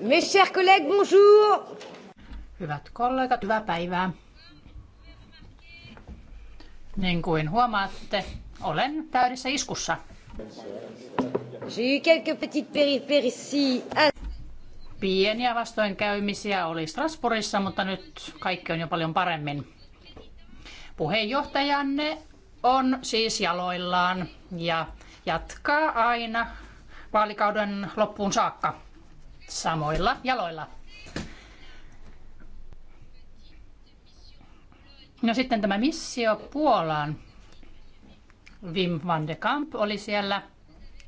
Mes chers collègues, bonjour! Hyvät kollegat, hyvää päivää. Niin kuin huomaatte, olen täydessä iskussa. Pieniä vastoinkäymisiä oli Strasbourgissa, mutta nyt kaikki on jo paljon paremmin. Puheenjohtajanne on siis jaloillaan ja jatkaa aina vaalikauden loppuun saakka samoilla jaloilla. No sitten tämä missio Puolaan. Wim van de Kamp oli siellä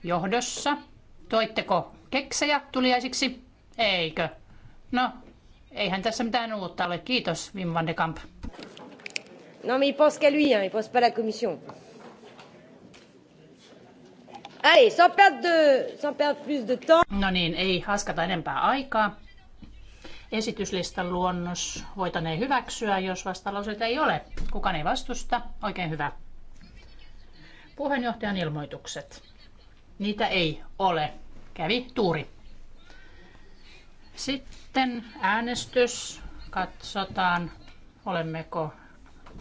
johdossa. Toitteko keksejä tuliaisiksi? Eikö? No, eihän tässä mitään uutta ole. Kiitos, Wim van de Kamp. Non mais il pense qu'à lui, hein. il pense pas la commission. Allez, sans perdre, de, sans perdre plus de temps. No niin, ei haskata enempää aikaa. Esityslistan luonnos voitaneen hyväksyä, jos vastalauseita ei ole. Kukaan ei vastusta. Oikein hyvä. Puheenjohtajan ilmoitukset. Niitä ei ole. Kävi tuuri. Sitten äänestys. Katsotaan, olemmeko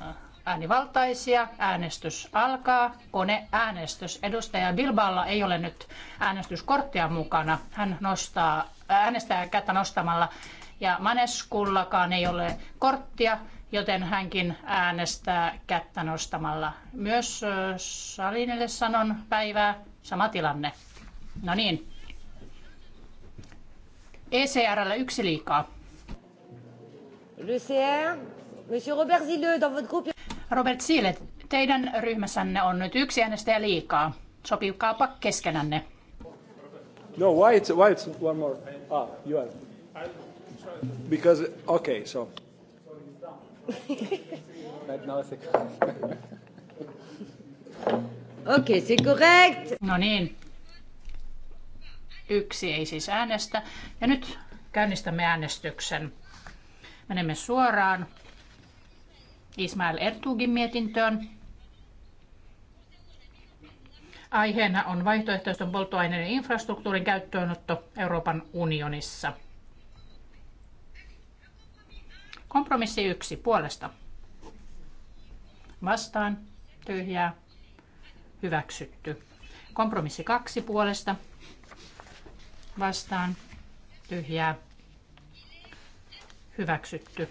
äh, äänivaltaisia. Äänestys alkaa. Kone äänestys Edustaja Bilballa ei ole nyt äänestyskorttia mukana. Hän nostaa, äänestää kättä nostamalla. Ja Maneskullakaan ei ole korttia, joten hänkin äänestää kättä nostamalla. Myös Salinille sanon päivää. Sama tilanne. No niin. ECRL yksi liikaa. Le CR, Monsieur Robert Zilleux, dans votre groupe. Robert Siilet, teidän ryhmässänne on nyt yksi äänestäjä liikaa. Sopikaapa keskenänne. No, why it's, why it's one more? Ah, you are. Because, okay, so. Okei, okay, se correct. No niin. Yksi ei siis äänestä. Ja nyt käynnistämme äänestyksen. Menemme suoraan Ismail Ertugin mietintöön. Aiheena on vaihtoehtoisten polttoaineiden infrastruktuurin käyttöönotto Euroopan unionissa. Kompromissi yksi puolesta. Vastaan. Tyhjää. Hyväksytty. Kompromissi kaksi puolesta. Vastaan. Tyhjää. Hyväksytty.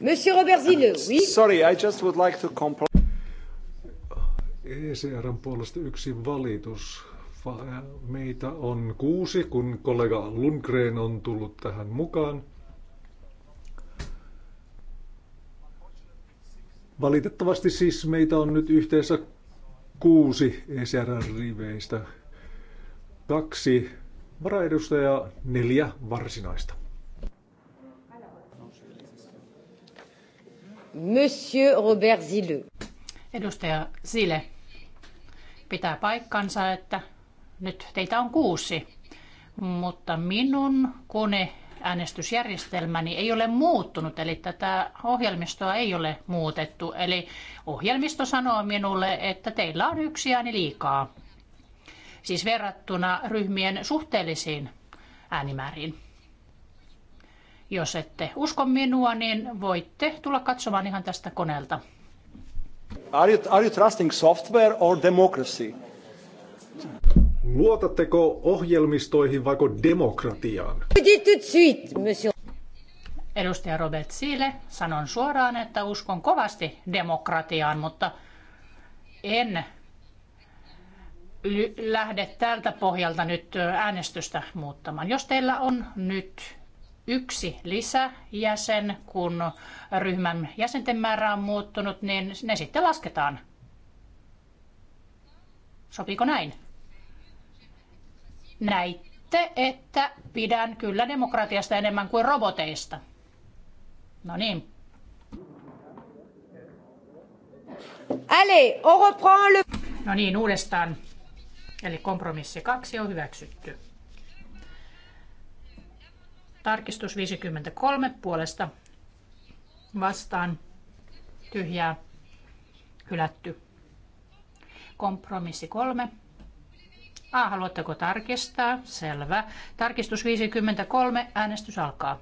Monsieur Robert Zille, uh, oui. Sorry, I just would like to ECRn puolesta yksi valitus. Meitä on kuusi, kun kollega Lundgren on tullut tähän mukaan. Valitettavasti siis meitä on nyt yhteensä kuusi ECR-riveistä. Kaksi varaedustajaa, neljä varsinaista. Monsieur Robert Zille. Edustaja Zile, pitää paikkansa, että nyt teitä on kuusi, mutta minun kone äänestysjärjestelmäni ei ole muuttunut, eli tätä ohjelmistoa ei ole muutettu. Eli ohjelmisto sanoo minulle, että teillä on yksi ääni liikaa, siis verrattuna ryhmien suhteellisiin äänimääriin. Jos ette usko minua, niin voitte tulla katsomaan ihan tästä koneelta. Are you, are you trusting software or democracy? Luotatteko ohjelmistoihin vaiko demokratiaan? Edustaja Robert Siile, sanon suoraan, että uskon kovasti demokratiaan, mutta en lähde tältä pohjalta nyt äänestystä muuttamaan. Jos teillä on nyt yksi lisäjäsen, kun ryhmän jäsenten määrä on muuttunut, niin ne sitten lasketaan. Sopiiko näin? Näitte, että pidän kyllä demokratiasta enemmän kuin roboteista. No niin. le... No niin, uudestaan. Eli kompromissi kaksi on hyväksytty. Tarkistus 53 puolesta vastaan tyhjää hylätty. Kompromissi 3. A, haluatteko tarkistaa? Selvä. Tarkistus 53, äänestys alkaa.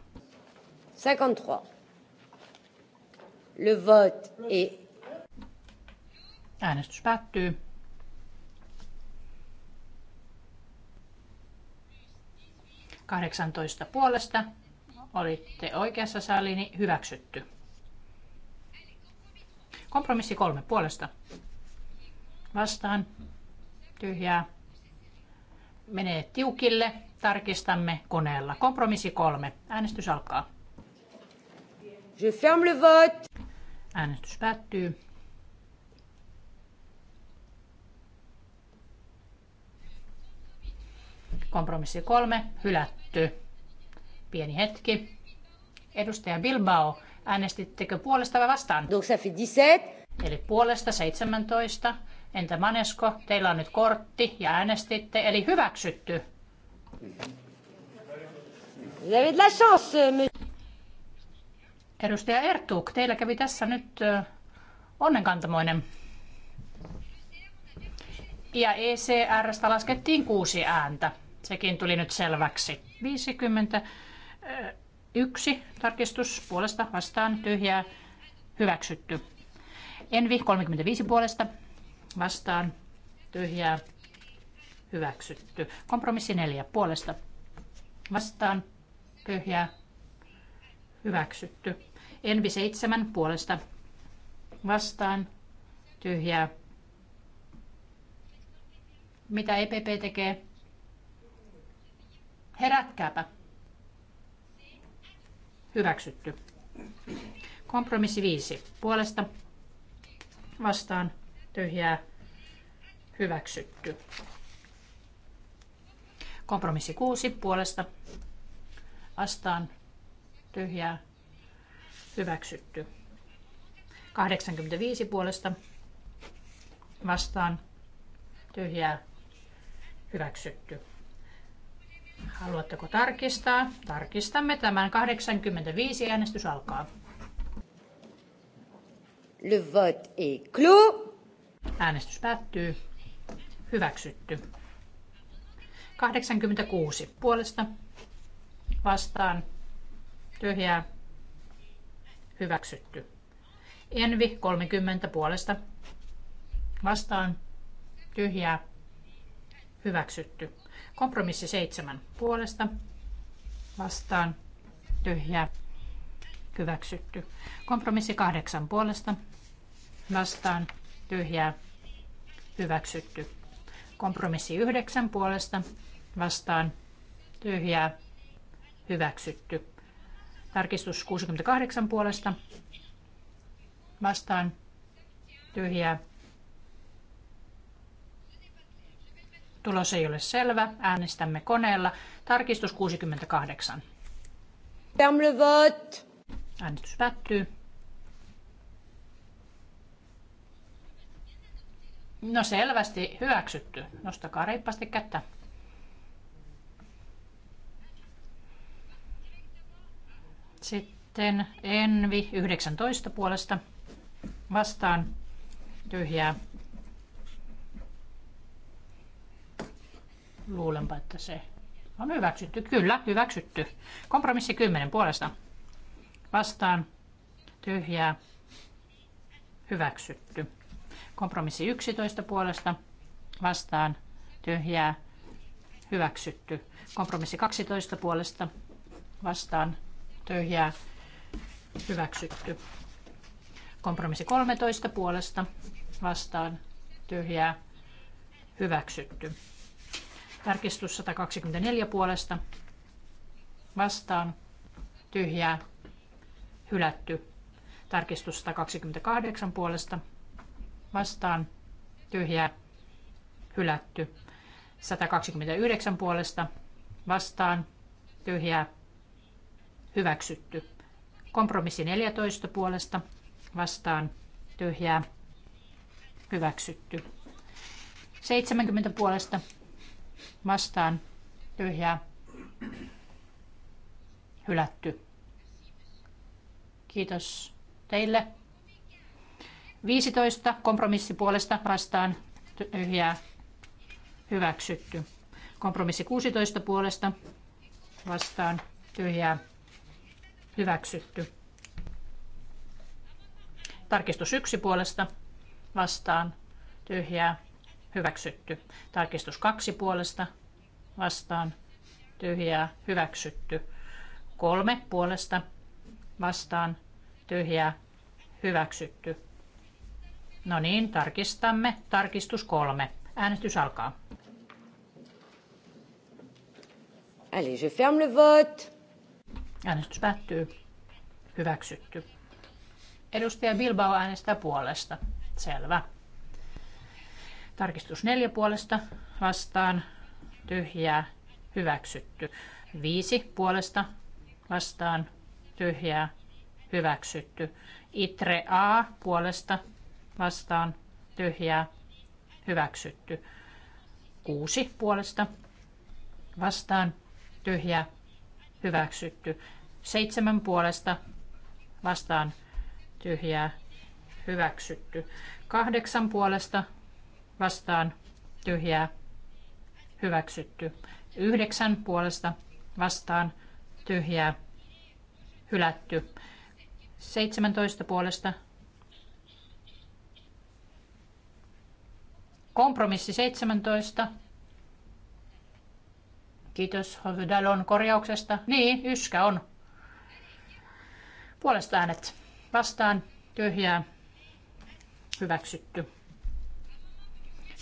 53. Le vote est... Äänestys päättyy. 18 puolesta. Olitte oikeassa saalini hyväksytty. Kompromissi kolme puolesta. Vastaan. Tyhjää. Menee tiukille. Tarkistamme koneella. Kompromissi kolme. Äänestys alkaa. Je ferme le vote. Äänestys päättyy. Kompromissi kolme, hylätty. Pieni hetki. Edustaja Bilbao, äänestittekö puolesta vai vastaan? Donc ça fait 17. Eli puolesta 17. Entä Manesko, teillä on nyt kortti ja äänestitte, eli hyväksytty. Vous avez de la chance, monsieur. Edustaja Ertuk, teillä kävi tässä nyt onnenkantamoinen. Ja ECRstä laskettiin kuusi ääntä. Sekin tuli nyt selväksi. 51 tarkistus puolesta vastaan tyhjää hyväksytty. Envi 35 puolesta vastaan tyhjää hyväksytty. Kompromissi 4 puolesta vastaan tyhjää hyväksytty. Envi 7 puolesta vastaan tyhjää. Mitä EPP tekee? Herätkääpä. Hyväksytty. Kompromissi 5. Puolesta vastaan tyhjää hyväksytty. Kompromissi 6. Puolesta vastaan tyhjää hyväksytty. 85 puolesta vastaan tyhjää hyväksytty. Haluatteko tarkistaa? Tarkistamme tämän. 85 äänestys alkaa. Le vote est clos. Äänestys päättyy. Hyväksytty. 86 puolesta vastaan tyhjää hyväksytty. Envi 30 puolesta vastaan tyhjää hyväksytty. Kompromissi seitsemän puolesta vastaan tyhjä hyväksytty. Kompromissi kahdeksan puolesta vastaan tyhjää hyväksytty. Kompromissi yhdeksän puolesta vastaan tyhjää hyväksytty. Tarkistus 68 puolesta vastaan tyhjää Tulos ei ole selvä. Äänestämme koneella. Tarkistus 68. Äänestys päättyy. No selvästi hyväksytty. Nostakaa reippaasti kättä. Sitten Envi 19 puolesta vastaan tyhjää Luulenpa, että se on hyväksytty. Kyllä, hyväksytty. Kompromissi 10 puolesta. Vastaan. Tyhjää. Hyväksytty. Kompromissi 11 puolesta. Vastaan. Tyhjää. Hyväksytty. Kompromissi 12 puolesta. Vastaan. Tyhjää. Hyväksytty. Kompromissi 13 puolesta. Vastaan. Tyhjää. Hyväksytty. Tarkistus 124 puolesta. Vastaan. Tyhjää. Hylätty. Tarkistus 128 puolesta. Vastaan. Tyhjää. Hylätty. 129 puolesta. Vastaan. Tyhjää. Hyväksytty. Kompromissi 14 puolesta. Vastaan. Tyhjää. Hyväksytty. 70 puolesta vastaan tyhjää hylätty. Kiitos teille. 15 kompromissipuolesta vastaan tyhjää hyväksytty. Kompromissi 16 puolesta vastaan tyhjää hyväksytty. Tarkistus 1 puolesta vastaan tyhjää hyväksytty. Tarkistus kaksi puolesta vastaan tyhjää hyväksytty. Kolme puolesta vastaan tyhjää hyväksytty. No niin, tarkistamme. Tarkistus kolme. Äänestys alkaa. Allez, je ferme le vote. Äänestys päättyy. Hyväksytty. Edustaja Bilbao äänestää puolesta. Selvä. Tarkistus neljä puolesta vastaan tyhjää hyväksytty. Viisi puolesta vastaan tyhjää hyväksytty. Itre A puolesta vastaan tyhjää hyväksytty. Kuusi puolesta vastaan tyhjää hyväksytty. Seitsemän puolesta vastaan tyhjää hyväksytty. Kahdeksan puolesta vastaan tyhjää hyväksytty. Yhdeksän puolesta vastaan tyhjää hylätty. 17 puolesta kompromissi 17. Kiitos Dalon korjauksesta. Niin, yskä on. Puolesta äänet vastaan, tyhjää, hyväksytty.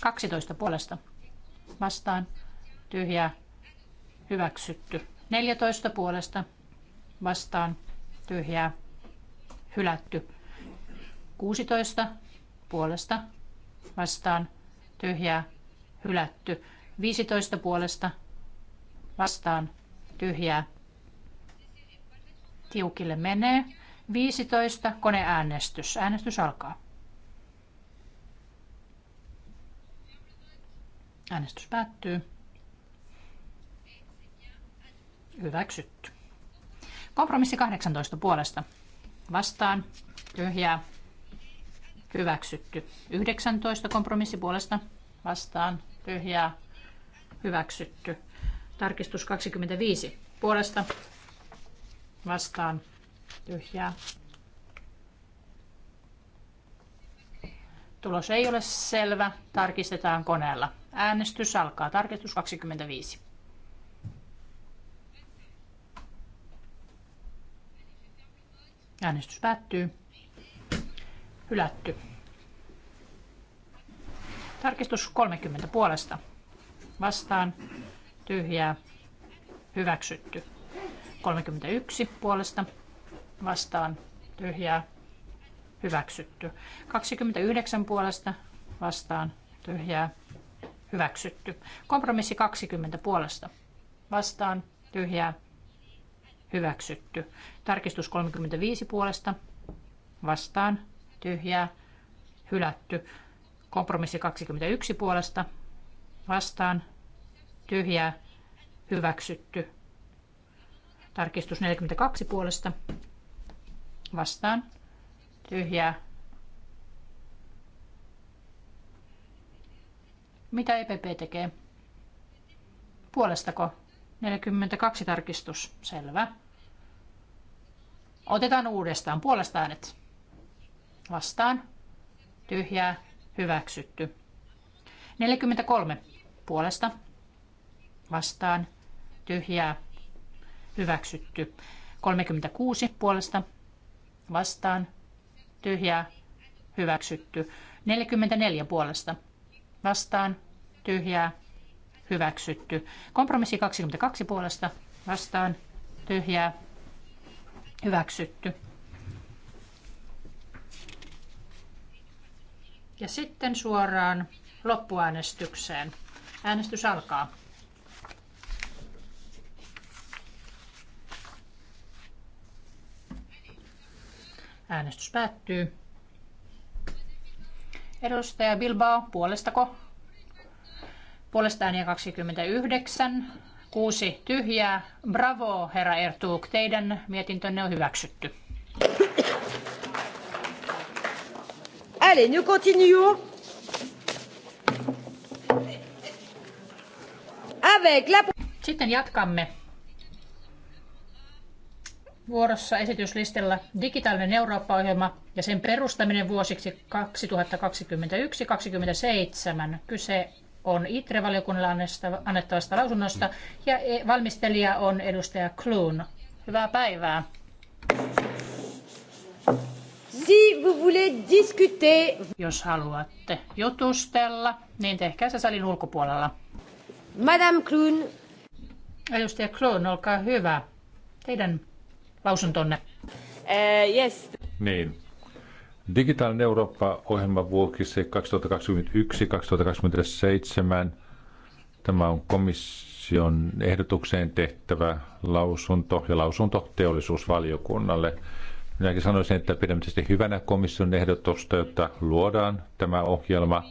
12 puolesta vastaan tyhjää hyväksytty. 14 puolesta vastaan tyhjää hylätty. 16 puolesta vastaan tyhjää hylätty. 15 puolesta vastaan tyhjää tiukille menee. 15 koneäänestys. Äänestys alkaa. Äänestys päättyy. Hyväksytty. Kompromissi 18 puolesta. Vastaan. Tyhjää. Hyväksytty. 19 kompromissi puolesta. Vastaan. Tyhjää. Hyväksytty. Tarkistus 25 puolesta. Vastaan. Tyhjää. Tulos ei ole selvä. Tarkistetaan koneella. Äänestys alkaa. Tarkistus 25. Äänestys päättyy. Hylätty. Tarkistus 30 puolesta. Vastaan. Tyhjää. Hyväksytty. 31 puolesta. Vastaan. Tyhjää. Hyväksytty. 29 puolesta. Vastaan. Tyhjää hyväksytty. Kompromissi 20 puolesta vastaan tyhjää hyväksytty. Tarkistus 35 puolesta vastaan tyhjää hylätty. Kompromissi 21 puolesta vastaan tyhjää hyväksytty. Tarkistus 42 puolesta vastaan tyhjää Mitä EPP tekee? Puolestako? 42 tarkistus. Selvä. Otetaan uudestaan. Puolesta äänet. Vastaan. Tyhjää. Hyväksytty. 43. Puolesta. Vastaan. Tyhjää. Hyväksytty. 36. Puolesta. Vastaan. Tyhjää. Hyväksytty. 44. Puolesta vastaan tyhjää hyväksytty. Kompromissi 22 puolesta vastaan tyhjää hyväksytty. Ja sitten suoraan loppuäänestykseen. Äänestys alkaa. Äänestys päättyy. Edustaja Bilbao, puolestako? Puolesta ääniä 29, kuusi tyhjää. Bravo, herra Ertuuk, teidän mietintönne on hyväksytty. Allez, nous continuons. Avec la... Sitten jatkamme vuorossa esityslistalla digitaalinen Eurooppa-ohjelma ja sen perustaminen vuosiksi 2021-2027. Kyse on ITRE-valiokunnalle annettavasta lausunnosta ja e- valmistelija on edustaja Kloon. Hyvää päivää. Si vous voulez discuter... Jos haluatte jutustella, niin tehkää se salin ulkopuolella. Madame Kloon. Edustaja Kloon, olkaa hyvä. Teidän lausuntonne. Uh, yes. Niin. Digitaalinen Eurooppa-ohjelma vuokisi 2021-2027. Tämä on komission ehdotukseen tehtävä lausunto ja lausunto teollisuusvaliokunnalle. Minäkin sanoisin, että pidämme tietysti hyvänä komission ehdotusta, jotta luodaan tämä ohjelma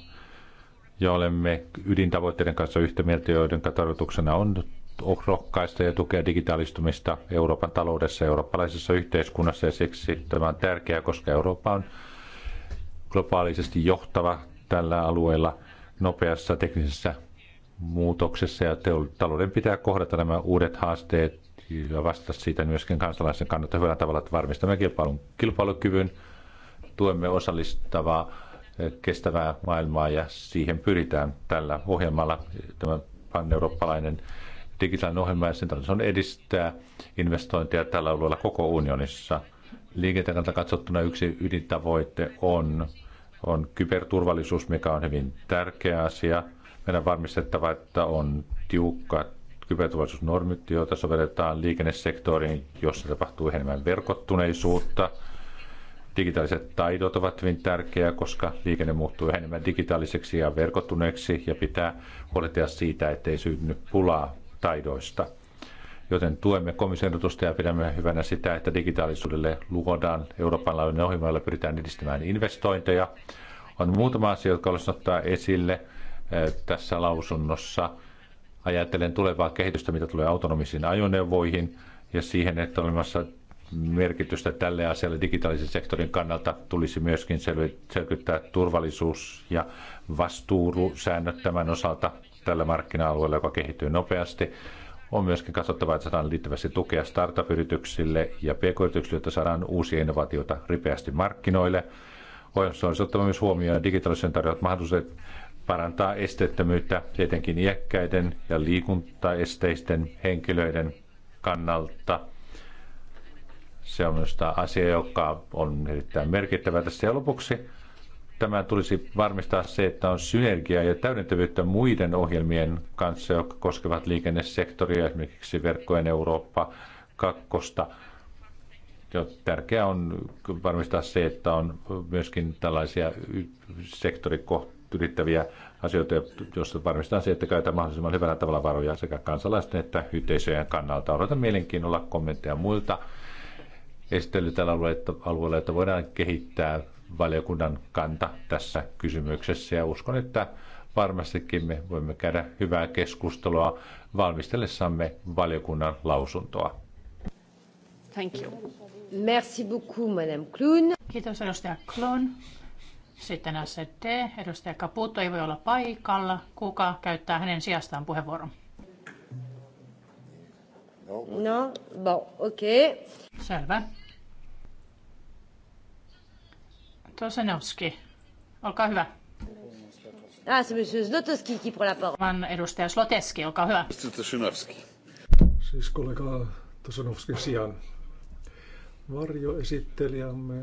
ja olemme ydintavoitteiden kanssa yhtä mieltä, joiden tarkoituksena on rohkaista ja tukea digitaalistumista Euroopan taloudessa ja eurooppalaisessa yhteiskunnassa. Ja siksi tämä on tärkeää, koska Eurooppa on globaalisesti johtava tällä alueella nopeassa teknisessä muutoksessa ja talouden pitää kohdata nämä uudet haasteet ja vastata siitä myöskin kansalaisen kannalta hyvällä tavalla, että varmistamme kilpailun, kilpailukyvyn, tuemme osallistavaa kestävää maailmaa ja siihen pyritään tällä ohjelmalla. Tämä pan-eurooppalainen digitaalinen ohjelma ja sen tarkoitus on edistää investointeja tällä alueella koko unionissa. Liikenteen kannalta katsottuna yksi ydintavoite on, on kyberturvallisuus, mikä on hyvin tärkeä asia. Meidän on varmistettava, että on tiukka kyberturvallisuusnormit, joita sovelletaan liikennesektoriin, jossa tapahtuu enemmän verkottuneisuutta. Digitaaliset taidot ovat hyvin tärkeää, koska liikenne muuttuu enemmän digitaaliseksi ja verkottuneeksi ja pitää huolehtia siitä, ettei synny pulaa taidoista. Joten tuemme komission ja pidämme hyvänä sitä, että digitaalisuudelle luodaan Euroopan laajuinen ohjelma, jolla pyritään edistämään investointeja. On muutama asia, jotka olisi ottaa esille eh, tässä lausunnossa. Ajattelen tulevaa kehitystä, mitä tulee autonomisiin ajoneuvoihin ja siihen, että olemassa merkitystä tälle asialle digitaalisen sektorin kannalta tulisi myöskin selvittää turvallisuus- ja vastuusäännöt tämän osalta tällä markkina-alueella, joka kehittyy nopeasti. On myöskin katsottava, että saadaan liittyvästi tukea startup-yrityksille ja pk-yrityksille, jotta saadaan uusia innovaatioita ripeästi markkinoille. Ohjelmassa on ottava myös huomioon digitaalisen tarjoamat mahdollisuudet parantaa esteettömyyttä tietenkin iäkkäiden ja liikuntaesteisten henkilöiden kannalta. Se on myös asia, joka on erittäin merkittävä tässä. Ja lopuksi tämä tulisi varmistaa se, että on synergiaa ja täydentävyyttä muiden ohjelmien kanssa, jotka koskevat liikennesektoria, esimerkiksi verkkojen Eurooppa 2. Tärkeää on varmistaa se, että on myöskin tällaisia sektorikohtia ylittäviä asioita, joissa varmistetaan se, että käytetään mahdollisimman hyvällä tavalla varoja sekä kansalaisten että yhteisöjen kannalta. Odotan mielenkiinnolla kommentteja muilta esitellyt tällä alueella, että voidaan kehittää valiokunnan kanta tässä kysymyksessä ja uskon, että varmastikin me voimme käydä hyvää keskustelua valmistellessamme valiokunnan lausuntoa. Thank you. Merci beaucoup, Madame Clun. Kiitos, edustaja Clun. Sitten ST, edustaja Caputo ei voi olla paikalla. Kuka käyttää hänen sijastaan puheenvuoron? No, bon, okei. Okay. Selvä. Tosenowski, olkaa hyvä. Ah, c'est monsieur Zlotowski qui prend la parole. Vaan edustaja Sloteski, olkaa hyvä. Tosenowski. Siis kollega Tosenovskin sijaan. Varjoesittelijämme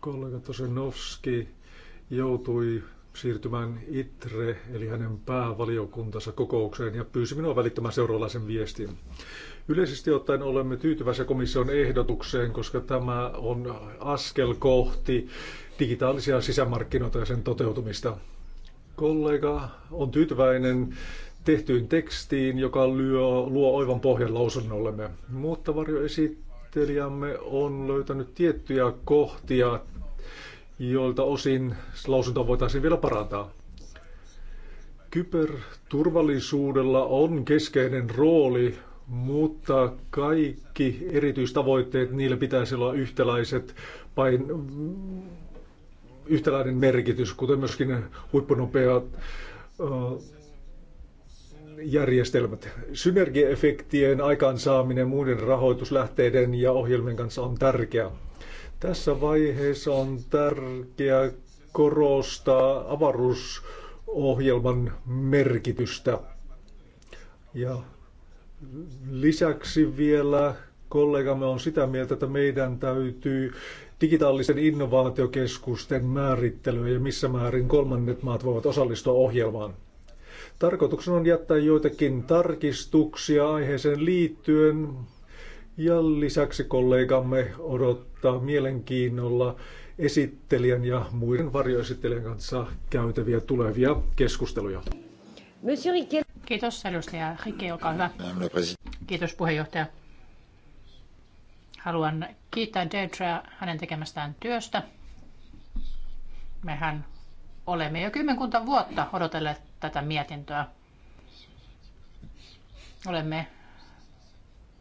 kollega Tosenovski joutui siirtymään ITRE, eli hänen päävaliokuntansa kokoukseen, ja pyysi minua välittämään seuraavaisen viestin. Yleisesti ottaen olemme tyytyväisiä komission ehdotukseen, koska tämä on askel kohti digitaalisia sisämarkkinoita ja sen toteutumista. Kollega on tyytyväinen tehtyyn tekstiin, joka lyö, luo oivan pohjan lausunnollemme, mutta varjoesittelijämme on löytänyt tiettyjä kohtia, joilta osin lausunto voitaisiin vielä parantaa. Kyberturvallisuudella on keskeinen rooli, mutta kaikki erityistavoitteet, niillä pitäisi olla yhtäläiset pain, yhtäläinen merkitys, kuten myöskin huippunopeat järjestelmät. Synergiaefektien aikaansaaminen muiden rahoituslähteiden ja ohjelmien kanssa on tärkeää. Tässä vaiheessa on tärkeää korostaa avaruusohjelman merkitystä. Ja lisäksi vielä kollegamme on sitä mieltä, että meidän täytyy digitaalisen innovaatiokeskusten määrittelyä ja missä määrin kolmannet maat voivat osallistua ohjelmaan. Tarkoituksena on jättää joitakin tarkistuksia aiheeseen liittyen ja lisäksi kollegamme odottaa mielenkiinnolla esittelijän ja muiden varjoesittelijän kanssa käytäviä tulevia keskusteluja. Kiitos edustaja Rike, olkaa hyvä. Kiitos puheenjohtaja. Haluan kiittää Deidrea hänen tekemästään työstä. Mehän olemme jo kymmenkunta vuotta odotelleet tätä mietintöä. Olemme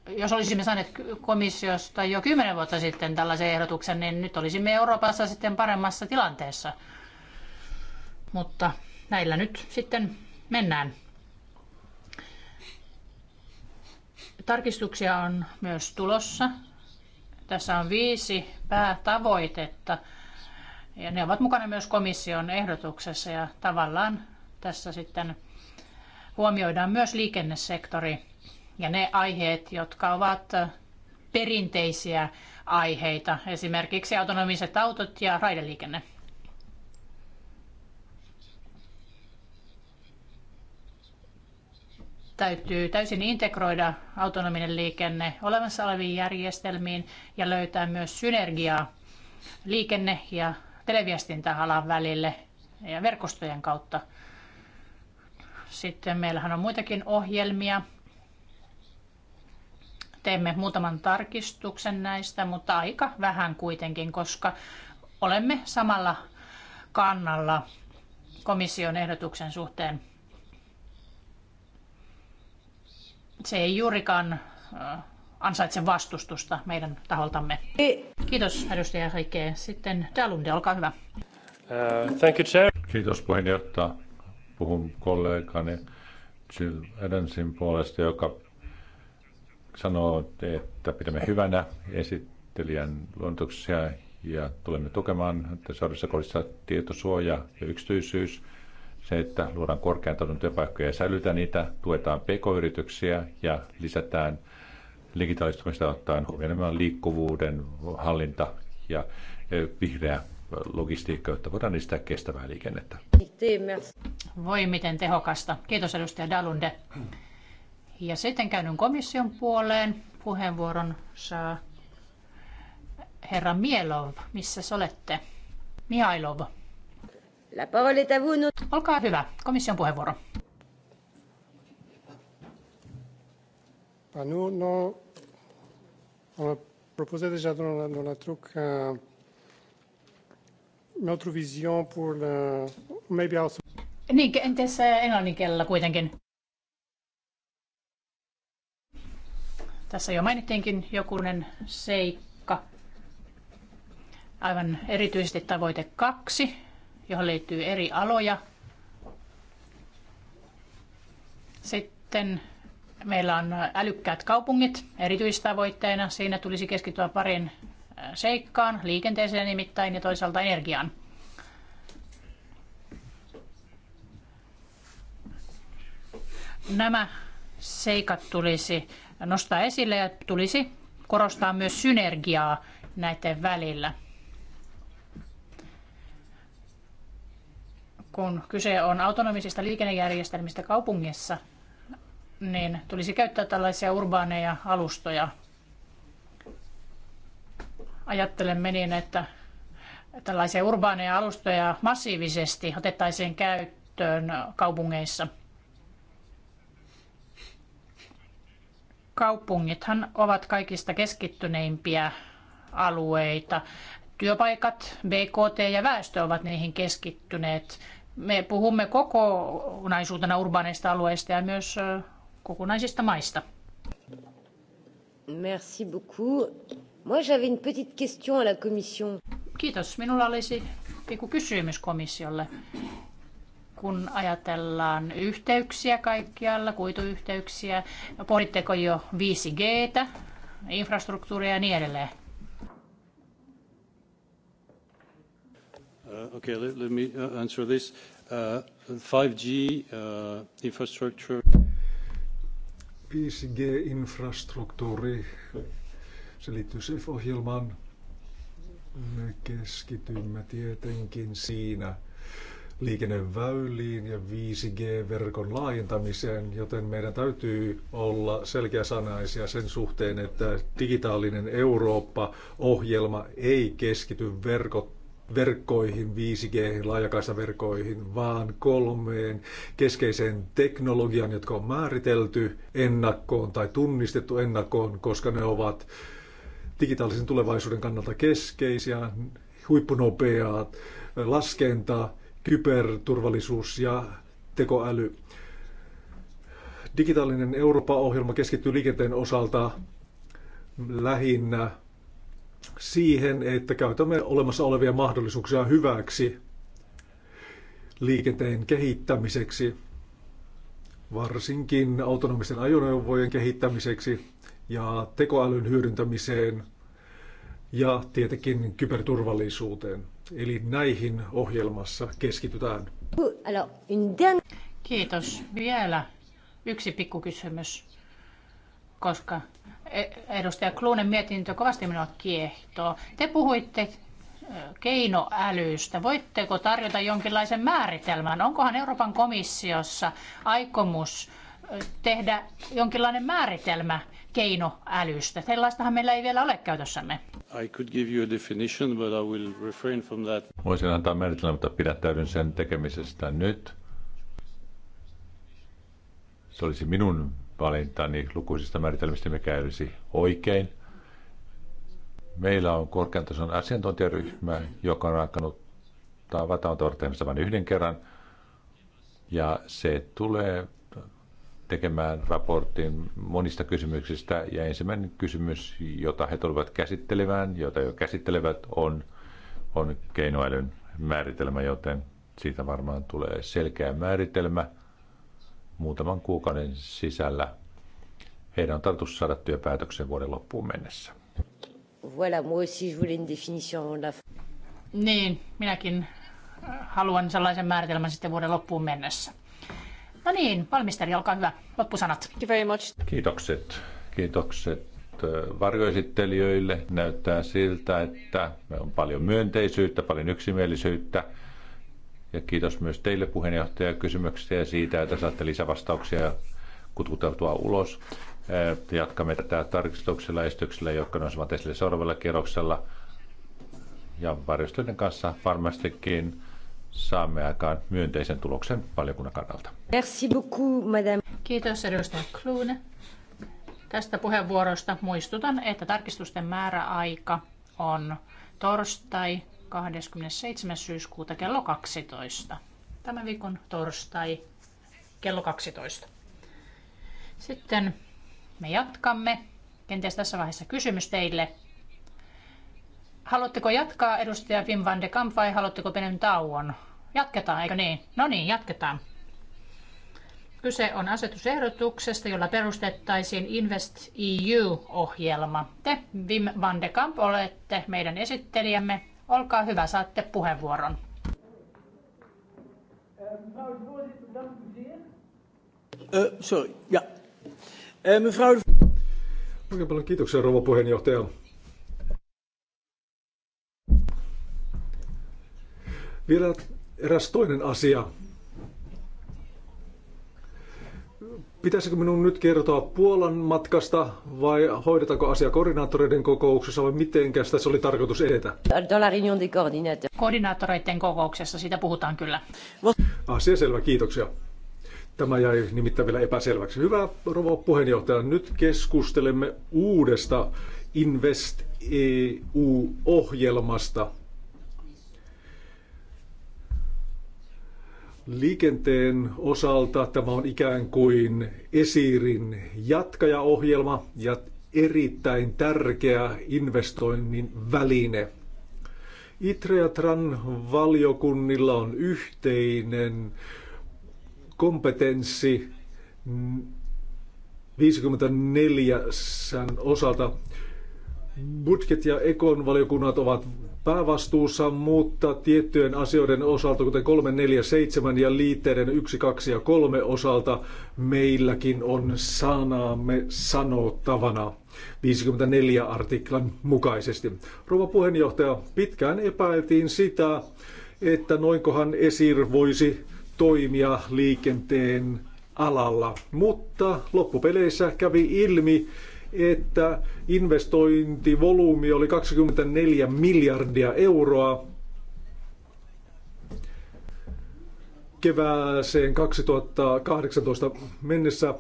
jos olisimme saaneet komissiosta jo kymmenen vuotta sitten tällaisen ehdotuksen, niin nyt olisimme Euroopassa sitten paremmassa tilanteessa. Mutta näillä nyt sitten mennään. Tarkistuksia on myös tulossa tässä on viisi päätavoitetta ja ne ovat mukana myös komission ehdotuksessa ja tavallaan tässä sitten huomioidaan myös liikennesektori ja ne aiheet, jotka ovat perinteisiä aiheita, esimerkiksi autonomiset autot ja raideliikenne. täytyy täysin integroida autonominen liikenne olemassa oleviin järjestelmiin ja löytää myös synergiaa liikenne- ja televiestintäalan välille ja verkostojen kautta. Sitten meillähän on muitakin ohjelmia. Teemme muutaman tarkistuksen näistä, mutta aika vähän kuitenkin, koska olemme samalla kannalla komission ehdotuksen suhteen. Se ei juurikaan ansaitse vastustusta meidän taholtamme. Kiitos edustaja Rike. Sitten Dalunde, olkaa hyvä. Uh, thank you, chair. Kiitos puheenjohtaja. Puhun kollegani Jill Adamsin puolesta, joka sanoo, että pidämme hyvänä esittelijän luontoksia ja tulemme tukemaan tässä kohdissa tietosuoja ja yksityisyys se, että luodaan korkean tason työpaikkoja ja säilytetään niitä, tuetaan pk-yrityksiä ja lisätään digitaalistumista ottaen huomioon liikkuvuuden hallinta ja vihreä logistiikka, jotta voidaan niistä kestävää liikennettä. Voi miten tehokasta. Kiitos edustaja Dalunde. Ja sitten käydyn komission puoleen. Puheenvuoron saa herra Mielov. Missä olette? Mihailov. La parole est à vous, notre... Olkaa hyvä, komission puheenvuoro. Ah, nous, no, on a proposé déjà dans la, dans la truc euh, notre vision pour le, maybe also... Niin, entäs äh, englanninkielellä kuitenkin. Tässä jo mainittiinkin jokunen seikka. Aivan erityisesti tavoite kaksi, johon liittyy eri aloja. Sitten meillä on älykkäät kaupungit erityistavoitteena. Siinä tulisi keskittyä parin seikkaan, liikenteeseen nimittäin ja toisaalta energiaan. Nämä seikat tulisi nostaa esille ja tulisi korostaa myös synergiaa näiden välillä – kun kyse on autonomisista liikennejärjestelmistä kaupungissa, niin tulisi käyttää tällaisia urbaaneja alustoja. Ajattelemme niin, että tällaisia urbaaneja alustoja massiivisesti otettaisiin käyttöön kaupungeissa. Kaupungithan ovat kaikista keskittyneimpiä alueita. Työpaikat, BKT ja väestö ovat niihin keskittyneet. Me puhumme kokonaisuutena urbaaneista alueista ja myös kokonaisista maista. Merci beaucoup. Moi j'avais une petite question à la commission. Kiitos. Minulla olisi pikku kysymys komissiolle. Kun ajatellaan yhteyksiä kaikkialla, kuituyhteyksiä, pohditteko jo 5Gtä, infrastruktuuria ja niin edelleen? Uh, okay, let, me uh, answer this. 5G uh, infrastructure. 5G-infrastruktuuri, se liittyy SIF-ohjelmaan. Me keskitymme tietenkin siinä liikenneväyliin ja 5G-verkon laajentamiseen, joten meidän täytyy olla selkeäsanaisia sen suhteen, että digitaalinen Eurooppa-ohjelma ei keskity verkottamiseen, verkkoihin, 5G, laajakaistaverkkoihin, vaan kolmeen keskeiseen teknologian, jotka on määritelty ennakkoon tai tunnistettu ennakkoon, koska ne ovat digitaalisen tulevaisuuden kannalta keskeisiä, huippunopeaa, laskenta, kyberturvallisuus ja tekoäly. Digitaalinen Eurooppa-ohjelma keskittyy liikenteen osalta lähinnä siihen, että käytämme olemassa olevia mahdollisuuksia hyväksi liikenteen kehittämiseksi, varsinkin autonomisten ajoneuvojen kehittämiseksi ja tekoälyn hyödyntämiseen ja tietenkin kyberturvallisuuteen. Eli näihin ohjelmassa keskitytään. Kiitos. Vielä yksi pikkukysymys koska e- edustaja Kluunen mietintö kovasti minua kiehtoo. Te puhuitte keinoälystä. Voitteko tarjota jonkinlaisen määritelmän? Onkohan Euroopan komissiossa aikomus tehdä jonkinlainen määritelmä keinoälystä? Sellaistahan meillä ei vielä ole käytössämme. I could give you a definition, but I will refrain from that. Voisin antaa määritelmän, mutta pidättäydyn sen tekemisestä nyt. Se olisi minun Valinta niin lukuisista määritelmistä, mikä olisi oikein. Meillä on korkean tason asiantuntijaryhmä, joka on alkanut tavataan torteensa vain yhden kerran. Ja se tulee tekemään raportin monista kysymyksistä. Ja ensimmäinen kysymys, jota he tulevat käsittelemään, jota jo käsittelevät, on, on keinoälyn määritelmä, joten siitä varmaan tulee selkeä määritelmä – muutaman kuukauden sisällä. Heidän on tarkoitus saada työpäätöksen vuoden loppuun mennessä. Voilà, moi aussi je voulais une définition la... Niin, minäkin äh, haluan sellaisen määritelmän sitten vuoden loppuun mennessä. No niin, valmisteli, olkaa hyvä. Loppusanat. Thank you very much. Kiitokset. Kiitokset äh, varjoesittelijöille. Näyttää siltä, että on paljon myönteisyyttä, paljon yksimielisyyttä. Ja kiitos myös teille puheenjohtaja kysymyksiä siitä, että saatte lisävastauksia kutkuteltua ulos. Äh, jatkamme tätä tarkistuksella ja esityksellä, jotka nousevat esille seuraavalla kierroksella. Ja varjostoiden kanssa varmastikin saamme aikaan myönteisen tuloksen valiokunnan kannalta. Merci beaucoup, madame. Kiitos edustaja Kluune. Tästä puheenvuorosta muistutan, että tarkistusten määräaika on torstai 27. syyskuuta kello 12. Tämän viikon torstai kello 12. Sitten me jatkamme. Kenties tässä vaiheessa kysymys teille. Haluatteko jatkaa edustaja Wim van de Kamp vai haluatteko pienen tauon? Jatketaan, eikö niin? No niin, jatketaan. Kyse on asetusehdotuksesta, jolla perustettaisiin Invest EU-ohjelma. Te, Wim van de Kamp, olette meidän esittelijämme Olkaa hyvä, saatte puheenvuoron. Uh, sorry, ja. Uh, mevrouw... Oikein paljon kiitoksia, rouva puheenjohtaja. Vielä eräs toinen asia, Pitäisikö minun nyt kertoa Puolan matkasta vai hoidetaanko asia koordinaattoreiden kokouksessa vai miten tässä oli tarkoitus edetä? Koordinaattoreiden kokouksessa siitä puhutaan kyllä. Asia selvä, kiitoksia. Tämä jäi nimittäin vielä epäselväksi. Hyvä rouva puheenjohtaja, nyt keskustelemme uudesta Invest EU-ohjelmasta – Liikenteen osalta tämä on ikään kuin Esirin jatkajaohjelma ja erittäin tärkeä investoinnin väline. Itreatran valiokunnilla on yhteinen kompetenssi 54 osalta. Budget ja Ekon valiokunnat ovat päävastuussa, mutta tiettyjen asioiden osalta, kuten 3, 4, 7 ja liitteiden 1, 2 ja 3 osalta, meilläkin on sanaamme sanottavana 54 artiklan mukaisesti. Rouva puheenjohtaja, pitkään epäiltiin sitä, että noinkohan Esir voisi toimia liikenteen alalla, mutta loppupeleissä kävi ilmi, että investointivolyymi oli 24 miljardia euroa kevääseen 2018 mennessä.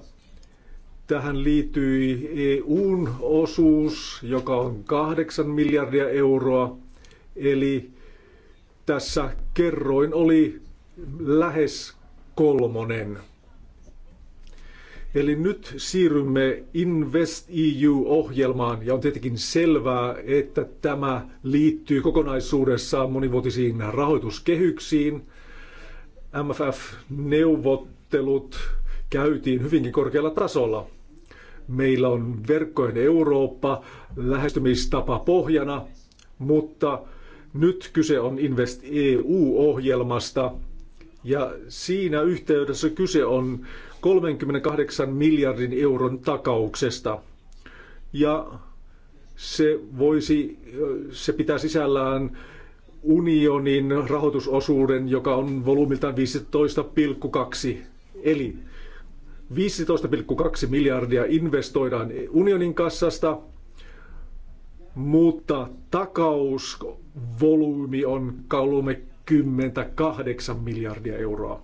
Tähän liittyi EUn osuus, joka on 8 miljardia euroa. Eli tässä kerroin oli lähes kolmonen. Eli nyt siirrymme Invest EU-ohjelmaan ja on tietenkin selvää, että tämä liittyy kokonaisuudessaan monivuotisiin rahoituskehyksiin. MFF-neuvottelut käytiin hyvinkin korkealla tasolla. Meillä on verkkojen Eurooppa lähestymistapa pohjana, mutta nyt kyse on Invest EU-ohjelmasta ja siinä yhteydessä kyse on 38 miljardin euron takauksesta. Ja se, voisi, se pitää sisällään unionin rahoitusosuuden, joka on volyymiltaan 15,2. Eli 15,2 miljardia investoidaan unionin kassasta, mutta takausvolyymi on 38 miljardia euroa.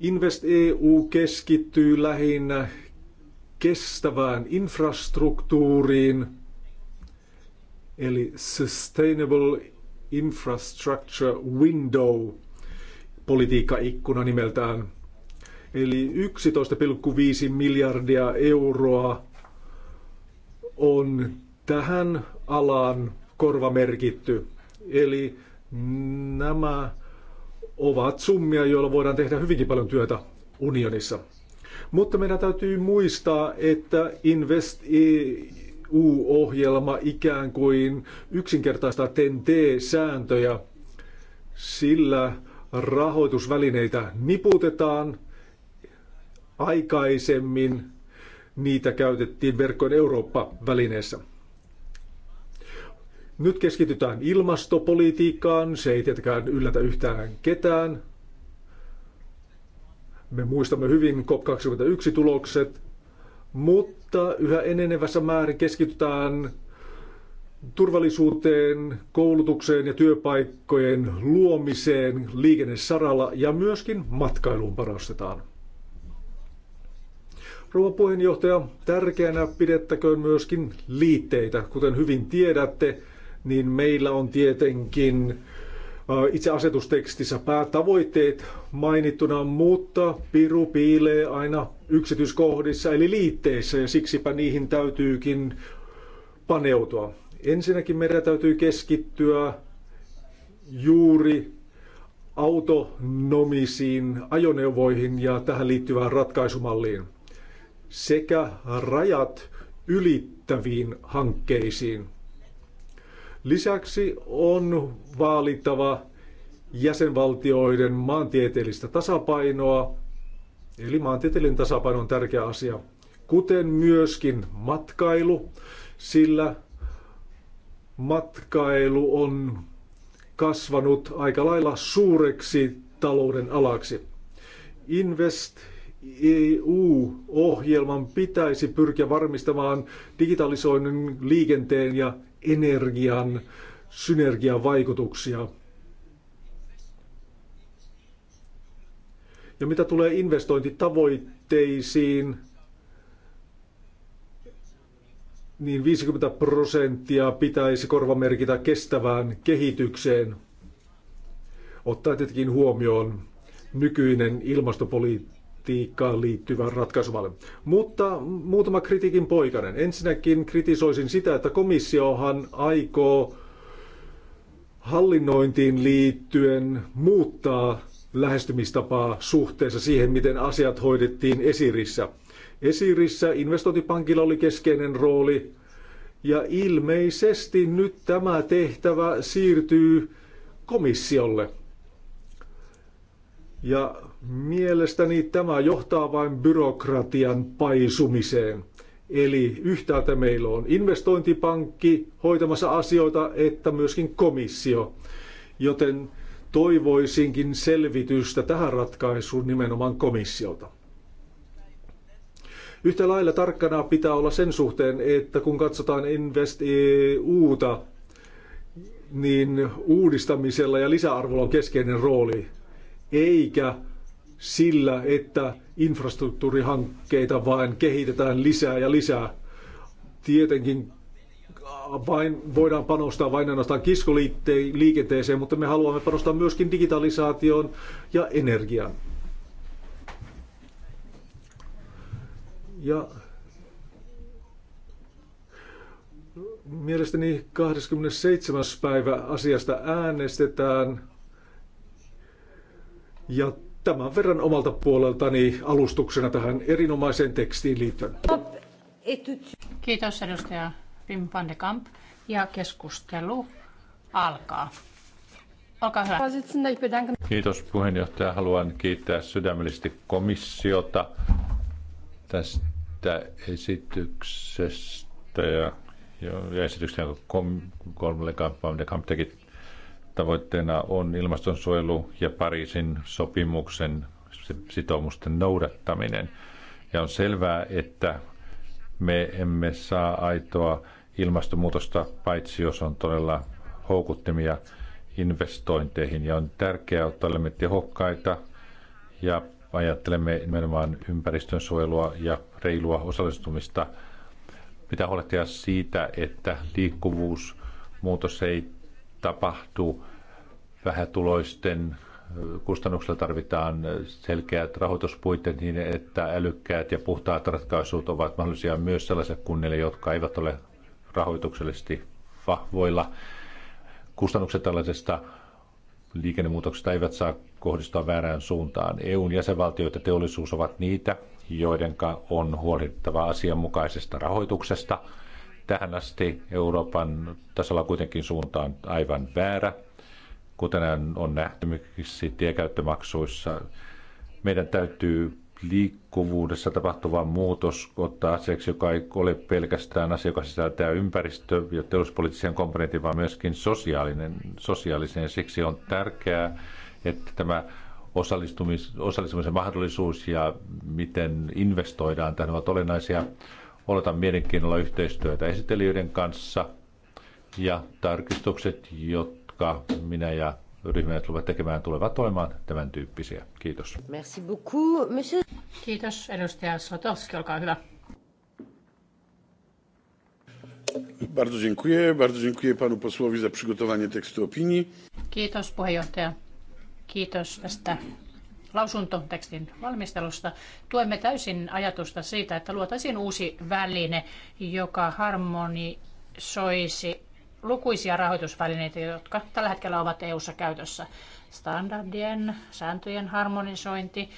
Invest EU keskittyy lähinnä kestävään infrastruktuuriin, eli Sustainable Infrastructure Window, politiikkaikkuna nimeltään. Eli 11,5 miljardia euroa on tähän alaan korvamerkitty. Eli nämä ovat summia, joilla voidaan tehdä hyvinkin paljon työtä unionissa. Mutta meidän täytyy muistaa, että Invest EU-ohjelma ikään kuin yksinkertaistaa TEN-T-sääntöjä, sillä rahoitusvälineitä niputetaan aikaisemmin niitä käytettiin verkkojen Eurooppa-välineessä. Nyt keskitytään ilmastopolitiikkaan, se ei tietenkään yllätä yhtään ketään. Me muistamme hyvin COP21 tulokset, mutta yhä enenevässä määrin keskitytään turvallisuuteen, koulutukseen ja työpaikkojen luomiseen liikennesaralla ja myöskin matkailuun parastetaan. Rouva puheenjohtaja, tärkeänä pidettäköön myöskin liitteitä. Kuten hyvin tiedätte, niin meillä on tietenkin äh, itse asetustekstissä päätavoitteet mainittuna, mutta piru piilee aina yksityiskohdissa eli liitteissä ja siksipä niihin täytyykin paneutua. Ensinnäkin meidän täytyy keskittyä juuri autonomisiin ajoneuvoihin ja tähän liittyvään ratkaisumalliin sekä rajat ylittäviin hankkeisiin – Lisäksi on vaalittava jäsenvaltioiden maantieteellistä tasapainoa, eli maantieteellinen tasapaino on tärkeä asia, kuten myöskin matkailu, sillä matkailu on kasvanut aika lailla suureksi talouden alaksi. Invest EU-ohjelman pitäisi pyrkiä varmistamaan digitalisoinnin liikenteen ja energian synergian vaikutuksia Ja mitä tulee investointitavoitteisiin, niin 50 prosenttia pitäisi korvamerkitä kestävään kehitykseen, ottaa tietenkin huomioon nykyinen ilmastopoliittinen politiikkaan liittyvän ratkaisumalle. Mutta muutama kritiikin poikainen. Ensinnäkin kritisoisin sitä, että komissiohan aikoo hallinnointiin liittyen muuttaa lähestymistapaa suhteessa siihen, miten asiat hoidettiin esirissä. Esirissä investointipankilla oli keskeinen rooli ja ilmeisesti nyt tämä tehtävä siirtyy komissiolle. Ja Mielestäni tämä johtaa vain byrokratian paisumiseen. Eli yhtäältä meillä on investointipankki hoitamassa asioita, että myöskin komissio. Joten toivoisinkin selvitystä tähän ratkaisuun nimenomaan komissiolta. Yhtä lailla tarkkana pitää olla sen suhteen, että kun katsotaan Invest EUta, niin uudistamisella ja lisäarvolla on keskeinen rooli, eikä sillä, että infrastruktuurihankkeita vain kehitetään lisää ja lisää. Tietenkin äh, vain, voidaan panostaa vain ainoastaan kiskoliikenteeseen, mutta me haluamme panostaa myöskin digitalisaatioon ja energiaan. Ja mielestäni 27. päivä asiasta äänestetään. Ja Tämän verran omalta puoleltani alustuksena tähän erinomaiseen tekstiin liittyen. Kiitos edustaja Pim van de Kamp ja keskustelu alkaa. Olkaa hyvä. Kiitos puheenjohtaja. Haluan kiittää sydämellisesti komissiota tästä esityksestä ja, ja esityksestä, jonka kollega Van de Kamp teki Tavoitteena on ilmastonsuojelu ja Pariisin sopimuksen sitoumusten noudattaminen. Ja on selvää, että me emme saa aitoa ilmastonmuutosta, paitsi jos on todella houkuttimia investointeihin. Ja on tärkeää, että olemme tehokkaita ja ajattelemme nimenomaan suojelua ja reilua osallistumista. Pitää huolehtia siitä, että liikkuvuus, muutos ei tapahtuu. Vähätuloisten kustannuksella tarvitaan selkeät rahoituspuitteet niin, että älykkäät ja puhtaat ratkaisut ovat mahdollisia myös sellaisille kunnille, jotka eivät ole rahoituksellisesti vahvoilla. Kustannukset tällaisesta liikennemuutoksesta eivät saa kohdistua väärään suuntaan. EUn jäsenvaltioita ja teollisuus ovat niitä, joidenka on huolittava asianmukaisesta rahoituksesta – Tähän asti Euroopan tasolla kuitenkin suuntaan aivan väärä, kuten on nähty miksi tiekäyttömaksuissa. Meidän täytyy liikkuvuudessa tapahtuva muutos ottaa asiaksi, joka ei ole pelkästään asia, joka sisältää ympäristö- ja teollisuuspoliittisen komponentin, vaan myöskin sosiaalinen, sosiaalisen. Siksi on tärkeää, että tämä osallistumis, osallistumisen mahdollisuus ja miten investoidaan tähän ovat olennaisia Oletan mielenkiinnolla yhteistyötä esittelijöiden kanssa ja tarkistukset, jotka minä ja ryhmät tulevat tekemään, tulevat olemaan tämän tyyppisiä. Kiitos. Merci beaucoup, monsieur. Kiitos, edustaja Sotoski, olkaa hyvä. Bardzo dziękuję. Bardzo dziękuję panu posłowi za przygotowanie tekstu opinii. Kiitos puheenjohtaja. Kiitos tästä lausuntotekstin valmistelusta. Tuemme täysin ajatusta siitä, että luotaisiin uusi väline, joka harmonisoisi lukuisia rahoitusvälineitä, jotka tällä hetkellä ovat EU:ssa käytössä. Standardien, sääntöjen harmonisointi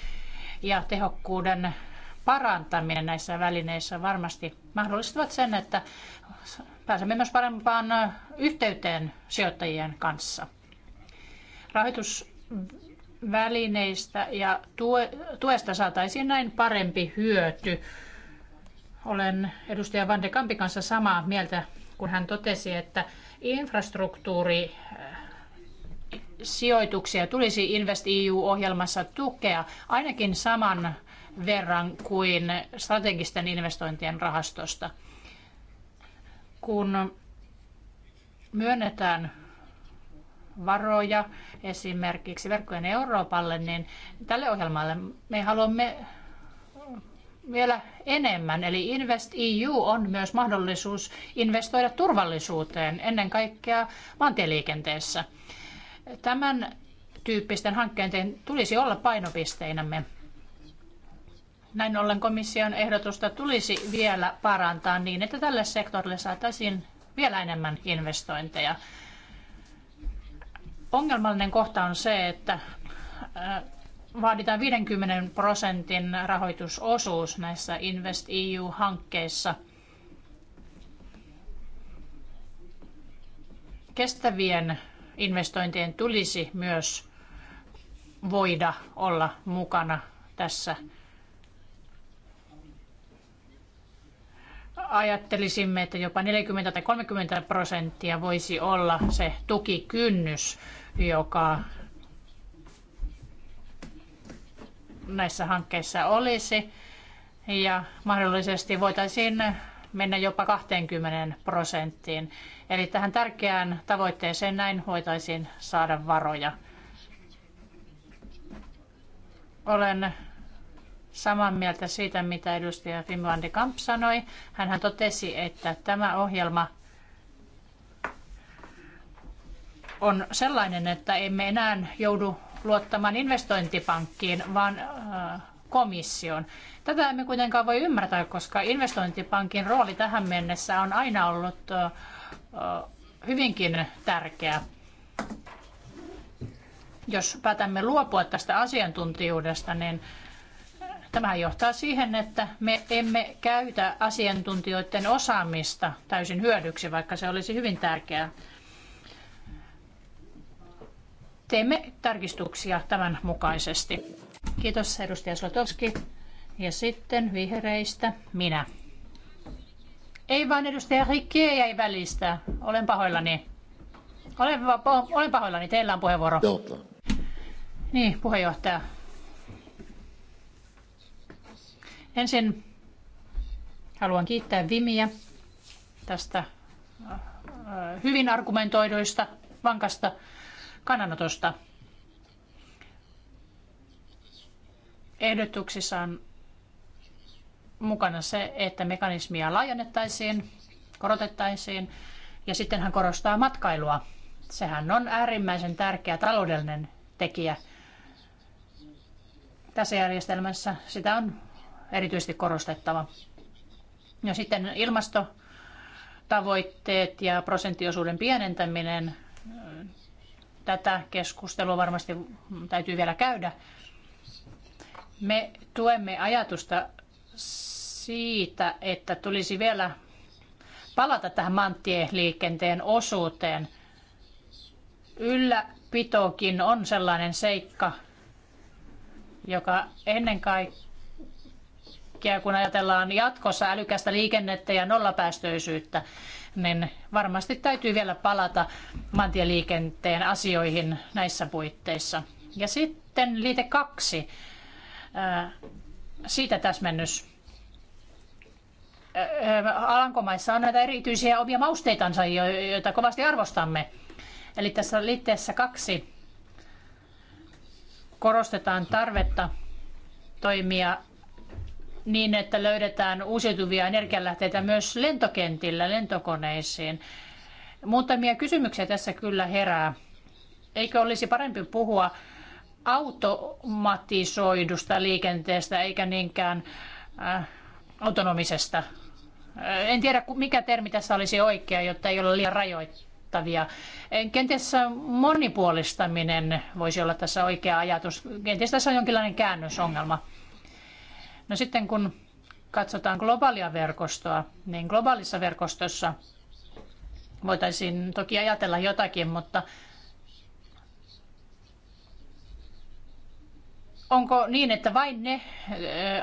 ja tehokkuuden parantaminen näissä välineissä varmasti mahdollistavat sen, että pääsemme myös parempaan yhteyteen sijoittajien kanssa. Rahoitus välineistä ja tuesta saataisiin näin parempi hyöty. Olen edustaja Van de Kampi kanssa samaa mieltä, kun hän totesi, että infrastruktuuri äh, sijoituksia tulisi Invest EU-ohjelmassa tukea ainakin saman verran kuin strategisten investointien rahastosta. Kun myönnetään varoja esimerkiksi verkkojen Euroopalle, niin tälle ohjelmalle me haluamme vielä enemmän. Eli Invest EU on myös mahdollisuus investoida turvallisuuteen ennen kaikkea maantieliikenteessä. Tämän tyyppisten hankkeiden tulisi olla painopisteinämme. Näin ollen komission ehdotusta tulisi vielä parantaa niin, että tälle sektorille saataisiin vielä enemmän investointeja. Ongelmallinen kohta on se, että äh, vaaditaan 50 prosentin rahoitusosuus näissä Invest EU-hankkeissa. Kestävien investointien tulisi myös voida olla mukana tässä. Ajattelisimme, että jopa 40 tai 30 prosenttia voisi olla se tukikynnys joka näissä hankkeissa olisi. Ja mahdollisesti voitaisiin mennä jopa 20 prosenttiin. Eli tähän tärkeään tavoitteeseen näin voitaisiin saada varoja. Olen samaa mieltä siitä, mitä edustaja Finlandi Kamp sanoi. Hän totesi, että tämä ohjelma on sellainen, että emme enää joudu luottamaan investointipankkiin, vaan äh, komission. Tätä emme kuitenkaan voi ymmärtää, koska investointipankin rooli tähän mennessä on aina ollut äh, äh, hyvinkin tärkeä. Jos päätämme luopua tästä asiantuntijuudesta, niin Tämä johtaa siihen, että me emme käytä asiantuntijoiden osaamista täysin hyödyksi, vaikka se olisi hyvin tärkeää teemme tarkistuksia tämän mukaisesti. Kiitos edustaja Slotowski. Ja sitten vihreistä minä. Ei vaan edustaja Rikke ei välistä. Olen pahoillani. Olen, olen pahoillani, teillä on puheenvuoro. Jolta. Niin, puheenjohtaja. Ensin haluan kiittää Vimiä tästä äh, äh, hyvin argumentoiduista, vankasta kannanotosta. Ehdotuksissa on mukana se, että mekanismia laajennettaisiin, korotettaisiin ja sitten hän korostaa matkailua. Sehän on äärimmäisen tärkeä taloudellinen tekijä tässä järjestelmässä. Sitä on erityisesti korostettava. Ja sitten ilmastotavoitteet ja prosenttiosuuden pienentäminen. Tätä keskustelua varmasti täytyy vielä käydä. Me tuemme ajatusta siitä, että tulisi vielä palata tähän maantieliikenteen osuuteen. Ylläpitokin on sellainen seikka, joka ennen kaikkea kun ajatellaan jatkossa älykästä liikennettä ja nollapäästöisyyttä, niin varmasti täytyy vielä palata maantieliikenteen asioihin näissä puitteissa. Ja sitten liite kaksi, äh, siitä täsmennys. Äh, äh, Alankomaissa on näitä erityisiä omia mausteitansa, joita kovasti arvostamme. Eli tässä liitteessä kaksi korostetaan tarvetta toimia niin, että löydetään uusiutuvia energialähteitä myös lentokentillä, lentokoneisiin. Muutamia kysymyksiä tässä kyllä herää. Eikö olisi parempi puhua automatisoidusta liikenteestä eikä niinkään äh, autonomisesta? Äh, en tiedä, mikä termi tässä olisi oikea, jotta ei ole liian rajoittavia. Kenties monipuolistaminen voisi olla tässä oikea ajatus. Kenties tässä on jonkinlainen käännösongelma. No sitten kun katsotaan globaalia verkostoa, niin globaalissa verkostossa voitaisiin toki ajatella jotakin, mutta onko niin, että vain ne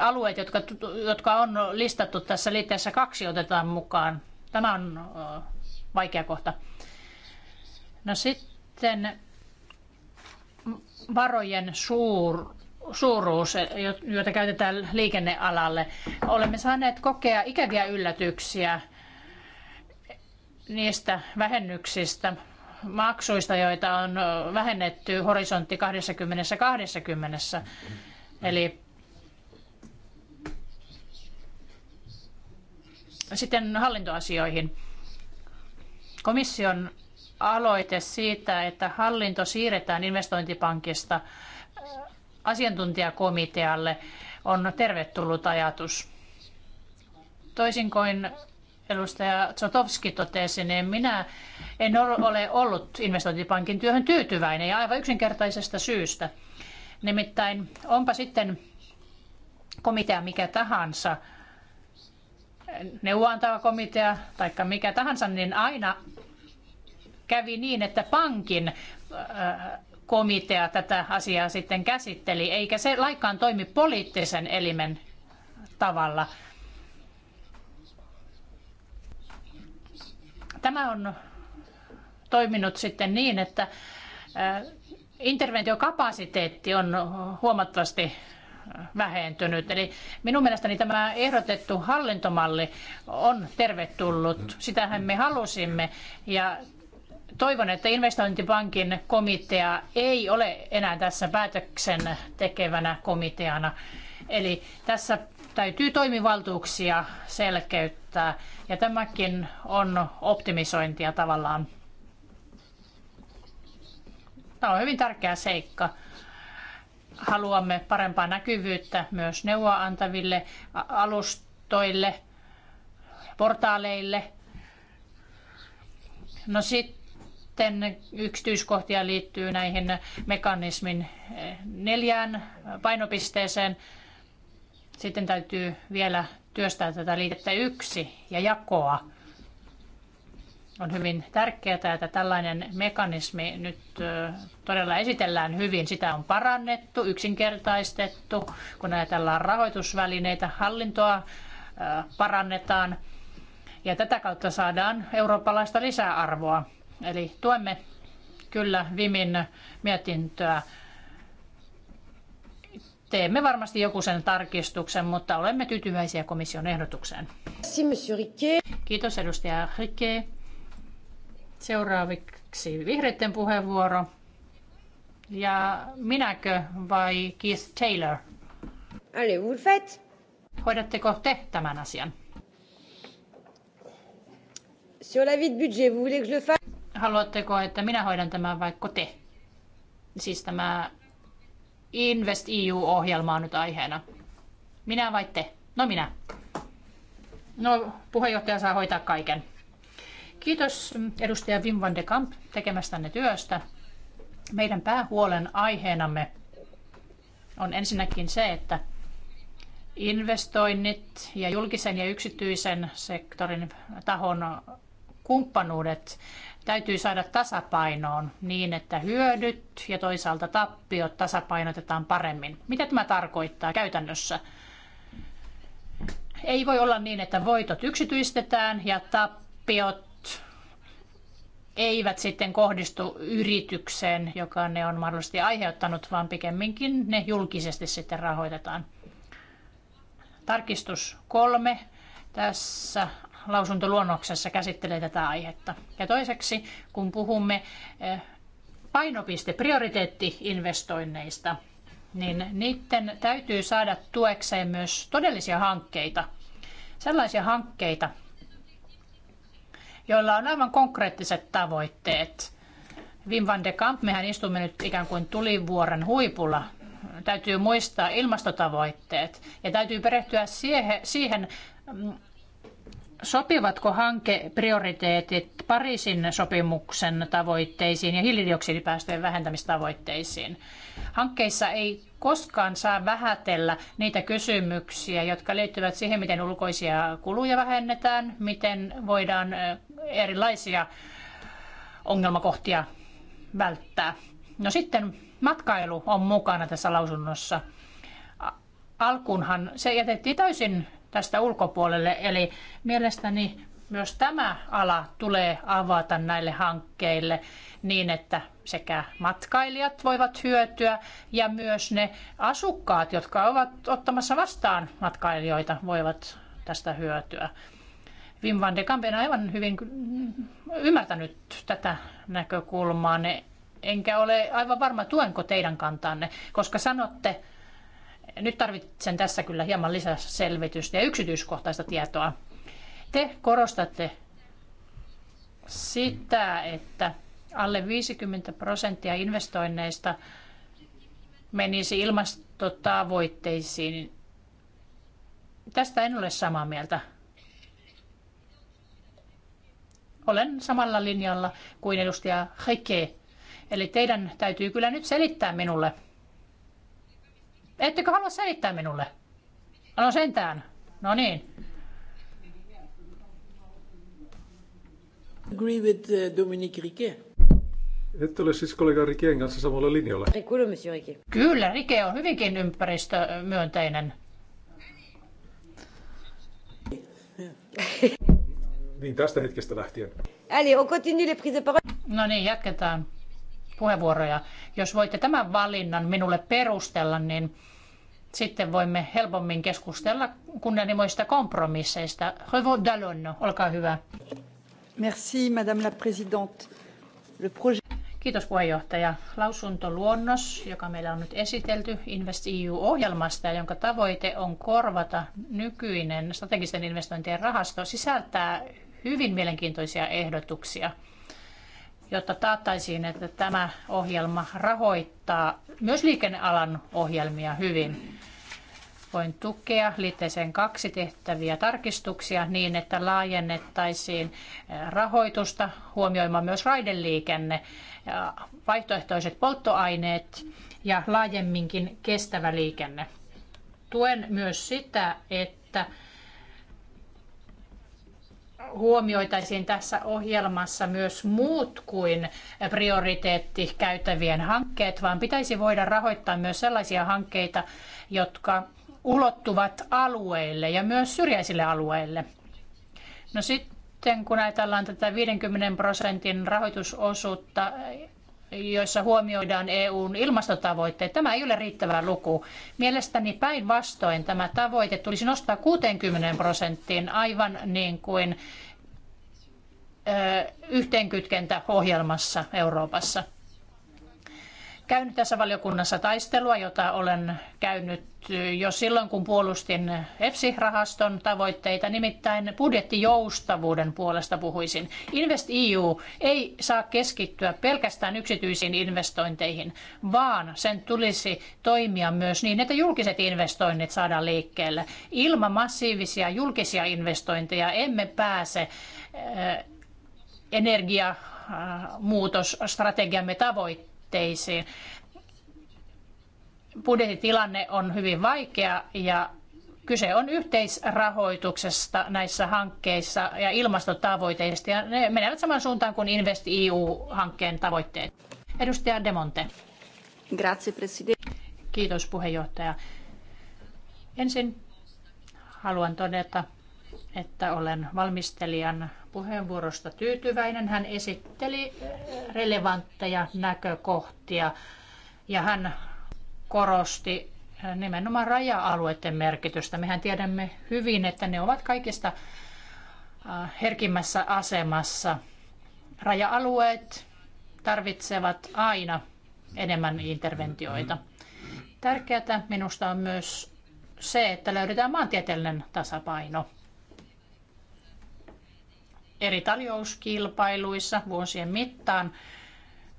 alueet, jotka, jotka on listattu tässä liitteessä kaksi, otetaan mukaan? Tämä on vaikea kohta. No sitten varojen suur, suuruus, joita käytetään liikennealalle. Olemme saaneet kokea ikäviä yllätyksiä niistä vähennyksistä, maksuista, joita on vähennetty horisontti 20-20. Eli sitten hallintoasioihin. Komission aloite siitä, että hallinto siirretään investointipankista asiantuntijakomitealle on tervetullut ajatus. Toisin kuin edustaja Zotowski totesi, niin minä en ole ollut investointipankin työhön tyytyväinen ja aivan yksinkertaisesta syystä. Nimittäin onpa sitten komitea mikä tahansa, neuvoantava komitea tai mikä tahansa, niin aina kävi niin, että pankin äh, komitea tätä asiaa sitten käsitteli, eikä se laikaan toimi poliittisen elimen tavalla. Tämä on toiminut sitten niin, että äh, interventiokapasiteetti on huomattavasti äh, vähentynyt. Eli minun mielestäni tämä ehdotettu hallintomalli on tervetullut. Sitähän me halusimme ja Toivon, että investointipankin komitea ei ole enää tässä päätöksen tekevänä komiteana. Eli tässä täytyy toimivaltuuksia selkeyttää ja tämäkin on optimisointia tavallaan. Tämä on hyvin tärkeä seikka. Haluamme parempaa näkyvyyttä myös neuvoa antaville alustoille, portaaleille. No sitten sitten yksityiskohtia liittyy näihin mekanismin eh, neljään painopisteeseen. Sitten täytyy vielä työstää tätä liitettä yksi ja jakoa. On hyvin tärkeää, että tällainen mekanismi nyt eh, todella esitellään hyvin. Sitä on parannettu, yksinkertaistettu, kun ajatellaan rahoitusvälineitä, hallintoa eh, parannetaan. Ja tätä kautta saadaan eurooppalaista lisäarvoa Eli tuemme kyllä Vimin mietintöä. Teemme varmasti joku sen tarkistuksen, mutta olemme tyytyväisiä komission ehdotukseen. Kiitos edustaja Rikke. Seuraavaksi vihreiden puheenvuoro. Ja minäkö vai Keith Taylor? Allez, vous faites. Hoidatteko te tämän asian? Sur la vie de budget, vous voulez que je le fasse? Haluatteko, että minä hoidan tämän vaikka te? Siis tämä Invest EU-ohjelma on nyt aiheena. Minä vai te? No minä. No, puheenjohtaja saa hoitaa kaiken. Kiitos edustaja Wim van de Kamp tekemästänne työstä. Meidän päähuolen aiheenamme on ensinnäkin se, että investoinnit ja julkisen ja yksityisen sektorin tahon kumppanuudet täytyy saada tasapainoon niin, että hyödyt ja toisaalta tappiot tasapainotetaan paremmin. Mitä tämä tarkoittaa käytännössä? Ei voi olla niin, että voitot yksityistetään ja tappiot eivät sitten kohdistu yritykseen, joka ne on mahdollisesti aiheuttanut, vaan pikemminkin ne julkisesti sitten rahoitetaan. Tarkistus kolme. Tässä lausuntoluonnoksessa käsittelee tätä aihetta. Ja toiseksi, kun puhumme eh, painopiste, prioriteetti-investoinneista, niin niiden täytyy saada tuekseen myös todellisia hankkeita. Sellaisia hankkeita, joilla on aivan konkreettiset tavoitteet. Wim van de Kamp, mehän istumme nyt ikään kuin tulivuoren huipulla. Täytyy muistaa ilmastotavoitteet ja täytyy perehtyä siihen, siihen mm, sopivatko hankeprioriteetit Pariisin sopimuksen tavoitteisiin ja hiilidioksidipäästöjen vähentämistavoitteisiin? Hankkeissa ei koskaan saa vähätellä niitä kysymyksiä, jotka liittyvät siihen, miten ulkoisia kuluja vähennetään, miten voidaan erilaisia ongelmakohtia välttää. No sitten matkailu on mukana tässä lausunnossa. Alkuunhan se jätettiin täysin tästä ulkopuolelle. Eli mielestäni myös tämä ala tulee avata näille hankkeille niin, että sekä matkailijat voivat hyötyä ja myös ne asukkaat, jotka ovat ottamassa vastaan matkailijoita, voivat tästä hyötyä. Wim van de Kampen aivan hyvin ymmärtänyt tätä näkökulmaa, niin enkä ole aivan varma tuenko teidän kantanne, koska sanotte, nyt tarvitsen tässä kyllä hieman lisää selvitystä ja yksityiskohtaista tietoa. Te korostatte sitä, että alle 50 prosenttia investoinneista menisi ilmastotavoitteisiin. Tästä en ole samaa mieltä. Olen samalla linjalla kuin edustaja Heike. Eli teidän täytyy kyllä nyt selittää minulle, Ettekö halua selittää minulle? No sentään. No niin. Agree with uh, Dominique Riquet. Et ole siis kollega Rikeen kanssa samalla linjalla. Kyllä, Rike on hyvinkin ympäristömyönteinen. niin, tästä hetkestä lähtien. Allez, on continue les prises de parole. No niin, jatketaan puheenvuoroja. Jos voitte tämän valinnan minulle perustella, niin sitten voimme helpommin keskustella kunnianhimoista kompromisseista. Revo Dallon, olkaa hyvä. Merci, Madame la Présidente. Le projet... Kiitos puheenjohtaja. Lausuntoluonnos, joka meillä on nyt esitelty InvestEU-ohjelmasta, jonka tavoite on korvata nykyinen strategisten investointien rahasto, sisältää hyvin mielenkiintoisia ehdotuksia – jotta taattaisiin, että tämä ohjelma rahoittaa myös liikennealan ohjelmia hyvin. Voin tukea liitteeseen kaksi tehtäviä tarkistuksia niin, että laajennettaisiin eh, rahoitusta huomioimaan myös raideliikenne, vaihtoehtoiset polttoaineet ja laajemminkin kestävä liikenne. Tuen myös sitä, että huomioitaisiin tässä ohjelmassa myös muut kuin prioriteettikäytävien hankkeet, vaan pitäisi voida rahoittaa myös sellaisia hankkeita, jotka ulottuvat alueille ja myös syrjäisille alueille. No sitten kun ajatellaan tätä 50 prosentin rahoitusosuutta joissa huomioidaan EUn ilmastotavoitteet. Tämä ei ole riittävä luku. Mielestäni päinvastoin tämä tavoite tulisi nostaa 60 prosenttiin, aivan niin kuin yhteenkytkentäohjelmassa Euroopassa käynyt tässä valiokunnassa taistelua, jota olen käynyt jo silloin, kun puolustin EFSI-rahaston tavoitteita, nimittäin budjettijoustavuuden puolesta puhuisin. Invest EU ei saa keskittyä pelkästään yksityisiin investointeihin, vaan sen tulisi toimia myös niin, että julkiset investoinnit saadaan liikkeelle. Ilman massiivisia julkisia investointeja emme pääse eh, energiamuutosstrategiamme muutosstrategiamme tavoitteeseen tavoitteisiin. Budjettitilanne on hyvin vaikea ja kyse on yhteisrahoituksesta näissä hankkeissa ja ilmastotavoitteista ja ne menevät saman suuntaan kuin Invest EU-hankkeen tavoitteet. Edustaja Demonte. Grazie, presidente. Kiitos puheenjohtaja. Ensin haluan todeta, että olen valmistelijan puheenvuorosta tyytyväinen. Hän esitteli relevantteja näkökohtia ja hän korosti nimenomaan raja-alueiden merkitystä. Mehän tiedämme hyvin, että ne ovat kaikista herkimmässä asemassa. Raja-alueet tarvitsevat aina enemmän interventioita. Tärkeää minusta on myös se, että löydetään maantieteellinen tasapaino – eri tarjouskilpailuissa vuosien mittaan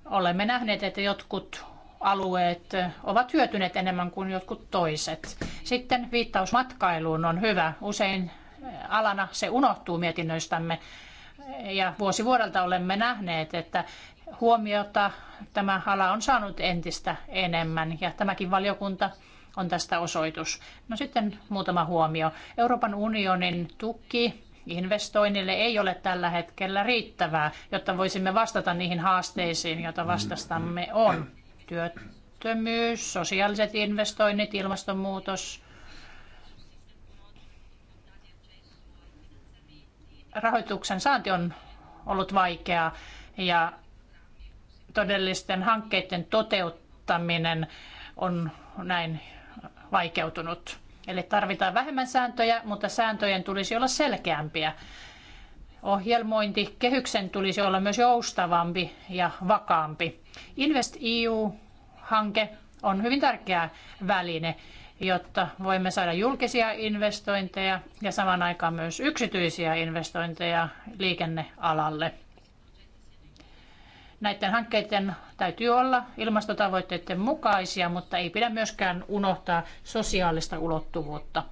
olemme nähneet, että jotkut alueet ovat hyötyneet enemmän kuin jotkut toiset. Sitten viittaus matkailuun on hyvä. Usein eh, alana se unohtuu mietinnöistämme. Ja vuosi vuodelta olemme nähneet, että huomiota tämä ala on saanut entistä enemmän. Ja tämäkin valiokunta on tästä osoitus. No sitten muutama huomio. Euroopan unionin tuki investoinnille ei ole tällä hetkellä riittävää, jotta voisimme vastata niihin haasteisiin, joita vastastamme on. Työttömyys, sosiaaliset investoinnit, ilmastonmuutos, rahoituksen saanti on ollut vaikeaa ja todellisten hankkeiden toteuttaminen on näin vaikeutunut. Eli tarvitaan vähemmän sääntöjä, mutta sääntöjen tulisi olla selkeämpiä. Ohjelmointi, kehyksen tulisi olla myös joustavampi ja vakaampi. Invest EU-hanke on hyvin tärkeä väline, jotta voimme saada julkisia investointeja ja saman aikaan myös yksityisiä investointeja liikennealalle. Näiden hankkeiden täytyy olla ilmastotavoitteiden mukaisia, mutta ei pidä myöskään unohtaa sosiaalista ulottuvuutta.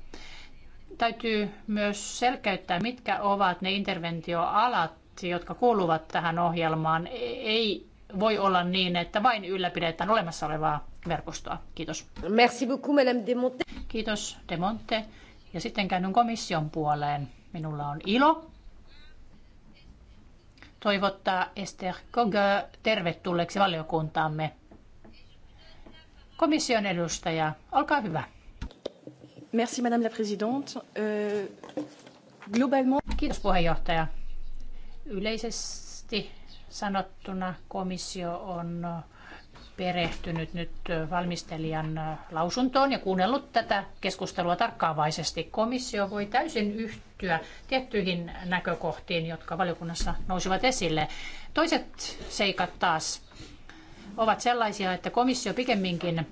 Täytyy myös selkeyttää, mitkä ovat ne interventioalat, jotka kuuluvat tähän ohjelmaan. Ei voi olla niin, että vain ylläpidetään olemassa olevaa verkostoa. Kiitos. Merci beaucoup, Madame Demonte. Kiitos, Demonte. Ja sitten käännyn komission puoleen. Minulla on ilo toivottaa Esther Koga tervetulleeksi valiokuntaamme. Komission edustaja, olkaa hyvä. Merci madame la présidente. Euh, globalement... Kiitos puheenjohtaja. Yleisesti sanottuna komissio on perehtynyt nyt valmistelijan lausuntoon ja kuunnellut tätä keskustelua tarkkaavaisesti. Komissio voi täysin yhtyä tiettyihin näkökohtiin, jotka valiokunnassa nousivat esille. Toiset seikat taas ovat sellaisia, että komissio pikemminkin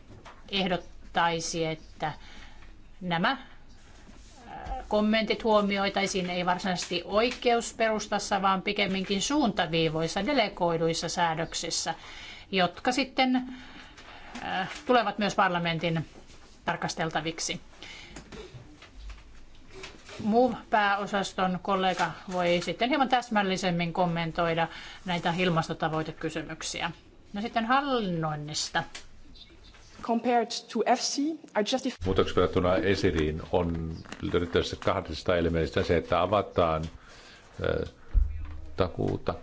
ehdottaisi, että nämä kommentit huomioitaisiin ei varsinaisesti oikeusperustassa, vaan pikemminkin suuntaviivoissa, delegoiduissa säädöksissä jotka sitten äh, tulevat myös parlamentin tarkasteltaviksi. Muu pääosaston kollega voi sitten hieman täsmällisemmin kommentoida näitä ilmastotavoitekysymyksiä. No sitten hallinnoinnista. Compared to FC, Muutoksi verrattuna Esiriin on löydettävissä kahdesta elementistä se, että avataan äh, takuuta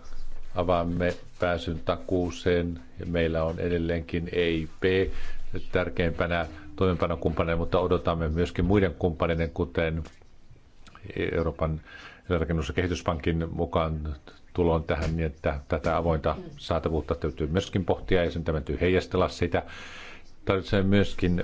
avaamme pääsyn takuuseen. Meillä on edelleenkin EIP tärkeimpänä toimenpanokumppaneina, mutta odotamme myöskin muiden kumppaneiden, kuten Euroopan rakennus- ja kehityspankin mukaan tulon tähän, niin että tätä avointa saatavuutta täytyy myöskin pohtia ja sen täytyy heijastella sitä. Tarvitsemme myöskin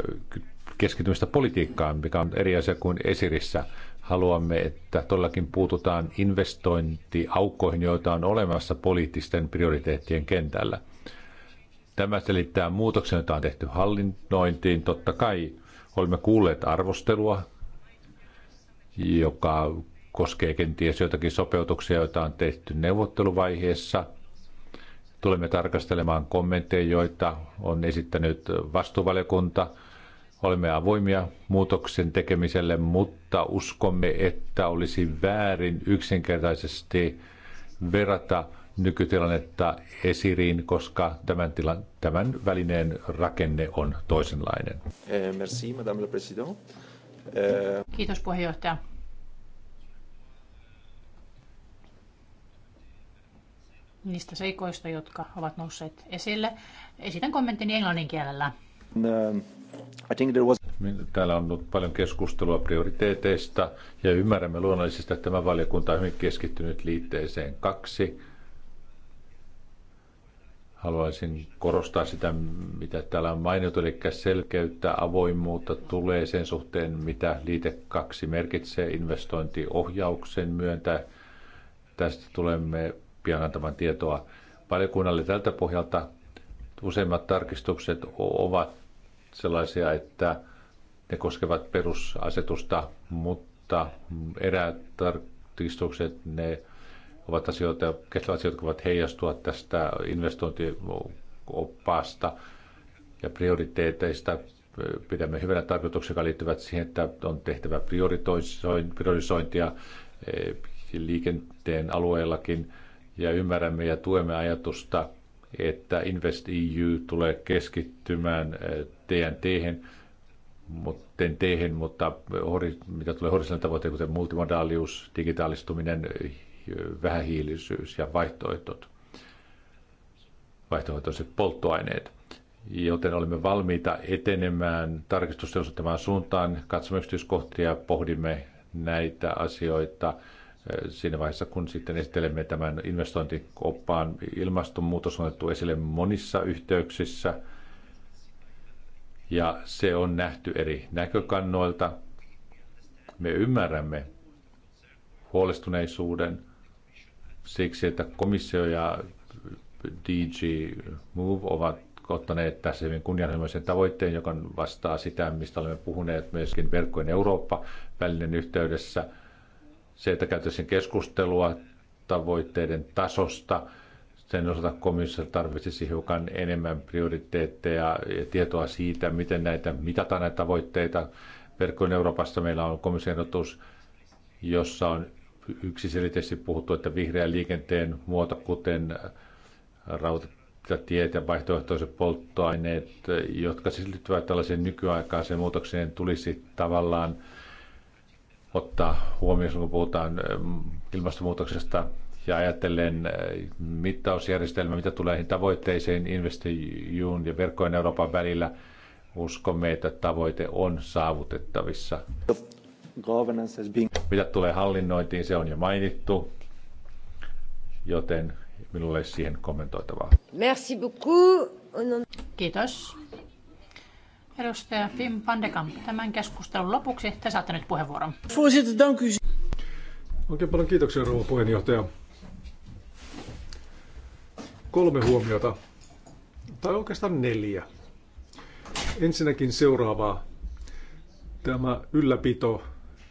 keskittymistä politiikkaan, mikä on eri asia kuin esirissä. Haluamme, että todellakin puututaan investointiaukkoihin, joita on olemassa poliittisten prioriteettien kentällä. Tämä selittää muutoksen, jota on tehty hallinnointiin. Totta kai olemme kuulleet arvostelua, joka koskee kenties joitakin sopeutuksia, joita on tehty neuvotteluvaiheessa. Tulemme tarkastelemaan kommentteja, joita on esittänyt vastuuvaliokunta – Olemme avoimia muutoksen tekemiselle, mutta uskomme, että olisi väärin yksinkertaisesti verrata nykytilannetta esiriin, koska tämän, tilan, tämän välineen rakenne on toisenlainen. Eh, merci, Madame la Présidente. Eh, Kiitos puheenjohtaja. Niistä seikoista, jotka ovat nousseet esille. Esitän kommenttini englannin kielellä. I think there was... Täällä on ollut paljon keskustelua prioriteeteista ja ymmärrämme luonnollisesti, että tämä valiokunta on hyvin keskittynyt liitteeseen kaksi. Haluaisin korostaa sitä, mitä täällä on mainittu, eli selkeyttä, avoimuutta tulee sen suhteen, mitä liite kaksi merkitsee investointiohjauksen myöntä. Tästä tulemme pian antamaan tietoa valiokunnalle tältä pohjalta. Useimmat tarkistukset ovat sellaisia, että ne koskevat perusasetusta, mutta eräät tarkistukset, ne ovat asioita, kestävät asioita, jotka voivat heijastua tästä investointioppaasta ja prioriteeteista. Pidämme hyvänä tarkoituksia, jotka liittyvät siihen, että on tehtävä priorisointia liikenteen alueellakin ja ymmärrämme ja tuemme ajatusta, että InvestEU tulee keskittymään TNT, mutta, tehen, mutta mitä tulee horisontaalinen tavoitteet, kuten multimodaalius, digitaalistuminen, vähähiilisyys ja vaihtoehdot, vaihtoehtoiset polttoaineet. Joten olemme valmiita etenemään tarkistusten osoittamaan suuntaan, katsomme yksityiskohtia ja pohdimme näitä asioita eh, siinä vaiheessa, kun sitten esittelemme tämän investointikoppaan. Ilmastonmuutos on otettu esille monissa yhteyksissä – ja se on nähty eri näkökannoilta. Me ymmärrämme huolestuneisuuden siksi, että komissio ja DG Move ovat ottaneet tässä hyvin kunnianhimoisen tavoitteen, joka vastaa sitä, mistä olemme puhuneet myöskin verkkojen Eurooppa-välinen yhteydessä. Se, että käytäisiin keskustelua tavoitteiden tasosta sen osalta komissio tarvitsisi hiukan enemmän prioriteetteja ja tietoa siitä, miten näitä mitataan näitä tavoitteita. Verkkojen Euroopassa meillä on komission jossa on yksiselitteisesti puhuttu, että vihreän liikenteen muoto, kuten rautatiet ja vaihtoehtoiset polttoaineet, jotka sisältyvät tällaiseen nykyaikaiseen muutokseen, tulisi tavallaan ottaa huomioon, kun puhutaan ilmastonmuutoksesta ja ajatellen äh, mittausjärjestelmä, mitä tulee tavoitteeseen investoijuun ja verkkojen Euroopan välillä, uskomme, että tavoite on saavutettavissa. Mitä tulee hallinnointiin, se on jo mainittu, joten minulle ei siihen kommentoitavaa. Merci beaucoup. Kiitos. Edustaja Pim pandekamp tämän keskustelun lopuksi te saatte nyt puheenvuoron. Oikein paljon kiitoksia, rouva puheenjohtaja kolme huomiota, tai oikeastaan neljä. Ensinnäkin seuraavaa. Tämä ylläpito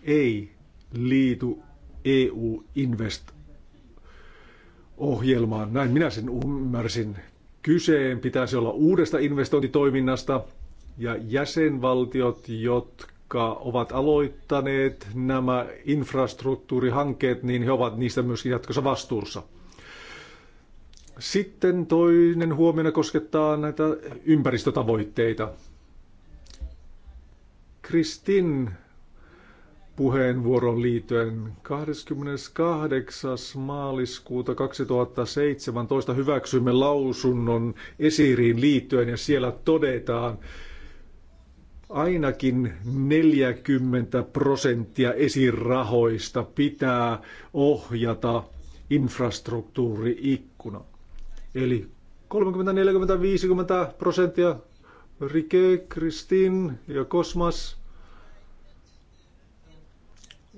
ei liity EU Invest ohjelmaan. Näin minä sen ymmärsin. Kyseen pitäisi olla uudesta investointitoiminnasta ja jäsenvaltiot, jotka ovat aloittaneet nämä infrastruktuurihankkeet, niin he ovat niistä myöskin jatkossa vastuussa. Sitten toinen huomiona koskettaa näitä ympäristötavoitteita. Kristin puheenvuoron liittyen 28. maaliskuuta 2017 hyväksymme lausunnon esiriin liittyen ja siellä todetaan ainakin 40 prosenttia esirahoista pitää ohjata infrastruktuuriikkuna. Eli 30, 40, 50 prosenttia Rike, Kristin ja Kosmas.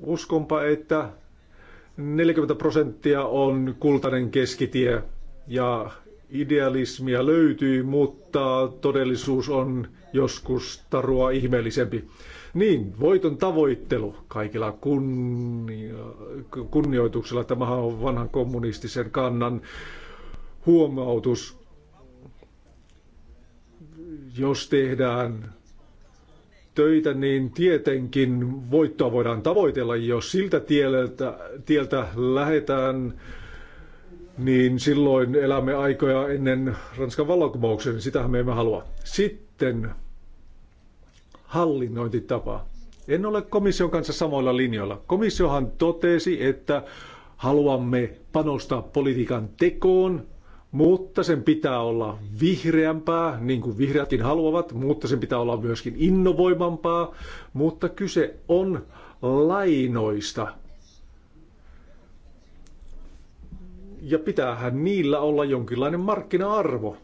Uskonpa, että 40 prosenttia on kultainen keskitie ja idealismia löytyy, mutta todellisuus on joskus tarua ihmeellisempi. Niin, voiton tavoittelu kaikilla kunnioituksella. Tämähän on vanhan kommunistisen kannan huomautus, jos tehdään töitä, niin tietenkin voittoa voidaan tavoitella. Jos siltä tieltä, tieltä lähdetään, niin silloin elämme aikoja ennen Ranskan vallankumouksen. Sitähän me emme halua. Sitten hallinnointitapa. En ole komission kanssa samoilla linjoilla. Komissiohan totesi, että haluamme panostaa politiikan tekoon mutta sen pitää olla vihreämpää, niin kuin vihreätkin haluavat, mutta sen pitää olla myöskin innovoimampaa, mutta kyse on lainoista. Ja pitäähän niillä olla jonkinlainen markkina-arvo.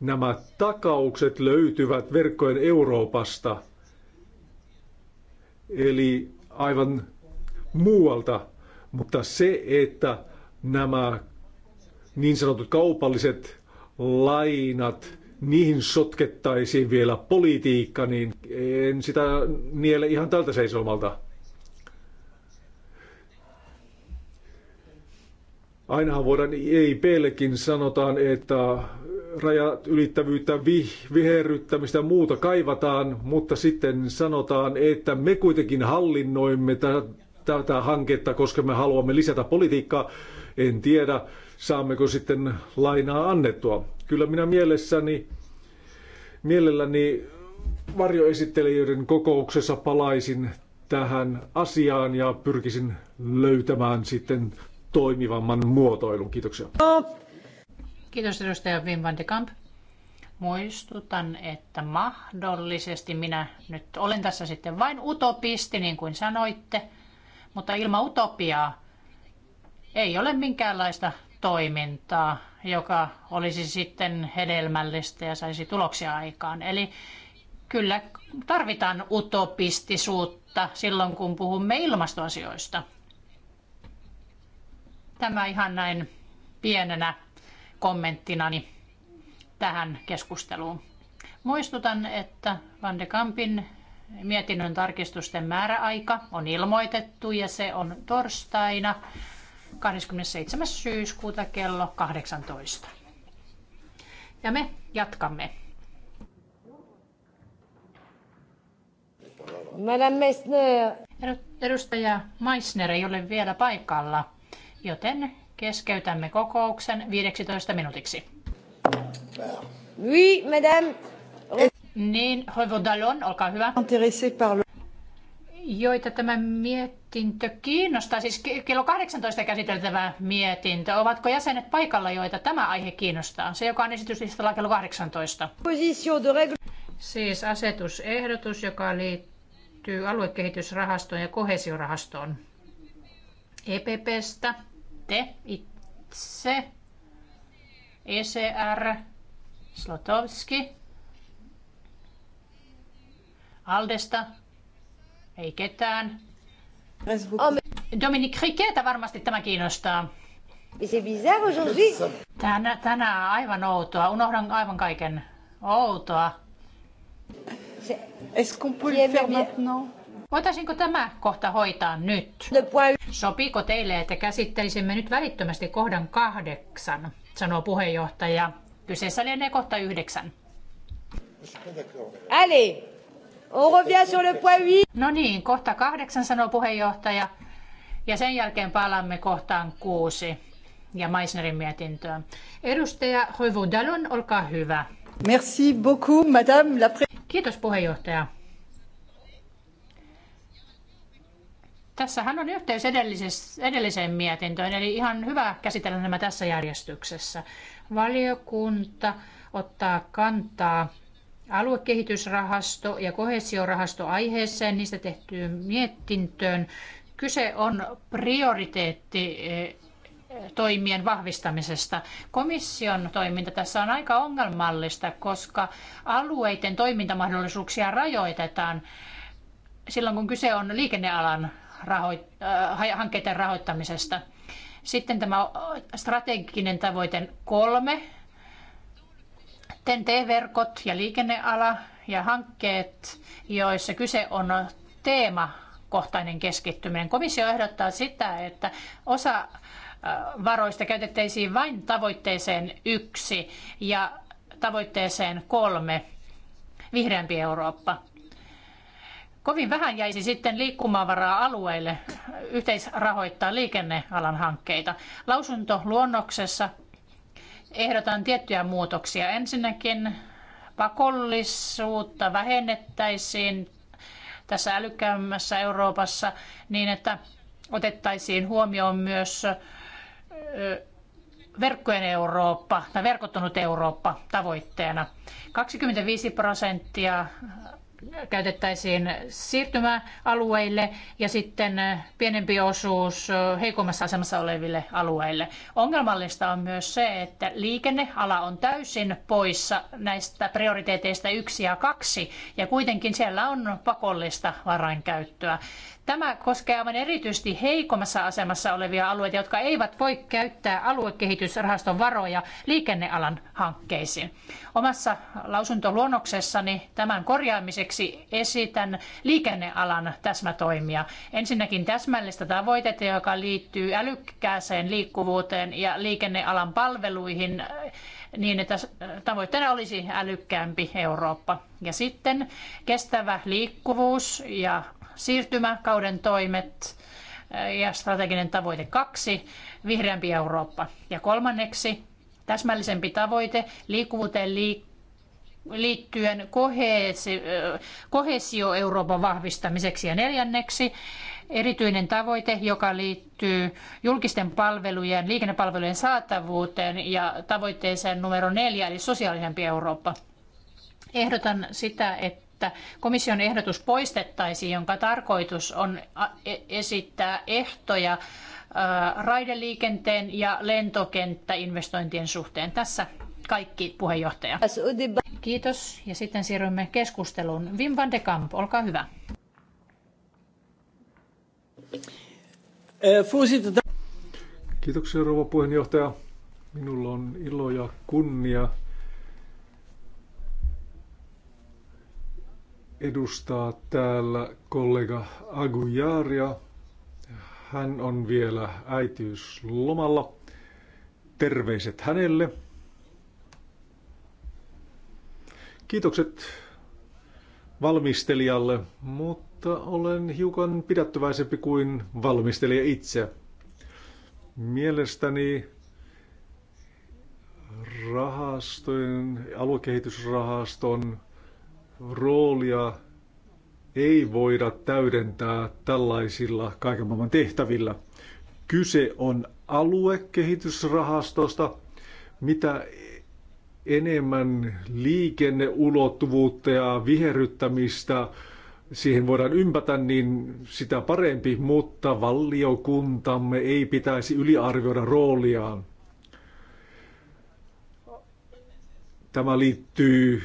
Nämä takaukset löytyvät verkkojen Euroopasta, eli aivan muualta, mutta se, että nämä niin sanotut kaupalliset lainat, niihin sotkettaisiin vielä politiikka, niin en sitä niele ihan tältä seisomalta. Ainahan voidaan ei pelkin sanotaan, että rajat ylittävyyttä, viherryttämistä ja muuta kaivataan, mutta sitten sanotaan, että me kuitenkin hallinnoimme tätä hanketta, koska me haluamme lisätä politiikkaa. En tiedä, saammeko sitten lainaa annettua. Kyllä minä mielessäni, mielelläni varjoesittelijöiden kokouksessa palaisin tähän asiaan ja pyrkisin löytämään sitten toimivamman muotoilun. Kiitoksia. Kiitos edustaja Wim van de Kamp. Muistutan, että mahdollisesti minä nyt olen tässä sitten vain utopisti, niin kuin sanoitte, mutta ilman utopiaa ei ole minkäänlaista toimintaa, joka olisi sitten hedelmällistä ja saisi tuloksia aikaan. Eli kyllä tarvitaan utopistisuutta silloin, kun puhumme ilmastoasioista. Tämä ihan näin pienenä kommenttinani tähän keskusteluun. Muistutan, että Van de Kampin mietinnön tarkistusten määräaika on ilmoitettu ja se on torstaina 27. syyskuuta kello 18. Ja me jatkamme. Madame Meissner. Edustaja Meissner ei ole vielä paikalla, joten keskeytämme kokouksen 15 minuutiksi. Oui, madame. Niin, Revaudalon, olkaa hyvä. Intéressé par le joita tämä mietintö kiinnostaa, siis kello 18 käsiteltävä mietintö. Ovatko jäsenet paikalla, joita tämä aihe kiinnostaa? Se, joka on esityslistalla kello 18. Siis asetusehdotus, joka liittyy aluekehitysrahastoon ja kohesiorahastoon. EPPstä, te itse, ECR, Slotowski, Aldesta, ei ketään. Dominic Riquetä varmasti tämä kiinnostaa. C'est bizarre aujourd'hui. Tänä, tänään aivan outoa. Unohdan aivan kaiken. Outoa. Est-ce qu'on peut le faire maintenant? Voitaisinko tämä kohta hoitaa nyt? Sopiiko teille, että käsittelisimme nyt välittömästi kohdan kahdeksan, sanoo puheenjohtaja. Kyseessä lienee kohta yhdeksän. Allez! On revient sur le point 8. No niin, kohta kahdeksan sanoo puheenjohtaja. Ja sen jälkeen palaamme kohtaan kuusi ja Meissnerin mietintöön. Edustaja Revaudalon, olkaa hyvä. Merci beaucoup, madame la Kiitos puheenjohtaja. Tässähän on yhteys edelliseen mietintöön, eli ihan hyvä käsitellä nämä tässä järjestyksessä. Valiokunta ottaa kantaa aluekehitysrahasto ja kohesiorahasto aiheeseen, niistä tehtyyn mietintöön. Kyse on prioriteetti eh, toimien vahvistamisesta. Komission toiminta tässä on aika ongelmallista, koska alueiden toimintamahdollisuuksia rajoitetaan silloin, kun kyse on liikennealan raho- eh, hankkeiden rahoittamisesta. Sitten tämä strateginen tavoite kolme, TEN-T-verkot ja liikenneala ja hankkeet, joissa kyse on teema kohtainen keskittyminen. Komissio ehdottaa sitä, että osa äh, varoista käytettäisiin vain tavoitteeseen yksi ja tavoitteeseen kolme, vihreämpi Eurooppa. Kovin vähän jäisi sitten liikkumavaraa alueille yhteisrahoittaa liikennealan hankkeita. Lausuntoluonnoksessa ehdotan tiettyjä muutoksia. Ensinnäkin pakollisuutta vähennettäisiin tässä älykkäämmässä Euroopassa niin, että otettaisiin huomioon myös verkkojen Eurooppa tai verkottunut Eurooppa tavoitteena. 25 prosenttia käytettäisiin siirtymäalueille ja sitten pienempi osuus heikommassa asemassa oleville alueille. Ongelmallista on myös se, että liikenneala on täysin poissa näistä prioriteeteista yksi ja kaksi ja kuitenkin siellä on pakollista varainkäyttöä. Tämä koskee aivan erityisesti heikommassa asemassa olevia alueita, jotka eivät voi käyttää aluekehitysrahaston varoja liikennealan hankkeisiin. Omassa lausuntoluonnoksessani tämän korjaamiseksi Toiseksi esitän liikennealan täsmätoimia. Ensinnäkin täsmällistä tavoitetta, joka liittyy älykkääseen liikkuvuuteen ja liikennealan palveluihin niin, että tavoitteena olisi älykkäämpi Eurooppa. Ja sitten kestävä liikkuvuus ja siirtymäkauden toimet ja strateginen tavoite kaksi, vihreämpi Eurooppa. Ja kolmanneksi täsmällisempi tavoite liikkuvuuteen liik liittyen kohesio Euroopan vahvistamiseksi ja neljänneksi erityinen tavoite, joka liittyy julkisten palvelujen, liikennepalvelujen saatavuuteen ja tavoitteeseen numero neljä, eli sosiaalisempi Eurooppa. Ehdotan sitä, että komission ehdotus poistettaisiin, jonka tarkoitus on e, esittää ehtoja raideliikenteen ja lentokenttäinvestointien suhteen. Tässä kaikki puheenjohtaja. Kiitos ja sitten siirrymme keskusteluun. Wim van de Kamp, olkaa hyvä. Eh, Kiitoksia rouva puheenjohtaja. Minulla on ilo ja kunnia edustaa täällä kollega Agujaria. Hän on vielä äitiyslomalla. Terveiset hänelle. Kiitokset valmistelijalle, mutta olen hiukan pidättyväisempi kuin valmistelija itse. Mielestäni rahastojen, aluekehitysrahaston roolia ei voida täydentää tällaisilla kaiken maailman tehtävillä. Kyse on aluekehitysrahastosta, mitä enemmän liikenneulottuvuutta ja viherryttämistä siihen voidaan ympätä, niin sitä parempi, mutta valiokuntamme ei pitäisi yliarvioida rooliaan. Tämä liittyy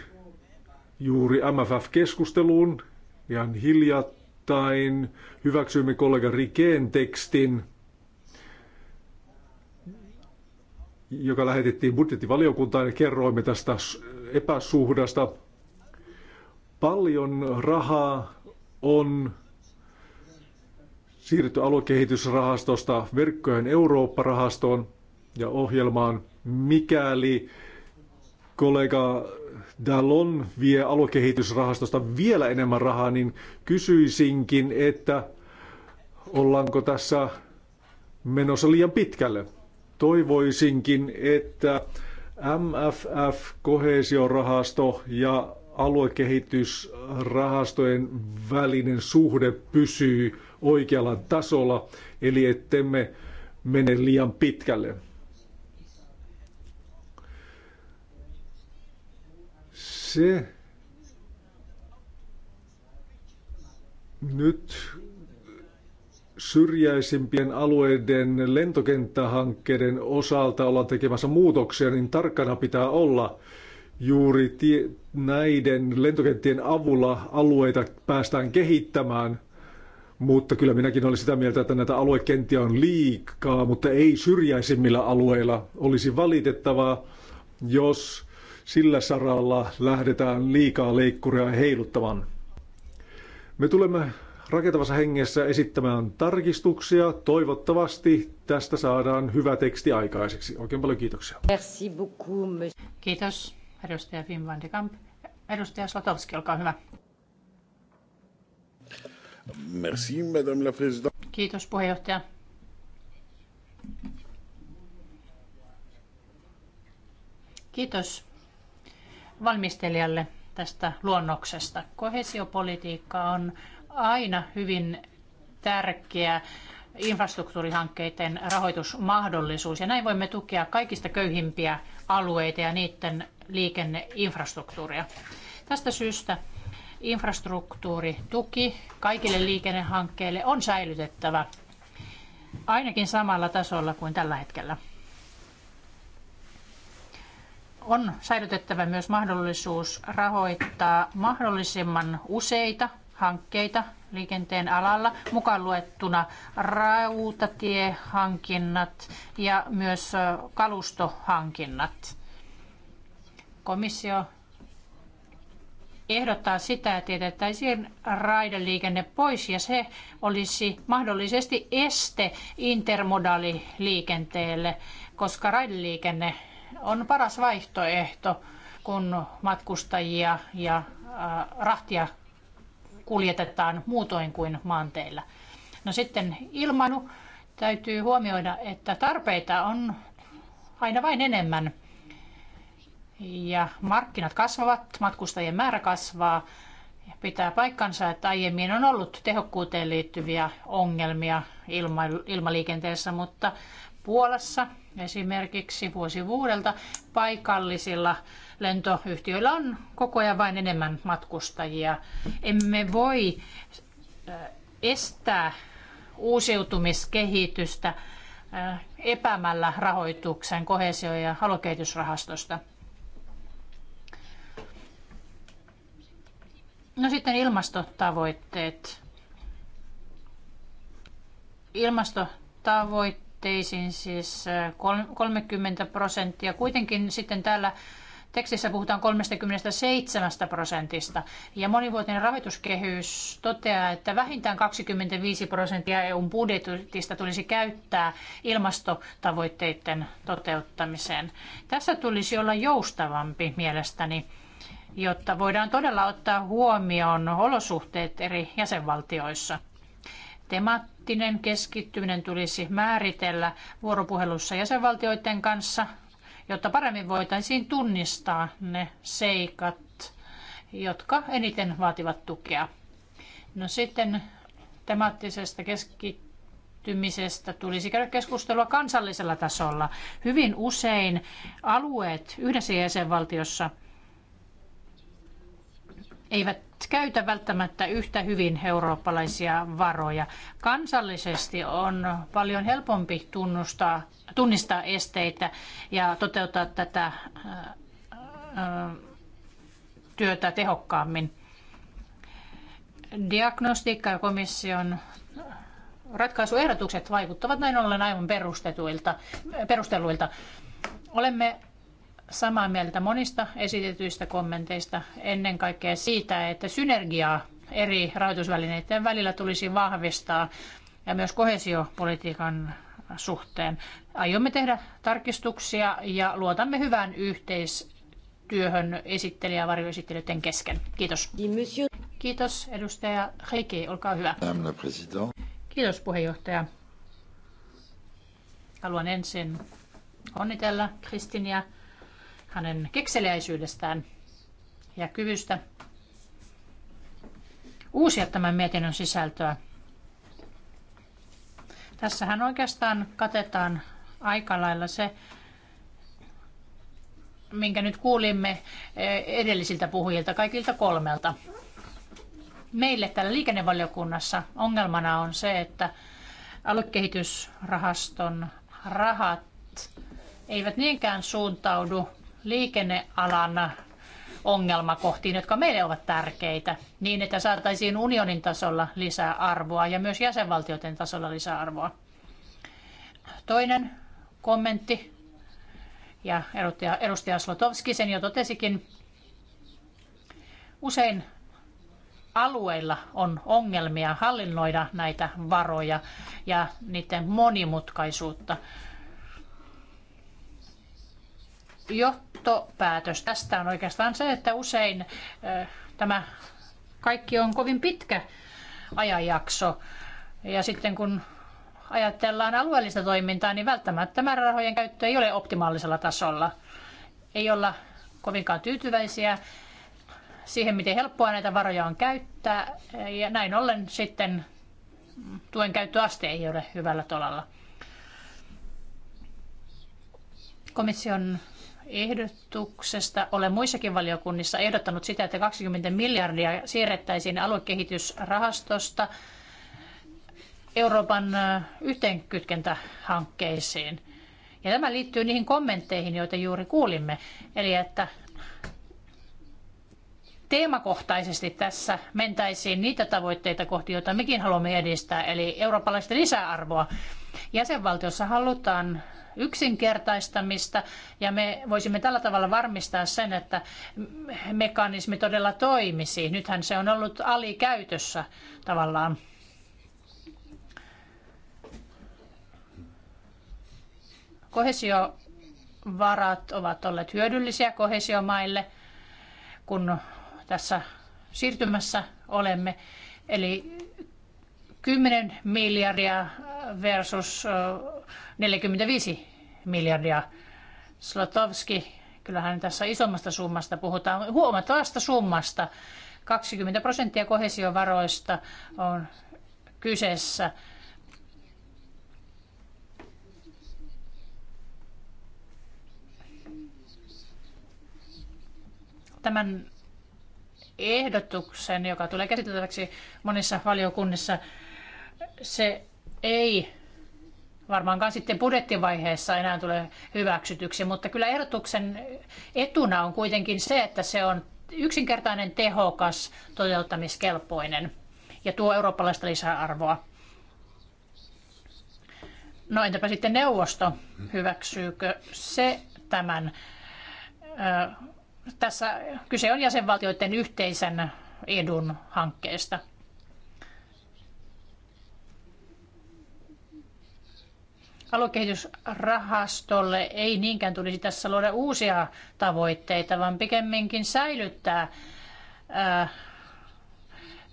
juuri MFF-keskusteluun. Ihan hiljattain hyväksyimme kollega Rikeen tekstin – joka lähetettiin budjettivaliokuntaan ja niin kerroimme tästä epäsuhdasta. Paljon rahaa on siirretty aluekehitysrahastosta verkkojen Eurooppa-rahastoon ja ohjelmaan, mikäli kollega Dallon vie aluekehitysrahastosta vielä enemmän rahaa, niin kysyisinkin, että ollaanko tässä menossa liian pitkälle. Toivoisinkin, että MFF, kohesiorahasto ja aluekehitysrahastojen välinen suhde pysyy oikealla tasolla, eli ettemme mene liian pitkälle. Se nyt syrjäisimpien alueiden lentokenttähankkeiden osalta ollaan tekemässä muutoksia, niin tarkkana pitää olla juuri tie, näiden lentokenttien avulla alueita päästään kehittämään. Mutta kyllä minäkin olen sitä mieltä, että näitä aluekenttiä on liikaa, mutta ei syrjäisimmillä alueilla. Olisi valitettavaa, jos sillä saralla lähdetään liikaa leikkuria heiluttamaan. Me tulemme rakentavassa hengessä esittämään tarkistuksia. Toivottavasti tästä saadaan hyvä teksti aikaiseksi. Oikein paljon kiitoksia. Merci beaucoup, Kiitos, edustaja Wim van de Kamp. Edustaja Slotowski, olkaa hyvä. Merci, madame la présidente. Kiitos, puheenjohtaja. Kiitos valmistelijalle tästä luonnoksesta. Kohesiopolitiikka on aina hyvin tärkeä infrastruktuurihankkeiden rahoitusmahdollisuus. Ja näin voimme tukea kaikista köyhimpiä alueita ja niiden liikenneinfrastruktuuria. Tästä syystä infrastruktuurituki kaikille liikennehankkeille on säilytettävä ainakin samalla tasolla kuin tällä hetkellä. On säilytettävä myös mahdollisuus rahoittaa mahdollisimman useita hankkeita liikenteen alalla, mukaan luettuna rautatiehankinnat ja myös kalustohankinnat. Komissio ehdottaa sitä, että jätettäisiin raideliikenne pois ja se olisi mahdollisesti este intermodaaliliikenteelle, koska raideliikenne on paras vaihtoehto, kun matkustajia ja rahtia kuljetetaan muutoin kuin maanteillä. No sitten ilmanu Täytyy huomioida, että tarpeita on aina vain enemmän. Ja markkinat kasvavat, matkustajien määrä kasvaa. Pitää paikkansa, että aiemmin on ollut tehokkuuteen liittyviä ongelmia ilmaliikenteessä, mutta Puolassa Esimerkiksi vuosi vuodelta paikallisilla lentoyhtiöillä on koko ajan vain enemmän matkustajia. Emme voi estää uusiutumiskehitystä epämällä rahoituksen kohesio- ja halukehitysrahastosta. No sitten ilmastotavoitteet. Ilmastotavoitteet tavoitteisiin siis 30 prosenttia. Kuitenkin sitten täällä tekstissä puhutaan 37 prosentista. Ja monivuotinen rahoituskehys toteaa, että vähintään 25 prosenttia EUn budjetista tulisi käyttää ilmastotavoitteiden toteuttamiseen. Tässä tulisi olla joustavampi mielestäni, jotta voidaan todella ottaa huomioon olosuhteet eri jäsenvaltioissa temaattinen keskittyminen tulisi määritellä vuoropuhelussa jäsenvaltioiden kanssa, jotta paremmin voitaisiin tunnistaa ne seikat, jotka eniten vaativat tukea. No sitten temaattisesta keskittymisestä tulisi käydä keskustelua kansallisella tasolla. Hyvin usein alueet yhdessä jäsenvaltiossa eivät käytä välttämättä yhtä hyvin eurooppalaisia varoja. Kansallisesti on paljon helpompi tunnustaa, tunnistaa esteitä ja toteuttaa tätä äh, äh, työtä tehokkaammin. Diagnostiikka ja komission ratkaisuehdotukset vaikuttavat näin ollen aivan perusteluilta. perusteluilta. Olemme samaa mieltä monista esitetyistä kommenteista, ennen kaikkea siitä, että synergiaa eri rahoitusvälineiden välillä tulisi vahvistaa ja myös kohesiopolitiikan suhteen. Aiomme tehdä tarkistuksia ja luotamme hyvään yhteistyöhön esittelijä- ja varjoesittelijöiden kesken. Kiitos. Kiitos edustaja Heike, olkaa hyvä. Kiitos puheenjohtaja. Haluan ensin onnitella Kristinia hänen kekseliäisyydestään ja kyvystä uusia tämän mietinnön sisältöä. Tässähän oikeastaan katetaan aika lailla se, minkä nyt kuulimme e, edellisiltä puhujilta, kaikilta kolmelta. Meille täällä liikennevaliokunnassa ongelmana on se, että aluekehitysrahaston rahat eivät niinkään suuntaudu liikennealan ongelmakohtiin, jotka meille ovat tärkeitä, niin että saataisiin unionin tasolla lisää arvoa ja myös jäsenvaltioiden tasolla lisää arvoa. Toinen kommentti, ja edustaja, edustaja Slotowski sen jo totesikin, usein alueilla on ongelmia hallinnoida näitä varoja ja niiden monimutkaisuutta johtopäätös tästä on oikeastaan se, että usein tämä kaikki on kovin pitkä ajanjakso. Ja sitten kun ajatellaan alueellista toimintaa, niin välttämättä määrärahojen käyttö ei ole optimaalisella tasolla. Ei olla kovinkaan tyytyväisiä siihen, miten helppoa näitä varoja on käyttää. Ja näin ollen sitten tuen käyttöaste ei ole hyvällä tolalla. Komission ehdotuksesta. Olen muissakin valiokunnissa ehdottanut sitä, että 20 miljardia siirrettäisiin aluekehitysrahastosta Euroopan yhteenkytkentähankkeisiin. Ja tämä liittyy niihin kommentteihin, joita juuri kuulimme. Eli että teemakohtaisesti tässä mentäisiin niitä tavoitteita kohti, joita mekin haluamme edistää, eli eurooppalaista lisäarvoa. Jäsenvaltiossa halutaan yksinkertaistamista ja me voisimme tällä tavalla varmistaa sen, että mekanismi todella toimisi. Nythän se on ollut alikäytössä tavallaan. Kohesiovarat ovat olleet hyödyllisiä kohesiomaille, kun tässä siirtymässä olemme. Eli 10 miljardia versus 45 miljardia. Slotowski, kyllähän tässä isommasta summasta puhutaan, huomattavasta summasta. 20 prosenttia kohesiovaroista on kyseessä. Tämän ehdotuksen, joka tulee käsiteltäväksi monissa valiokunnissa, se ei varmaankaan sitten budjettivaiheessa enää tule hyväksytyksi, mutta kyllä ehdotuksen etuna on kuitenkin se, että se on yksinkertainen, tehokas, toteuttamiskelpoinen ja tuo eurooppalaista lisäarvoa. No entäpä sitten neuvosto, hyväksyykö se tämän? Ö, tässä kyse on jäsenvaltioiden yhteisen edun hankkeesta. aluekehitysrahastolle ei niinkään tulisi tässä luoda uusia tavoitteita, vaan pikemminkin säilyttää äh,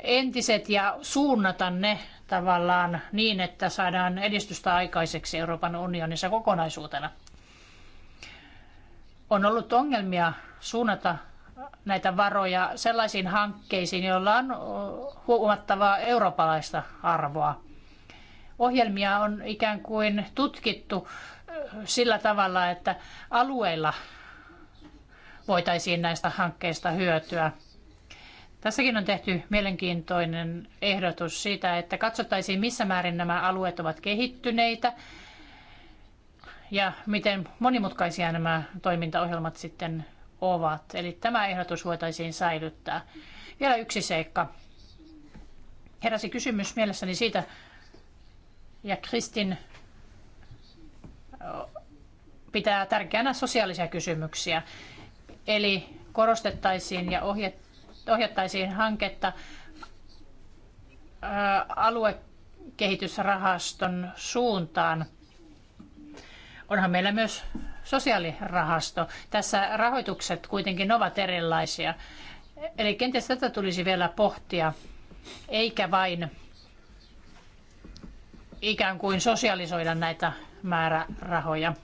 entiset ja suunnata ne tavallaan niin, että saadaan edistystä aikaiseksi Euroopan unionissa kokonaisuutena. On ollut ongelmia suunnata näitä varoja sellaisiin hankkeisiin, joilla on huomattavaa eurooppalaista arvoa ohjelmia on ikään kuin tutkittu sillä tavalla, että alueilla voitaisiin näistä hankkeista hyötyä. Tässäkin on tehty mielenkiintoinen ehdotus siitä, että katsottaisiin missä määrin nämä alueet ovat kehittyneitä ja miten monimutkaisia nämä toimintaohjelmat sitten ovat. Eli tämä ehdotus voitaisiin säilyttää. Vielä yksi seikka. Heräsi kysymys mielessäni siitä, ja Kristin pitää tärkeänä sosiaalisia kysymyksiä. Eli korostettaisiin ja ohjattaisiin hanketta aluekehitysrahaston suuntaan. Onhan meillä myös sosiaalirahasto. Tässä rahoitukset kuitenkin ovat erilaisia. Eli kenties tätä tulisi vielä pohtia, eikä vain ikään kuin sosialisoida näitä määrärahoja.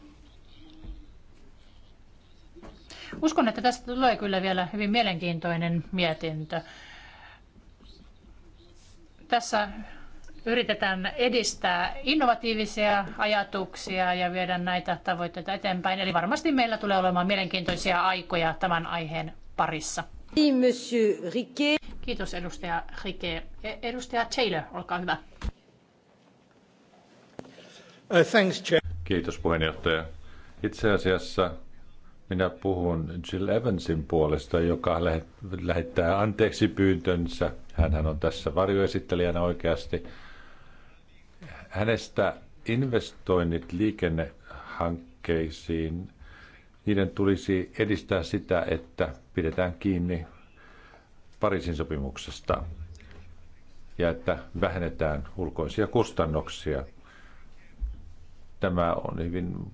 Uskon, että tästä tulee kyllä vielä hyvin mielenkiintoinen mietintö. Tässä yritetään edistää innovatiivisia ajatuksia ja viedä näitä tavoitteita eteenpäin. Eli varmasti meillä tulee olemaan mielenkiintoisia aikoja tämän aiheen parissa. Kiitos edustaja Rike. Edustaja Taylor, olkaa hyvä. Uh, Kiitos puheenjohtaja. Itse asiassa minä puhun Jill Evansin puolesta, joka lähettää anteeksi pyyntönsä. Hänhän on tässä varjoesittelijänä oikeasti. Hänestä investoinnit liikennehankkeisiin, niiden tulisi edistää sitä, että pidetään kiinni Pariisin sopimuksesta ja että vähennetään ulkoisia kustannuksia – Tämä on hyvin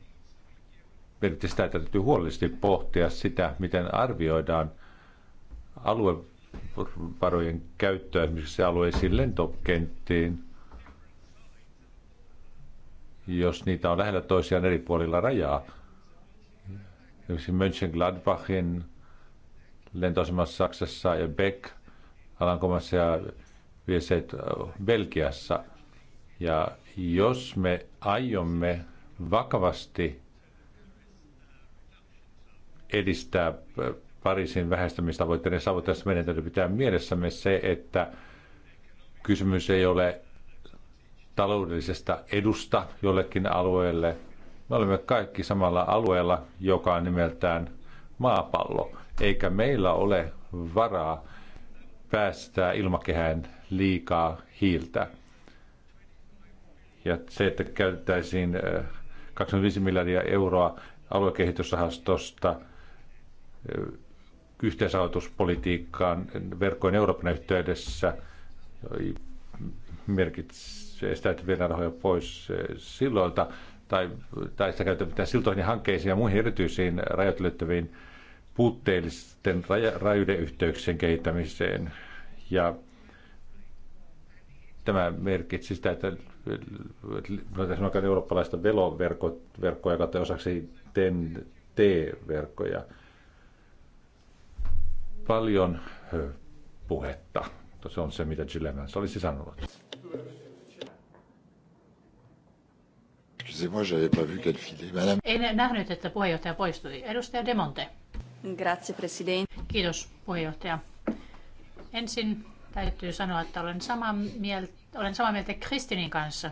merkitsi sitä, että täytyy huolellisesti pohtia sitä, miten arvioidaan aluevarojen käyttöä esimerkiksi alueisiin lentokenttiin, jos niitä on lähellä toisiaan eri puolilla rajaa. Esimerkiksi Mönchengladbachin lentoasemassa Saksassa ja Beck Alankomassa ja Vieset Belgiassa. Ja jos me aiomme vakavasti edistää Pariisin vähäistämistavoitteiden saavuttamista, meidän täytyy pitää mielessämme se, että kysymys ei ole taloudellisesta edusta jollekin alueelle. Me olemme kaikki samalla alueella, joka on nimeltään maapallo, eikä meillä ole varaa päästää ilmakehään liikaa hiiltä. Ja se, että käytettäisiin 25 äh, miljardia euroa aluekehitysrahastosta äh, yhteisautuspolitiikkaan verkkojen Euroopan yhteydessä äh, merkitsee sitä, että viedään rahoja pois silloilta tai, tai sitä käytetään siltoihin hankkeisiin ja muihin erityisiin rajat ylittäviin puutteellisten raja, raideyhteyksien kehittämiseen. Ja tämä merkitsi sitä, että sanotaan eurooppalaista veloverkkoja joka osaksi TEN-T-verkkoja. Paljon puhetta. Se on se, mitä Jill Evans olisi sanonut. En nähnyt, että puheenjohtaja poistui. Edustaja Demonte. Grazie, presidente. Kiitos, puheenjohtaja. Ensin täytyy sanoa, että olen samaa mieltä olen samaa mieltä Kristinin kanssa.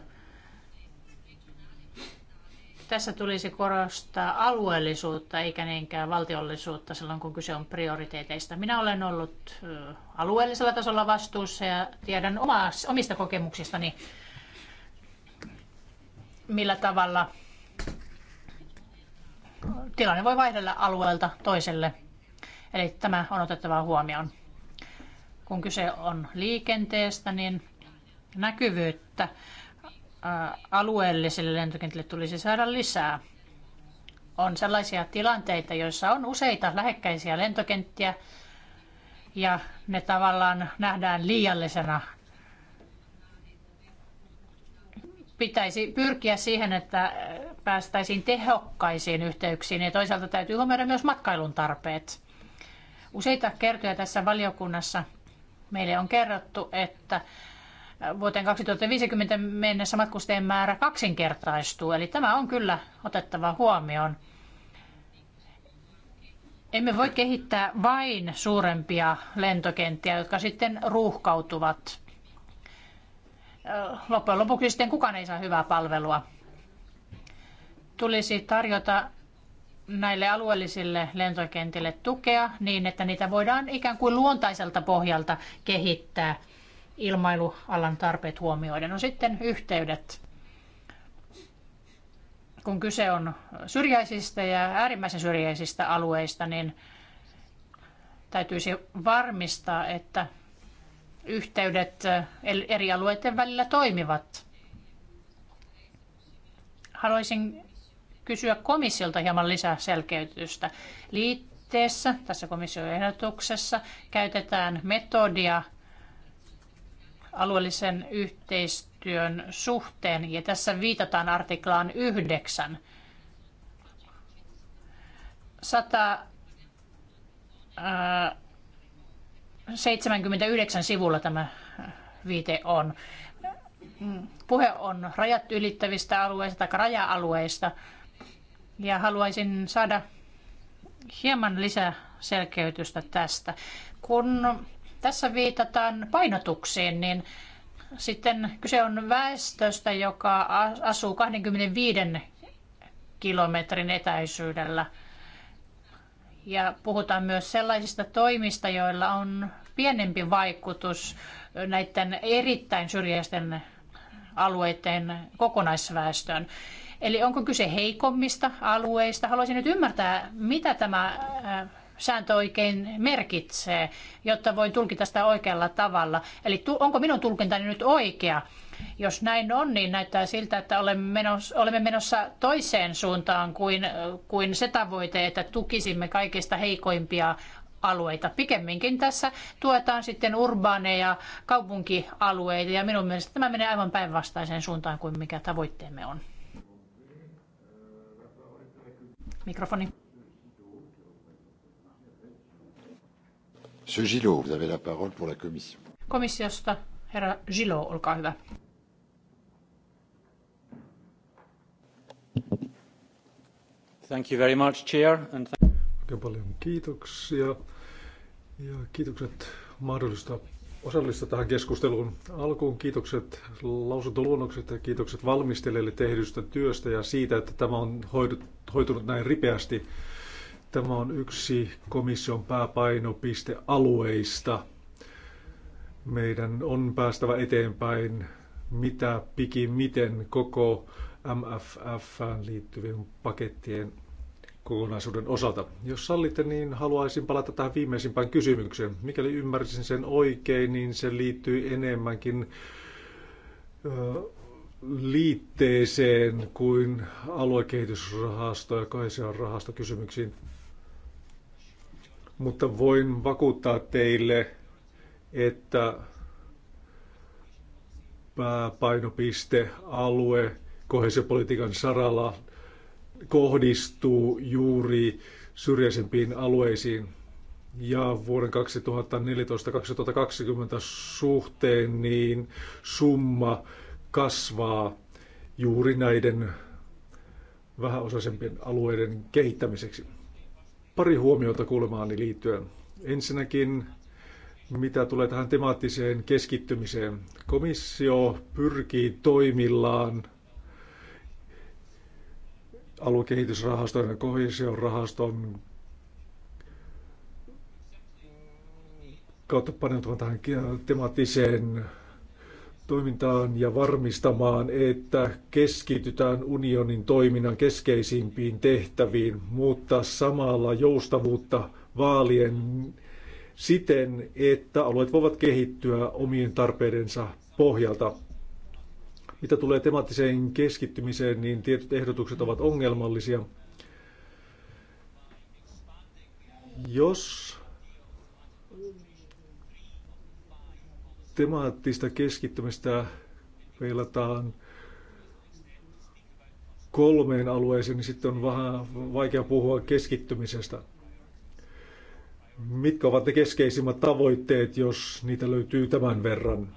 Tässä tulisi korostaa alueellisuutta eikä niinkään valtiollisuutta silloin, kun kyse on prioriteeteista. Minä olen ollut alueellisella tasolla vastuussa ja tiedän omista kokemuksistani, millä tavalla tilanne voi vaihdella alueelta toiselle. Eli tämä on otettava huomioon. Kun kyse on liikenteestä, niin näkyvyyttä alueelliselle lentokentille tulisi saada lisää. On sellaisia tilanteita, joissa on useita lähekkäisiä lentokenttiä ja ne tavallaan nähdään liiallisena. Pitäisi pyrkiä siihen, että päästäisiin tehokkaisiin yhteyksiin ja toisaalta täytyy huomioida myös matkailun tarpeet. Useita kertoja tässä valiokunnassa meille on kerrottu, että vuoteen 2050 mennessä matkustajien määrä kaksinkertaistuu. Eli tämä on kyllä otettava huomioon. Emme voi kehittää vain suurempia lentokenttiä, jotka sitten ruuhkautuvat. Loppujen lopuksi sitten kukaan ei saa hyvää palvelua. Tulisi tarjota näille alueellisille lentokentille tukea niin, että niitä voidaan ikään kuin luontaiselta pohjalta kehittää – ilmailualan tarpeet huomioiden. No sitten yhteydet. Kun kyse on syrjäisistä ja äärimmäisen syrjäisistä alueista, niin täytyisi varmistaa, että yhteydet eri alueiden välillä toimivat. Haluaisin kysyä komissiolta hieman lisää selkeytystä. Liitteessä, tässä komission ehdotuksessa, käytetään metodia, alueellisen yhteistyön suhteen, ja tässä viitataan artiklaan 9. 179 äh, sivulla tämä viite on. Puhe on rajat ylittävistä alueista tai raja-alueista, ja haluaisin saada hieman lisää selkeytystä tästä. Kun tässä viitataan painotuksiin, niin sitten kyse on väestöstä, joka asuu 25 kilometrin etäisyydellä. Ja puhutaan myös sellaisista toimista, joilla on pienempi vaikutus näiden erittäin syrjäisten alueiden kokonaisväestöön. Eli onko kyse heikommista alueista? Haluaisin nyt ymmärtää, mitä tämä äh, sääntö oikein merkitsee, jotta voin tulkita sitä oikealla tavalla. Eli onko minun tulkintani nyt oikea? Jos näin on, niin näyttää siltä, että olemme menossa toiseen suuntaan kuin, kuin se tavoite, että tukisimme kaikista heikoimpia alueita. Pikemminkin tässä tuetaan sitten urbaaneja kaupunkialueita ja minun mielestä tämä menee aivan päinvastaiseen suuntaan kuin mikä tavoitteemme on. Mikrofoni. Monsieur Gillot, vous avez la parole pour la commission. Komissiosta herra Gillot, olkaa hyvä. Thank you very much, Chair. And Oikein paljon kiitoksia ja kiitokset mahdollisuudesta osallistua tähän keskusteluun. Alkuun kiitokset lausuntoluonnokset ja kiitokset valmistelijalle tehdystä työstä ja siitä, että tämä on hoitunut näin ripeästi. Tämä on yksi komission pääpainopistealueista. Meidän on päästävä eteenpäin mitä pikimiten koko MFF liittyvien pakettien kokonaisuuden osalta. Jos sallitte, niin haluaisin palata tähän viimeisimpään kysymykseen. Mikäli ymmärsin sen oikein, niin se liittyy enemmänkin liitteeseen kuin aluekehitysrahasto ja kohesion rahastokysymyksiin mutta voin vakuuttaa teille, että pääpainopiste, alue, kohesiopolitiikan saralla kohdistuu juuri syrjäisempiin alueisiin. Ja vuoden 2014-2020 suhteen niin summa kasvaa juuri näiden vähäosaisempien alueiden kehittämiseksi. Pari huomiota kuulemaani liittyen. Ensinnäkin, mitä tulee tähän temaattiseen keskittymiseen. Komissio pyrkii toimillaan aluekehitysrahaston ja komission rahaston kautta paneutumaan tähän temaattiseen toimintaan ja varmistamaan, että keskitytään unionin toiminnan keskeisimpiin tehtäviin, mutta samalla joustavuutta vaalien siten, että alueet voivat kehittyä omien tarpeidensa pohjalta. Mitä tulee temaattiseen keskittymiseen, niin tietyt ehdotukset ovat ongelmallisia. Jos temaattista keskittymistä peilataan kolmeen alueeseen, niin sitten on vähän vaikea puhua keskittymisestä. Mitkä ovat ne keskeisimmät tavoitteet, jos niitä löytyy tämän verran?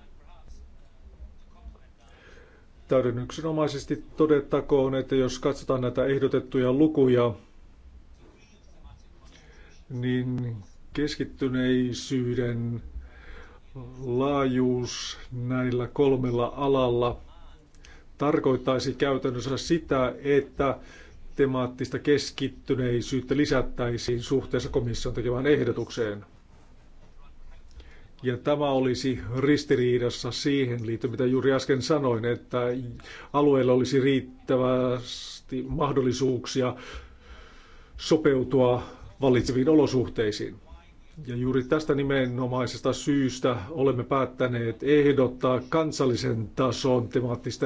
Täydennyksenomaisesti todettakoon, että jos katsotaan näitä ehdotettuja lukuja, niin keskittyneisyyden laajuus näillä kolmella alalla tarkoittaisi käytännössä sitä, että temaattista keskittyneisyyttä lisättäisiin suhteessa komission tekemään ehdotukseen. Ja tämä olisi ristiriidassa siihen liittyen, mitä juuri äsken sanoin, että alueella olisi riittävästi mahdollisuuksia sopeutua vallitseviin olosuhteisiin. Ja juuri tästä nimenomaisesta syystä olemme päättäneet ehdottaa kansallisen tason temaattista,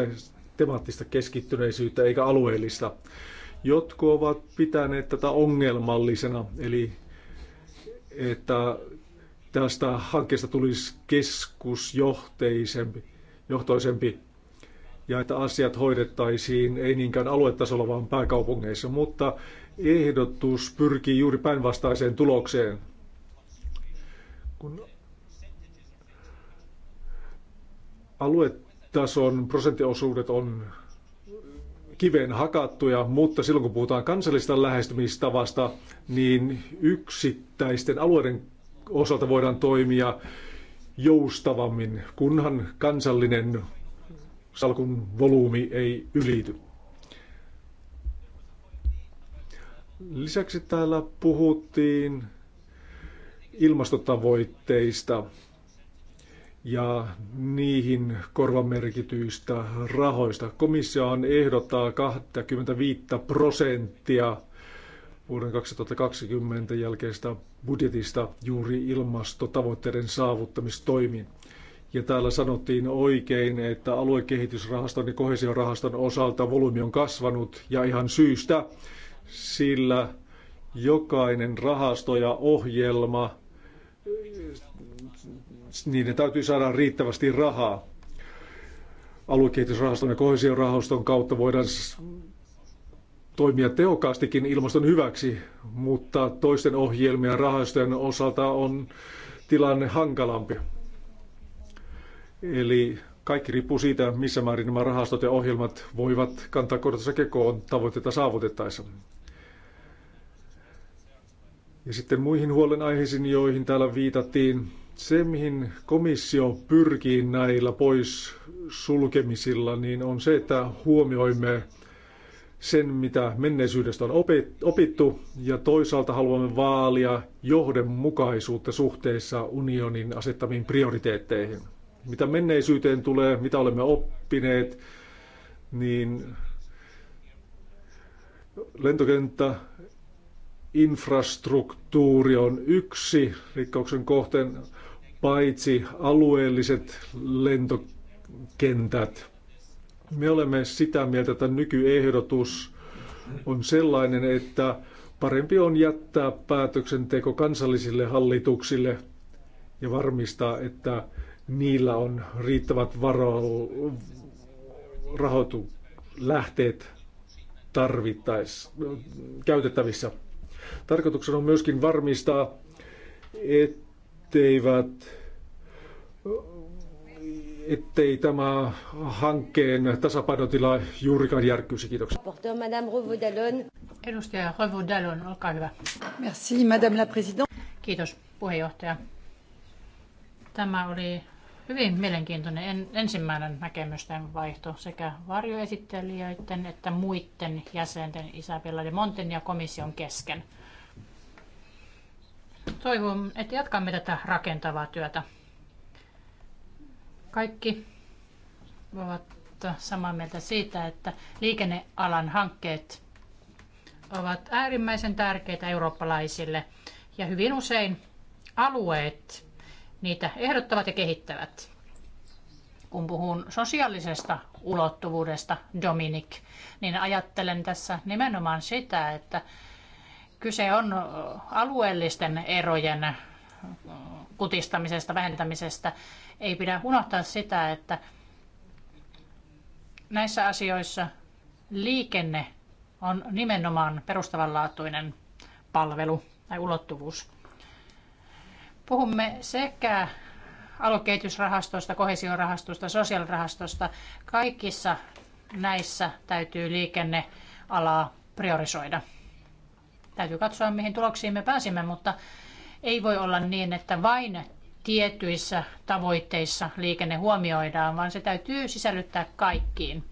temaattista keskittyneisyyttä eikä alueellista. Jotkut ovat pitäneet tätä ongelmallisena, eli että tästä hankkeesta tulisi keskusjohteisempi, johtoisempi ja että asiat hoidettaisiin ei niinkään aluetasolla, vaan pääkaupungeissa. Mutta ehdotus pyrkii juuri päinvastaiseen tulokseen. Kun aluetason prosenttiosuudet on kiveen hakattuja, mutta silloin kun puhutaan kansallisesta lähestymistavasta, niin yksittäisten alueiden osalta voidaan toimia joustavammin, kunhan kansallinen salkun volyymi ei ylity. Lisäksi täällä puhuttiin ilmastotavoitteista ja niihin korvamerkityistä rahoista. komissio on ehdottaa 25 prosenttia vuoden 2020 jälkeistä budjetista juuri ilmastotavoitteiden saavuttamistoimiin. Ja täällä sanottiin oikein, että aluekehitysrahaston ja kohesiorahaston osalta volyymi on kasvanut ja ihan syystä, sillä jokainen rahasto ja ohjelma niiden täytyy saada riittävästi rahaa. Aluekehitysrahaston ja kohesiorahaston kautta voidaan toimia tehokkaastikin ilmaston hyväksi, mutta toisten ohjelmien ja rahastojen osalta on tilanne hankalampi. Eli kaikki riippuu siitä, missä määrin nämä rahastot ja ohjelmat voivat kantaa kortensa kekoon tavoitteita saavutettaessa. Ja sitten muihin huolenaiheisiin, joihin täällä viitattiin. Se, mihin komissio pyrkii näillä pois sulkemisilla, niin on se, että huomioimme sen, mitä menneisyydestä on opittu, ja toisaalta haluamme vaalia johdonmukaisuutta suhteessa unionin asettamiin prioriteetteihin. Mitä menneisyyteen tulee, mitä olemme oppineet, niin lentokenttä infrastruktuuri on yksi rikkauksen kohteen, paitsi alueelliset lentokentät. Me olemme sitä mieltä, että nykyehdotus on sellainen, että parempi on jättää päätöksenteko kansallisille hallituksille ja varmistaa, että niillä on riittävät varo- rahoituslähteet lähteet tarvittaessa käytettävissä. Tarkoituksena on myöskin varmistaa, etteivät ettei tämä hankkeen tasapainotila juurikaan järkkyisi. Kiitoksia. Edustaja Revaud-Dallon, olkaa hyvä. Merci, Madame la Kiitos, puheenjohtaja. Tämä oli Hyvin mielenkiintoinen en, ensimmäinen näkemysten vaihto sekä varjoesittelijöiden että muiden jäsenten Isabella de Monten ja komission kesken. Toivon, että jatkamme tätä rakentavaa työtä. Kaikki ovat samaa mieltä siitä, että liikennealan hankkeet ovat äärimmäisen tärkeitä eurooppalaisille ja hyvin usein alueet, niitä ehdottavat ja kehittävät. Kun puhun sosiaalisesta ulottuvuudesta, Dominik, niin ajattelen tässä nimenomaan sitä, että kyse on alueellisten erojen kutistamisesta, vähentämisestä. Ei pidä unohtaa sitä, että näissä asioissa liikenne on nimenomaan perustavanlaatuinen palvelu tai ulottuvuus. Puhumme sekä aluekehitysrahastosta, kohesiorahastosta, sosiaalirahastosta. Kaikissa näissä täytyy liikennealaa priorisoida. Täytyy katsoa, mihin tuloksiin me pääsimme, mutta ei voi olla niin, että vain tietyissä tavoitteissa liikenne huomioidaan, vaan se täytyy sisällyttää kaikkiin.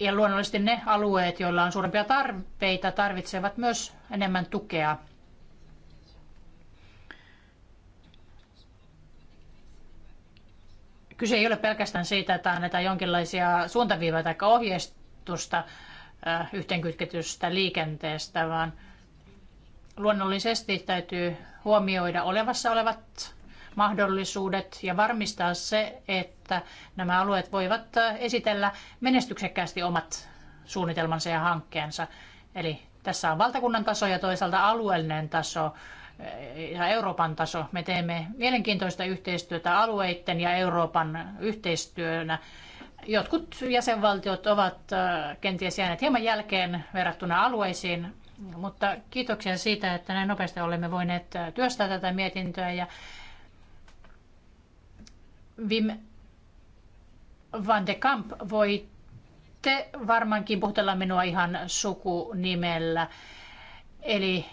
Ja luonnollisesti ne alueet, joilla on suurempia tarpeita, tarvitsevat myös enemmän tukea – Kyse ei ole pelkästään siitä, että annetaan jonkinlaisia suuntaviivoja tai ohjeistusta äh, yhteenkytketystä liikenteestä, vaan luonnollisesti täytyy huomioida olevassa olevat mahdollisuudet ja varmistaa se, että nämä alueet voivat äh, esitellä menestyksekkäästi omat suunnitelmansa ja hankkeensa. Eli tässä on valtakunnan taso ja toisaalta alueellinen taso ja Euroopan taso. Me teemme mielenkiintoista yhteistyötä alueiden ja Euroopan yhteistyönä. Jotkut jäsenvaltiot ovat äh, kenties jääneet hieman jälkeen verrattuna alueisiin, mutta kiitoksia siitä, että näin nopeasti olemme voineet äh, työstää tätä mietintöä. Ja Wim van de Kamp, voitte varmaankin puhutella minua ihan sukunimellä. Eli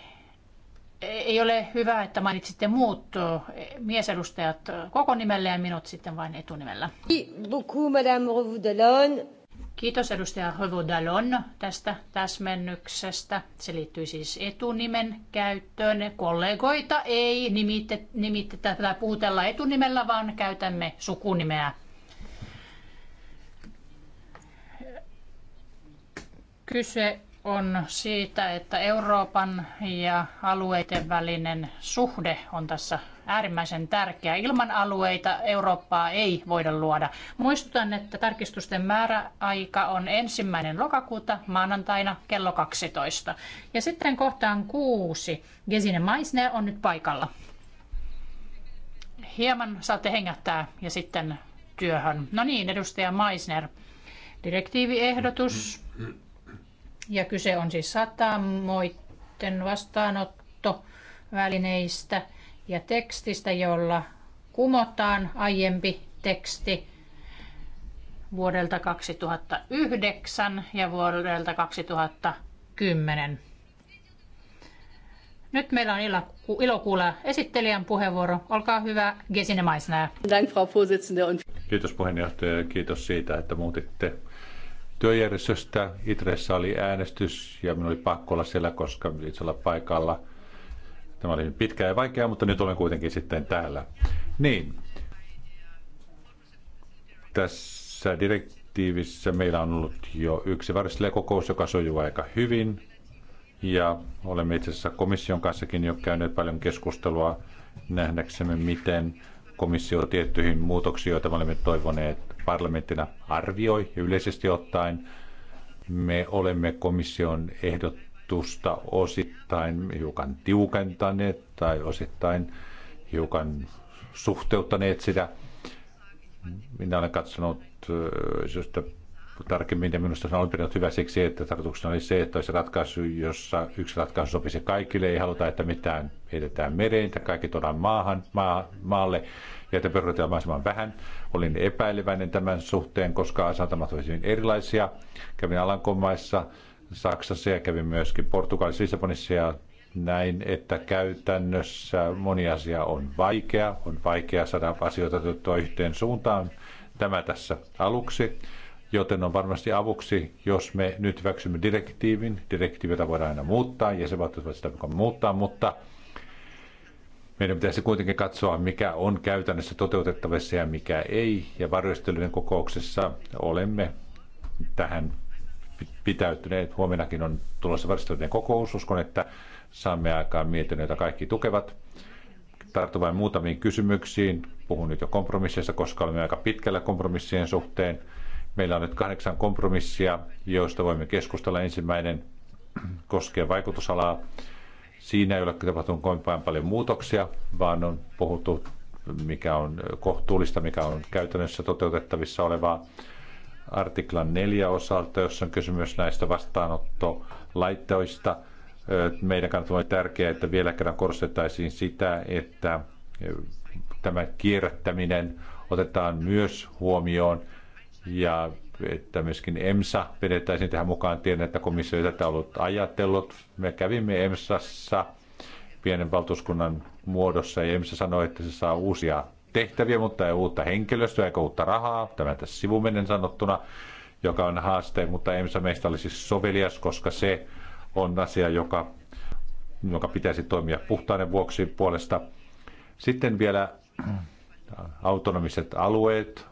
ei ole hyvä, että mainitsitte muut miesedustajat koko nimellä ja minut sitten vain etunimellä. Kiitos edustaja Hovodalon tästä täsmennyksestä. Se liittyy siis etunimen käyttöön. Kollegoita ei nimitetä tai puhutella etunimellä, vaan käytämme sukunimeä. Kyse on siitä, että Euroopan ja alueiden välinen suhde on tässä äärimmäisen tärkeä. Ilman alueita Eurooppaa ei voida luoda. Muistutan, että tarkistusten määräaika on ensimmäinen lokakuuta maanantaina kello 12. Ja sitten kohtaan kuusi. Gesine Maisne on nyt paikalla. Hieman saatte hengättää ja sitten työhön. No niin, edustaja Maisner. Direktiiviehdotus. Mm-hmm ja kyse on siis satamoiden vastaanottovälineistä ja tekstistä, jolla kumotaan aiempi teksti vuodelta 2009 ja vuodelta 2010. Nyt meillä on ilo, ilo kuulla esittelijän puheenvuoro. Olkaa hyvä, Gesine Maisnää. Kiitos puheenjohtaja ja kiitos siitä, että muutitte työjärjestöstä. Itressä oli äänestys ja minun oli pakko olla siellä, koska itse olla paikalla. Tämä oli pitkä ja vaikea, mutta nyt olen kuitenkin sitten täällä. Niin, tässä direktiivissä meillä on ollut jo yksi varsinainen kokous, joka sujuu aika hyvin. Ja olemme itse asiassa komission kanssakin jo käyneet paljon keskustelua nähdäksemme, miten komissio tiettyihin muutoksiin, joita me olemme toivoneet, parlamenttina arvioi ja yleisesti ottaen me olemme komission ehdotusta osittain hiukan tiukentaneet tai osittain hiukan suhteuttaneet sitä. Minä olen katsonut äh, syystä tarkemmin ja minusta se on pitänyt hyvä siksi, että tarkoituksena oli se, että olisi ratkaisu, jossa yksi ratkaisu sopisi kaikille. Ei haluta, että mitään heitetään mereen että kaikki tuodaan maahan, maa, maalle ja että perutetaan mahdollisimman vähän. Olin epäileväinen tämän suhteen, koska asetelmat olivat hyvin erilaisia. Kävin Alankomaissa, Saksassa ja kävin myöskin Portugalissa, Lissabonissa ja näin, että käytännössä moni asia on vaikea. On vaikea saada asioita tuottua yhteen suuntaan. Tämä tässä aluksi. Joten on varmasti avuksi, jos me nyt hyväksymme direktiivin. Direktiivitä voidaan aina muuttaa, jäsenvaltiot voivat sitä mukaan muuttaa, mutta meidän pitäisi kuitenkin katsoa, mikä on käytännössä toteutettavissa ja mikä ei. Ja varjostelujen kokouksessa olemme tähän pitäytyneet. Huomenakin on tulossa varjostelujen kokous. Uskon, että saamme aikaan mietinnön, jota kaikki tukevat. Tartu vain muutamiin kysymyksiin. Puhun nyt jo kompromisseista, koska olemme aika pitkällä kompromissien suhteen. Meillä on nyt kahdeksan kompromissia, joista voimme keskustella. Ensimmäinen koskee vaikutusalaa. Siinä ei ole tapahtunut kovin paljon muutoksia, vaan on puhuttu, mikä on kohtuullista, mikä on käytännössä toteutettavissa olevaa artiklan neljä osalta, jossa on kysymys näistä vastaanottolaitteista. Meidän kannalta on tärkeää, että vielä kerran korostettaisiin sitä, että tämä kierrättäminen otetaan myös huomioon ja että myöskin EMSA pidettäisiin tähän mukaan. Tiedän, että komissio ei tätä ollut ajatellut. Me kävimme EMSassa pienen valtuuskunnan muodossa ja EMSA sanoi, että se saa uusia tehtäviä, mutta ei uutta henkilöstöä eikä uutta rahaa. Tämä tässä sivumennen sanottuna, joka on haaste, mutta EMSA meistä olisi siis sovelias, koska se on asia, joka, joka pitäisi toimia puhtainen vuoksi puolesta. Sitten vielä autonomiset alueet,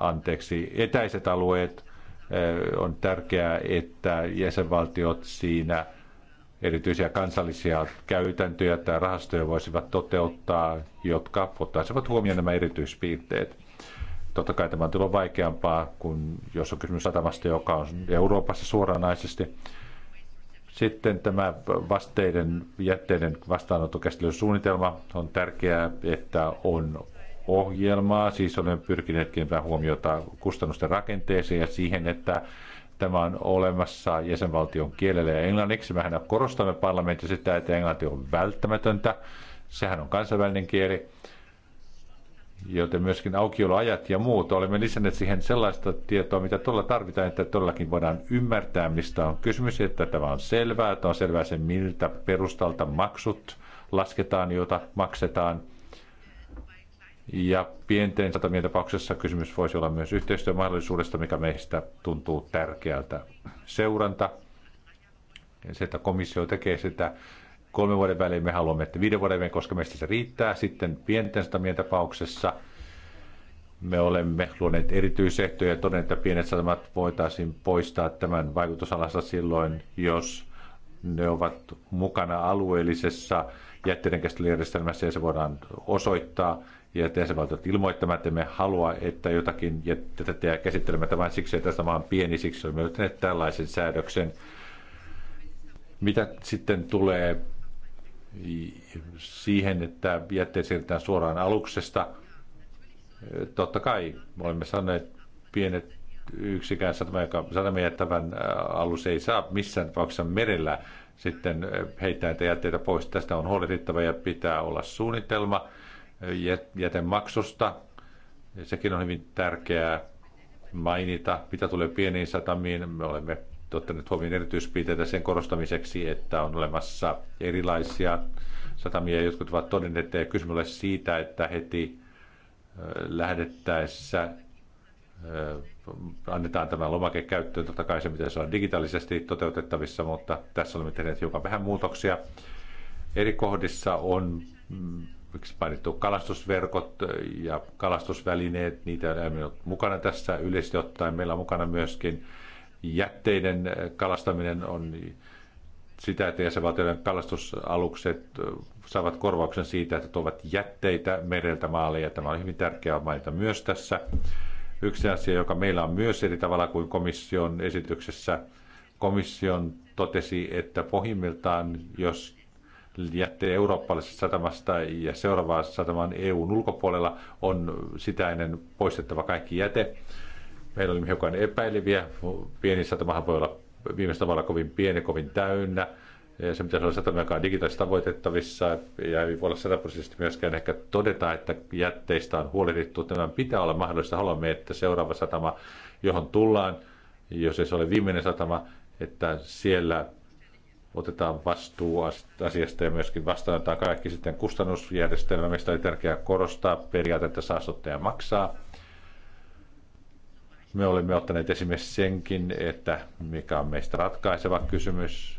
anteeksi, etäiset alueet. Eh, on tärkeää, että jäsenvaltiot siinä erityisiä kansallisia käytäntöjä tai rahastoja voisivat toteuttaa, jotka ottaisivat huomioon nämä erityispiirteet. Totta kai tämä on tullut vaikeampaa, kuin jos on kysymys satamasta, joka on Euroopassa suoranaisesti. Sitten tämä vasteiden, jätteiden vastaanottokäsittelysuunnitelma on tärkeää, että on ohjelmaa, siis olen pyrkinyt kiinnittämään huomiota kustannusten rakenteeseen ja siihen, että tämä on olemassa jäsenvaltion kielellä ja englanniksi. Mehän korostamme parlamentissa sitä, että englanti on välttämätöntä. Sehän on kansainvälinen kieli. Joten myöskin aukioloajat ja muut. Olemme lisänneet siihen sellaista tietoa, mitä todella tarvitaan, että todellakin voidaan ymmärtää, mistä on kysymys, että tämä on selvää, että on selvää se, miltä perustalta maksut lasketaan, jota maksetaan – ja pienten satamien tapauksessa kysymys voisi olla myös yhteistyömahdollisuudesta, mikä meistä tuntuu tärkeältä. Seuranta, se, että komissio tekee sitä kolmen vuoden välein, me haluamme, että viiden vuoden välein, koska meistä se riittää. Sitten pienten satamien tapauksessa me olemme luoneet erityisehtoja ja todenneet, että pienet satamat voitaisiin poistaa tämän vaikutusalassa silloin, jos ne ovat mukana alueellisessa jätteiden käsittelyjärjestelmässä ja se voidaan osoittaa ja jäsenvaltiot ilmoittamaan, että me halua, että jotakin ja tätä jää käsittelemättä vain siksi, että tämä on pieni, siksi on ottaneet tällaisen säädöksen. Mitä sitten tulee siihen, että jätteet siirretään suoraan aluksesta, totta kai me olemme sanoneet pienet yksikään satama, jättävän alus ei saa missään tapauksessa merellä sitten heittää näitä jätteitä pois. Tästä on huolehdittava ja pitää olla suunnitelma – jätemaksusta. Sekin on hyvin tärkeää mainita, mitä tulee pieniin satamiin. Me olemme tuottaneet huomioon erityispiirteitä sen korostamiseksi, että on olemassa erilaisia satamia, jotka ovat todenneet, että kysymys siitä, että heti lähdettäessä annetaan tämä lomake käyttöön. Totta kai se se on digitaalisesti toteutettavissa, mutta tässä olemme tehneet hiukan vähän muutoksia. Eri kohdissa on mm, mainittu kalastusverkot ja kalastusvälineet, niitä on ole mukana tässä yleisesti ottaen. Meillä on mukana myöskin jätteiden kalastaminen on sitä, että jäsenvaltioiden kalastusalukset saavat korvauksen siitä, että tuovat jätteitä mereltä maalle, ja tämä on hyvin tärkeää mainita myös tässä. Yksi asia, joka meillä on myös eri tavalla kuin komission esityksessä, komission totesi, että pohjimmiltaan, jos jätteen eurooppalaisesta satamasta ja seuraavaan satamaan EUn ulkopuolella on sitä ennen poistettava kaikki jäte. Meillä oli hiukan epäileviä. Pieni satamahan voi olla viimeistä tavalla kovin pieni, kovin täynnä. Se pitäisi olla satama, joka on digitaalisesti tavoitettavissa ja ei voi olla sataprosenttisesti myöskään ehkä todeta, että jätteistä on huolehdittu. Tämän pitää olla mahdollista. Haluamme, että seuraava satama, johon tullaan, jos ei se ole viimeinen satama, että siellä otetaan vastuu asiasta ja myöskin vastaanotetaan kaikki sitten kustannusjärjestelmä. mistä oli tärkeää korostaa periaatetta saastuttaja maksaa. Me olemme ottaneet esimerkiksi senkin, että mikä on meistä ratkaiseva kysymys.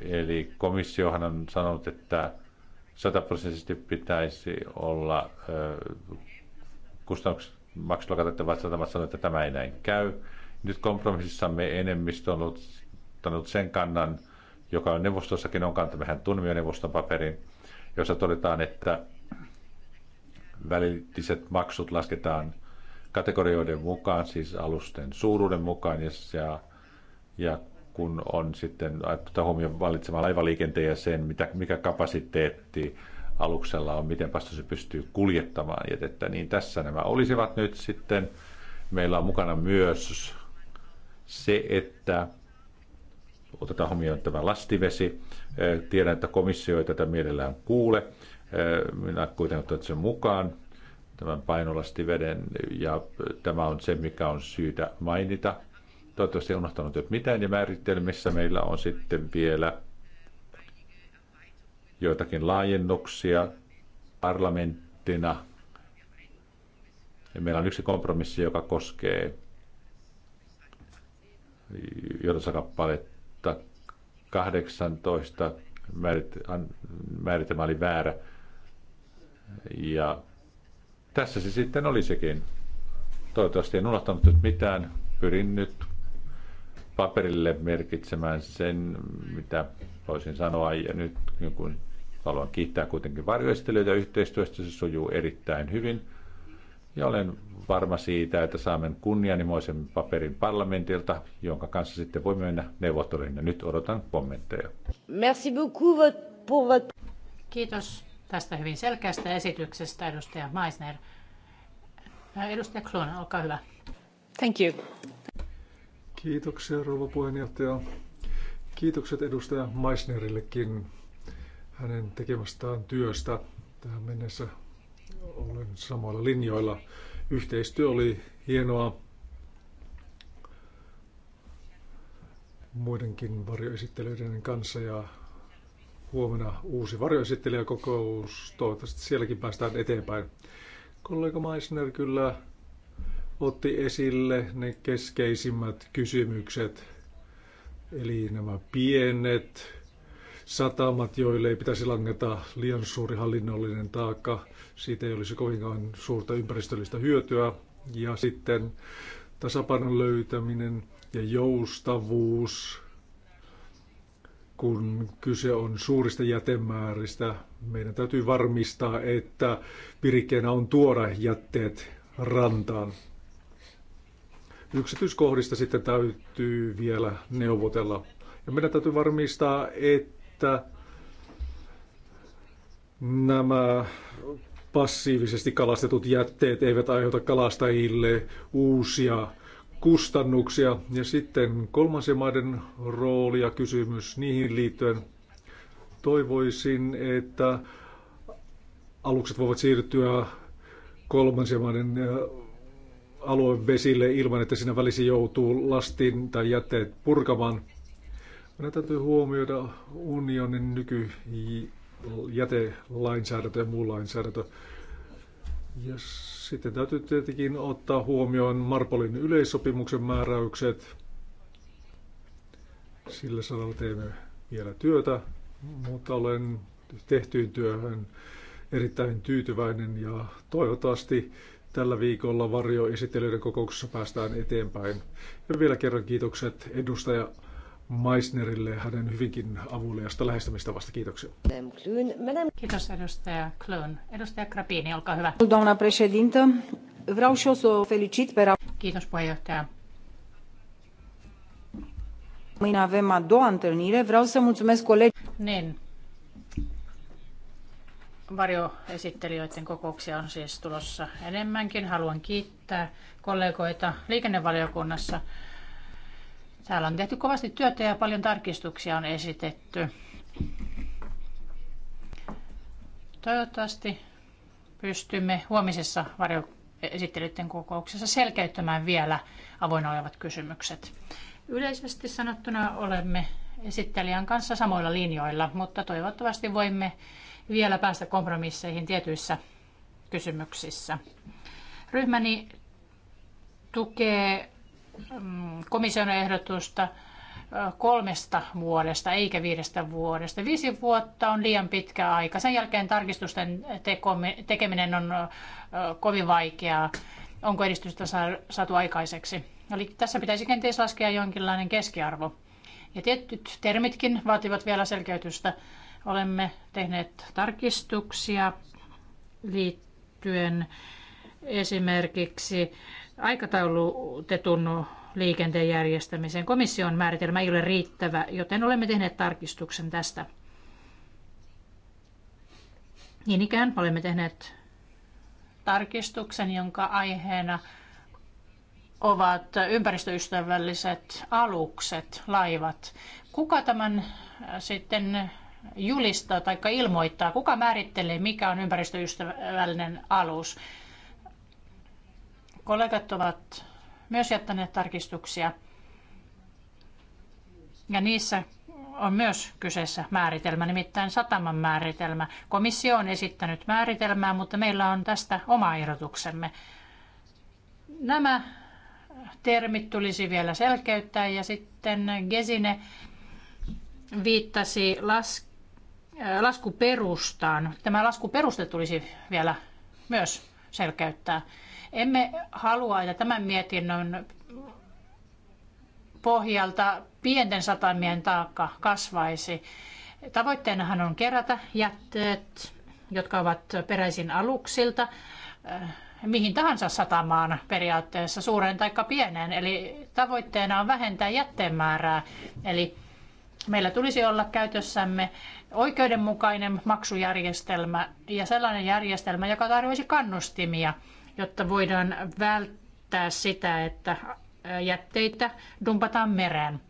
Eli komissiohan on sanonut, että sataprosenttisesti pitäisi olla kustannukset maksulla katettavat satamat sanoivat, että tämä ei näin käy nyt kompromississamme enemmistö on ottanut sen kannan, joka on neuvostossakin on kanta, vähän tunnemme neuvoston paperin, jossa todetaan, että välilliset maksut lasketaan kategorioiden mukaan, siis alusten suuruuden mukaan, ja, ja kun on sitten ottaa huomioon valitsemaan laivaliikenteen ja sen, mitä, mikä kapasiteetti aluksella on, miten vasta se pystyy kuljettamaan jätettä, niin tässä nämä olisivat nyt sitten. Meillä on mukana myös se, että otetaan huomioon tämä lastivesi. Tiedän, että komissio ei tätä mielellään kuule. Minä kuitenkin otan sen mukaan tämän painolastiveden ja tämä on se, mikä on syytä mainita. Toivottavasti en unohtanut nyt mitään ja määritelmissä meillä on sitten vielä joitakin laajennuksia parlamenttina. Ja meillä on yksi kompromissi, joka koskee johdossa kappaletta 18 määritelmä oli väärä. Ja tässä se sitten oli sekin. Toivottavasti en unohtanut nyt mitään. Pyrin nyt paperille merkitsemään sen, mitä voisin sanoa. Ja nyt niin kun haluan kiittää kuitenkin varjoistelijoita yhteistyöstä. Se sujuu erittäin hyvin ja olen varma siitä, että saamme kunnianimoisen paperin parlamentilta, jonka kanssa sitten voimme mennä neuvotteluihin. Ja nyt odotan kommentteja. Merci beaucoup pour votre... Kiitos tästä hyvin selkeästä esityksestä, edustaja Meisner. Äh, edustaja Klona, olkaa hyvä. Thank you. Kiitoksia, rouva puheenjohtaja. Kiitokset edustaja Meisnerillekin hänen tekemästään työstä tähän mennessä olen samoilla linjoilla. Yhteistyö oli hienoa muidenkin varjoesittelyiden kanssa ja huomenna uusi varjoesittelijäkokous. Toivottavasti sielläkin päästään eteenpäin. Kollega Meissner kyllä otti esille ne keskeisimmät kysymykset, eli nämä pienet satamat, joille ei pitäisi langeta liian suuri hallinnollinen taakka. Siitä ei olisi kovinkaan suurta ympäristöllistä hyötyä. Ja sitten tasapainon löytäminen ja joustavuus, kun kyse on suurista jätemääristä. Meidän täytyy varmistaa, että virikkeenä on tuoda jätteet rantaan. Yksityiskohdista sitten täytyy vielä neuvotella. Ja meidän täytyy varmistaa, että että nämä passiivisesti kalastetut jätteet eivät aiheuta kalastajille uusia kustannuksia. Ja sitten kolmansien maiden rooli ja kysymys niihin liittyen. Toivoisin, että alukset voivat siirtyä kolmansien maiden äh, alueen vesille ilman, että siinä välissä joutuu lastin tai jätteet purkamaan – meidän täytyy huomioida unionin nykyjätelainsäädäntö ja muu lainsäädäntö. Ja sitten täytyy tietenkin ottaa huomioon Marpolin yleissopimuksen määräykset. Sillä saralla teemme vielä työtä, mutta olen tehtyyn työhön erittäin tyytyväinen ja toivottavasti tällä viikolla varjoesittelyiden kokouksessa päästään eteenpäin. Ja vielä kerran kiitokset edustaja Meissnerille hänen hyvinkin avuliasta lähestymistavasta. Kiitoksia. Kiitos edustaja Klön. Edustaja Krapini, olkaa hyvä. Doamna președintă, vreau și să felicit pe... Kiitos puheenjohtaja. Mâine avem a doua întâlnire. Vreau să mulțumesc colegi... Niin. Varjoesittelijöiden kokouksia on siis tulossa enemmänkin. Haluan kiittää kollegoita liikennevaliokunnassa Täällä on tehty kovasti työtä ja paljon tarkistuksia on esitetty. Toivottavasti pystymme huomisessa varjoesittelyiden kokouksessa selkeyttämään vielä avoinna olevat kysymykset. Yleisesti sanottuna olemme esittelijän kanssa samoilla linjoilla, mutta toivottavasti voimme vielä päästä kompromisseihin tietyissä kysymyksissä. Ryhmäni tukee komission ehdotusta kolmesta vuodesta eikä viidestä vuodesta. Viisi vuotta on liian pitkä aika. Sen jälkeen tarkistusten tekeminen on kovin vaikeaa. Onko edistystä saatu aikaiseksi? Eli tässä pitäisi kenties laskea jonkinlainen keskiarvo. Ja tietyt termitkin vaativat vielä selkeytystä. Olemme tehneet tarkistuksia liittyen esimerkiksi aikataulutetun liikenteen järjestämiseen. Komission määritelmä ei ole riittävä, joten olemme tehneet tarkistuksen tästä. Niin ikään olemme tehneet tarkistuksen, jonka aiheena ovat ympäristöystävälliset alukset, laivat. Kuka tämän äh, sitten julistaa tai ilmoittaa? Kuka määrittelee, mikä on ympäristöystävällinen alus? Kollegat ovat myös jättäneet tarkistuksia. Ja niissä on myös kyseessä määritelmä, nimittäin sataman määritelmä. Komissio on esittänyt määritelmää, mutta meillä on tästä oma ehdotuksemme. Nämä termit tulisi vielä selkeyttää ja sitten Gesine viittasi las, äh, laskuperustaan. Tämä laskuperuste tulisi vielä myös selkeyttää. Emme halua, että tämän mietinnön pohjalta pienten satamien taakka kasvaisi. Tavoitteenahan on kerätä jätteet, jotka ovat peräisin aluksilta, eh, mihin tahansa satamaan periaatteessa, suureen tai pieneen. Eli tavoitteena on vähentää jätteen määrää. Eli meillä tulisi olla käytössämme oikeudenmukainen maksujärjestelmä ja sellainen järjestelmä, joka tarjoaisi kannustimia – jotta voidaan välttää sitä, että jätteitä dumpataan mereen.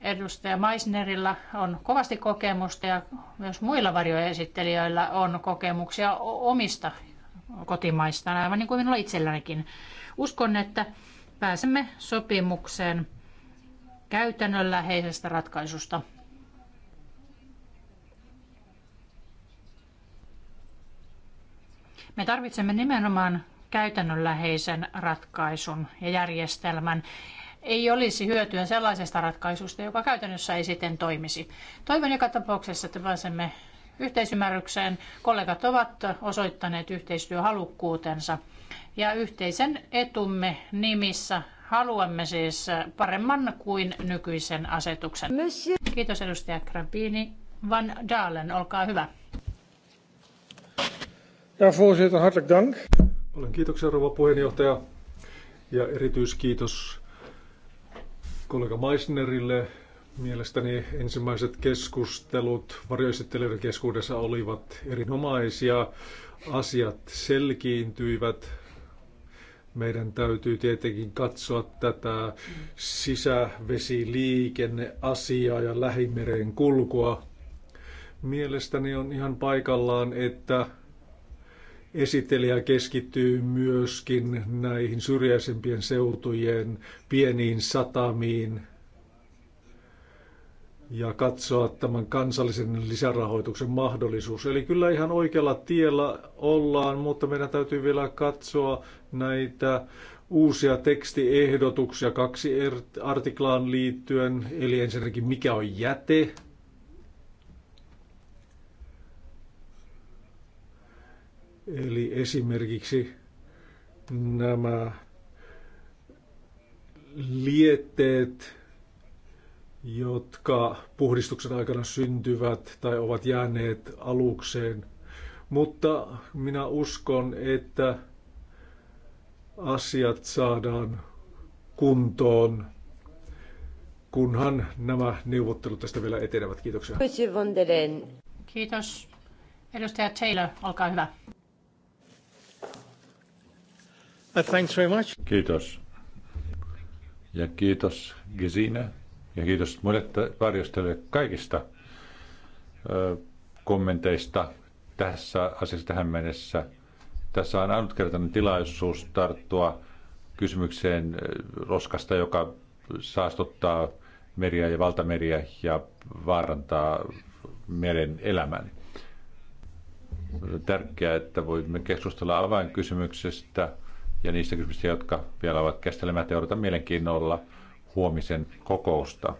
Edustaja Meissnerilla on kovasti kokemusta ja myös muilla varjoesittelijöillä on kokemuksia omista kotimaistaan, aivan niin kuin minulla itsellänikin. Uskon, että pääsemme sopimukseen käytännönläheisestä ratkaisusta Me tarvitsemme nimenomaan käytännönläheisen ratkaisun ja järjestelmän. Ei olisi hyötyä sellaisesta ratkaisusta, joka käytännössä ei sitten toimisi. Toivon joka tapauksessa, että pääsemme yhteisymmärrykseen. Kollegat ovat osoittaneet yhteistyöhalukkuutensa ja yhteisen etumme nimissä haluamme siis paremman kuin nykyisen asetuksen. Monsieur. Kiitos edustaja Krabini. Van Dalen, olkaa hyvä. Ja voorzitter, hartelijk dank. Paljon kiitoksia rouva puheenjohtaja ja erityiskiitos kollega Meissnerille. Mielestäni ensimmäiset keskustelut varjoesittelijöiden keskuudessa olivat erinomaisia. Asiat selkiintyivät. Meidän täytyy tietenkin katsoa tätä sisävesiliikenneasiaa ja lähimeren kulkua. Mielestäni on ihan paikallaan, että esitelijä keskittyy myöskin näihin syrjäisempien seutujen pieniin satamiin ja katsoa tämän kansallisen lisärahoituksen mahdollisuus. Eli kyllä ihan oikealla tiellä ollaan, mutta meidän täytyy vielä katsoa näitä uusia tekstiehdotuksia kaksi artiklaan liittyen. Eli ensinnäkin mikä on jäte, Eli esimerkiksi nämä lietteet, jotka puhdistuksen aikana syntyvät tai ovat jääneet alukseen. Mutta minä uskon, että asiat saadaan kuntoon, kunhan nämä neuvottelut tästä vielä etenevät. Kiitoksia. Kiitos. Edustaja Taylor, olkaa hyvä. Uh, thanks very much. Kiitos. Ja kiitos Gesine. Ja kiitos monet varjostelijoille kaikista ö, uh, kommenteista tässä asiassa tähän mennessä. Tässä on ainutkertainen tilaisuus tarttua kysymykseen uh, roskasta, joka saastuttaa meriä ja valtameriä ja vaarantaa meren elämän. On tärkeää, että voimme keskustella avainkysymyksestä – ja niistä kysymyksistä, jotka vielä ovat käsittelemättä. Odotan mielenkiinnolla huomisen kokousta.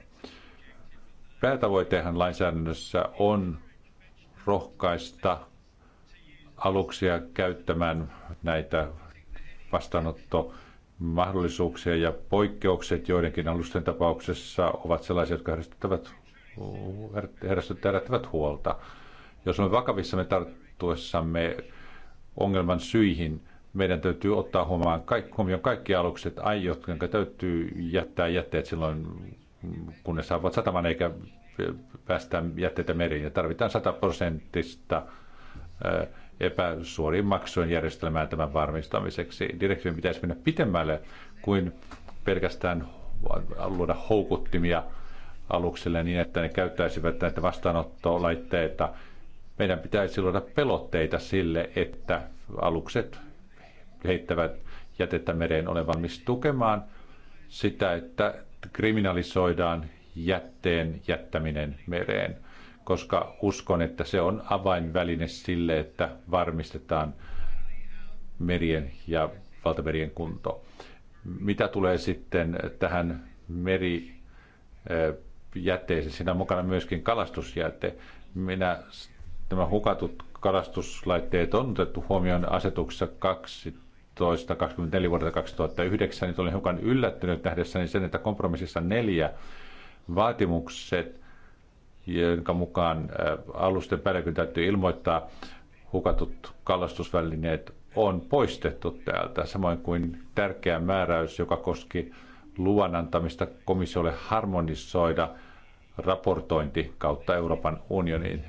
Päätavoitehan lainsäädännössä on rohkaista aluksia käyttämään näitä vastaanotto mahdollisuuksia ja poikkeukset joidenkin alusten tapauksessa ovat sellaisia, jotka herättävät, herättävät huolta. Jos olemme vakavissamme tarttuessamme ongelman syihin, meidän täytyy ottaa huomioon kaikki, huomioon kaikki alukset, aiot, jotka täytyy jättää jätteet silloin, kun ne saavat sataman eikä päästä jätteitä meriin. Ja tarvitaan 100 prosenttista epäsuorin maksujen järjestelmää tämän varmistamiseksi. Direktiivin pitäisi mennä pitemmälle kuin pelkästään luoda houkuttimia aluksille niin, että ne käyttäisivät näitä vastaanottolaitteita. Meidän pitäisi luoda pelotteita sille, että alukset heittävät jätettä mereen. ole valmis tukemaan sitä, että kriminalisoidaan jätteen jättäminen mereen, koska uskon, että se on avainväline sille, että varmistetaan merien ja valtamerien kunto. Mitä tulee sitten tähän merijätteeseen, siinä on mukana myöskin kalastusjäte. Minä nämä hukatut kalastuslaitteet on otettu huomioon asetuksessa 2 24 vuodelta 2009, niin olin hiukan yllättynyt nähdessäni sen, että kompromississa neljä vaatimukset, jonka mukaan alusten päälläkin täytyy ilmoittaa hukatut kalastusvälineet, on poistettu täältä, samoin kuin tärkeä määräys, joka koski luvan antamista komissiolle harmonisoida raportointi kautta Euroopan unionin.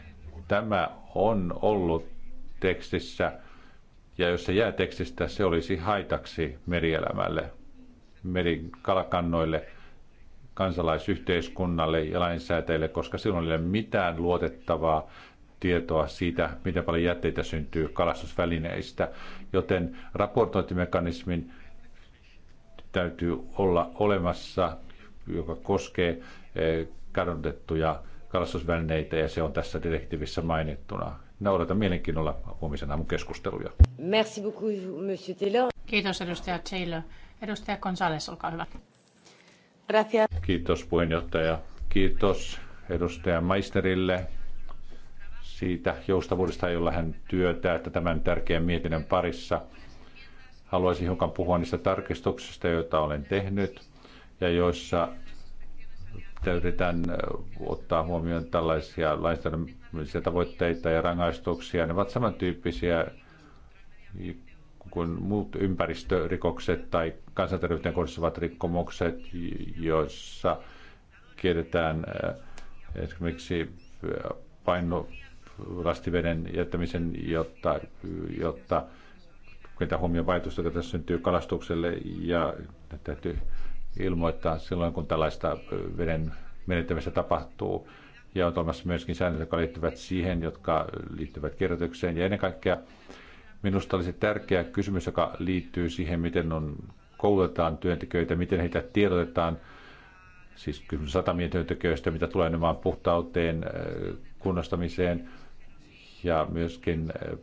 Tämä on ollut tekstissä – ja jos se jää tekstistä, se olisi haitaksi merielämälle, merikalakannoille, kansalaisyhteiskunnalle ja lainsäätäjille, koska silloin ei ole mitään luotettavaa tietoa siitä, miten paljon jätteitä syntyy kalastusvälineistä. Joten raportointimekanismin täytyy olla olemassa, joka koskee eh, kadotettuja kalastusvälineitä ja se on tässä direktiivissä mainittuna minä odotan mielenkiinnolla huomisen aamun keskusteluja. Merci beaucoup, monsieur Taylor. Kiitos edustaja Taylor. Edustaja Gonzales, olkaa hyvä. Gracias. Kiitos puheenjohtaja. Kiitos edustaja Maisterille siitä joustavuudesta, jolla hän työtää että tämän tärkeän mietinnön parissa. Haluaisin hiukan puhua niistä tarkistuksista, joita olen tehnyt ja joissa yritän ottaa huomioon tällaisia lainsäädännön tavoitteita ja rangaistuksia. Ne ovat samantyyppisiä kuin muut ympäristörikokset tai kansanterveyteen kohdistuvat rikkomukset, joissa kiedetään äh, esimerkiksi äh, paino lastiveden jättämisen, jotta, jotta mitä huomioon vaikutusta, joka tässä syntyy kalastukselle ja täytyy ilmoittaa silloin, kun tällaista veden menettämistä tapahtuu ja on olemassa myöskin säännöt, jotka liittyvät siihen, jotka liittyvät kirjoitukseen. Ja ennen kaikkea minusta olisi tärkeä kysymys, joka liittyy siihen, miten on koulutetaan työntekijöitä, miten heitä tiedotetaan, siis kysymys satamien työntekijöistä, mitä tulee nimenomaan puhtauteen, äh, kunnostamiseen ja myöskin äh,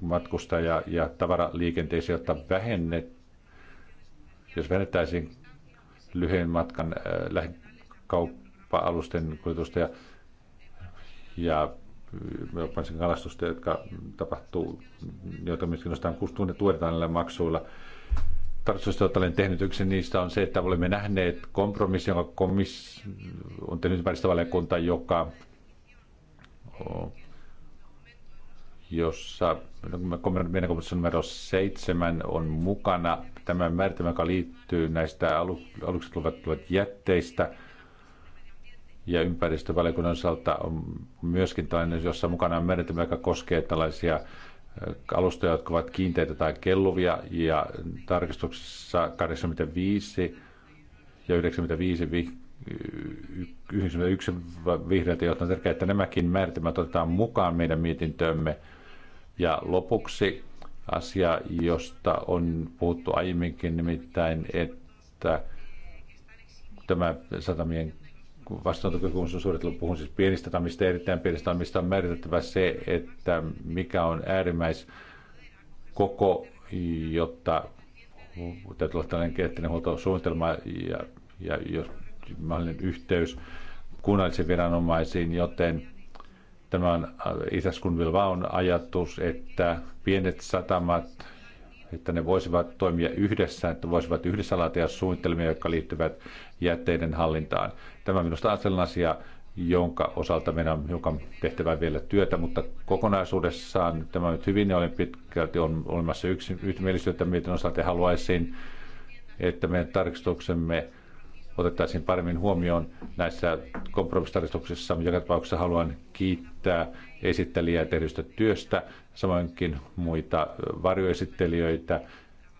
matkustaja- ja tavaraliikenteeseen, jotta vähennet, jos vähennettäisiin lyhyen matkan äh, lähikauppa-alusten kuljetusta ja ja jopa sen kalastusta, jotka tapahtuu, joita myöskin nostetaan kustuun tuetaan näillä maksuilla. että olen tehnyt, yksi niistä on se, että olemme nähneet kompromissi, jonka komiss on tehnyt ympäristövaliokunta, joka jossa meidän komissio numero 7 on mukana tämä määritelmä, joka liittyy näistä aluksi alukset luvattuvat jätteistä – ja ympäristövaliokunnan osalta on myöskin tällainen, jossa mukana on menetelmä, joka koskee tällaisia alustoja, jotka ovat kiinteitä tai kelluvia, ja tarkistuksessa 85 ja 95 vi- 91 vihreältä, jotta on tärkeää, että nämäkin määritelmät otetaan mukaan meidän mietintöömme. Ja lopuksi asia, josta on puhuttu aiemminkin, nimittäin, että tämä satamien vastaanottokokemus on puhun siis pienistä tammista ja erittäin pienistä tammista, on määritettävä se, että mikä on äärimmäis koko, jotta täytyy olla tällainen kehittäinen huoltosuunnitelma ja, ja jos mahdollinen yhteys kunnallisiin viranomaisiin, joten tämä on kun Vilvaun ajatus, että pienet satamat että ne voisivat toimia yhdessä, että voisivat yhdessä laatia suunnitelmia, jotka liittyvät jätteiden hallintaan. Tämä minusta on sellainen asia, jonka osalta meidän on hiukan tehtävä vielä työtä, mutta kokonaisuudessaan tämä nyt hyvin ja olen pitkälti on olemassa yksi yhtymielisyyttä, miten osalta haluaisin, että meidän tarkistuksemme otettaisiin paremmin huomioon näissä kompromissitarkistuksissa. Joka tapauksessa haluan kiittää esittelijää tehdystä työstä, samoinkin muita varjoesittelijöitä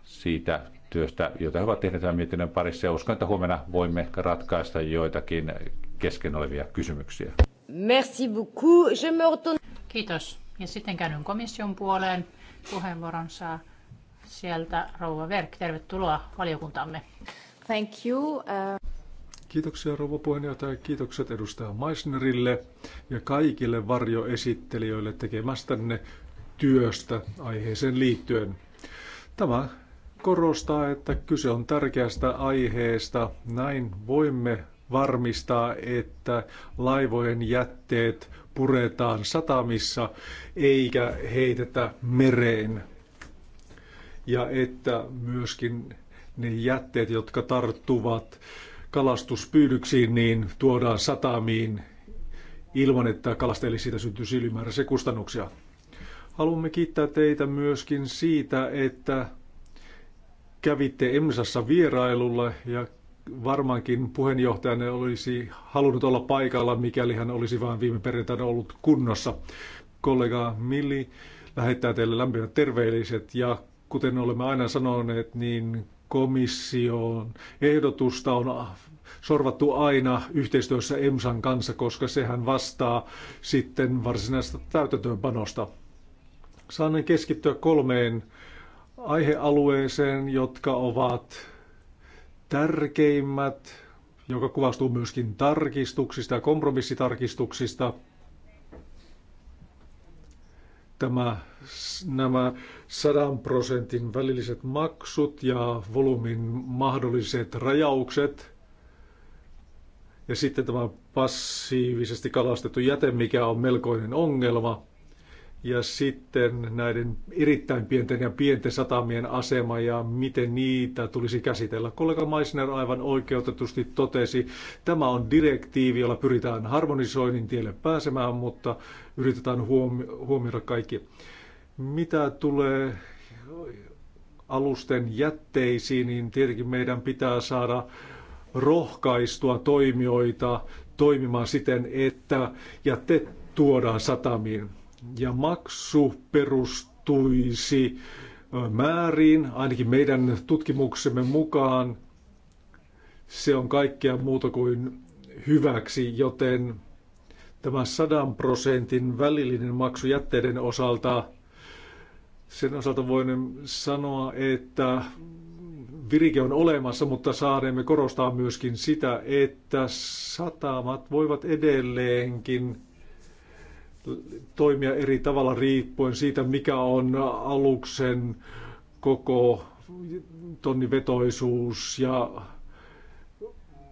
siitä työstä, jota he ovat tehneet tämän mietinnön parissa. Ja uskon, että huomenna voimme ratkaista joitakin kesken olevia kysymyksiä. Merci beaucoup. Kiitos. Ja sitten käyn komission puoleen. Puheenvuoron saa sieltä rouva Verk. Tervetuloa valiokuntamme. Thank you. Uh... Kiitoksia rouva puheenjohtaja, kiitokset edustaja Meissnerille ja kaikille varjoesittelijöille tekemästänne työstä aiheeseen liittyen. Tämä korostaa, että kyse on tärkeästä aiheesta. Näin voimme varmistaa, että laivojen jätteet puretaan satamissa eikä heitetä mereen. Ja että myöskin ne jätteet, jotka tarttuvat kalastuspyydyksiin, niin tuodaan satamiin ilman, että kalastajille siitä syntyisi ylimääräisiä kustannuksia. Haluamme kiittää teitä myöskin siitä, että kävitte Emsassa vierailulla ja varmaankin puheenjohtajanne olisi halunnut olla paikalla, mikäli hän olisi vain viime perjantaina ollut kunnossa. Kollega Milli lähettää teille lämpimät terveelliset ja kuten olemme aina sanoneet, niin komission ehdotusta on sorvattu aina yhteistyössä EMSAn kanssa, koska sehän vastaa sitten varsinaista täytäntöönpanosta. Saan keskittyä kolmeen aihealueeseen, jotka ovat tärkeimmät, joka kuvastuu myöskin tarkistuksista ja kompromissitarkistuksista – tämä, nämä sadan prosentin välilliset maksut ja volyymin mahdolliset rajaukset ja sitten tämä passiivisesti kalastettu jäte, mikä on melkoinen ongelma – ja sitten näiden erittäin pienten ja pienten satamien asema ja miten niitä tulisi käsitellä. Kollega Meissner aivan oikeutetusti totesi, tämä on direktiivi, jolla pyritään harmonisoinnin tielle pääsemään, mutta yritetään huomi- huomioida kaikki. Mitä tulee alusten jätteisiin, niin tietenkin meidän pitää saada rohkaistua toimijoita toimimaan siten, että jätteet tuodaan satamiin ja maksu perustuisi määriin, ainakin meidän tutkimuksemme mukaan. Se on kaikkea muuta kuin hyväksi, joten tämä 100 prosentin välillinen maksu jätteiden osalta, sen osalta voin sanoa, että virike on olemassa, mutta saaremme korostaa myöskin sitä, että satamat voivat edelleenkin toimia eri tavalla riippuen siitä, mikä on aluksen koko, tonnivetoisuus ja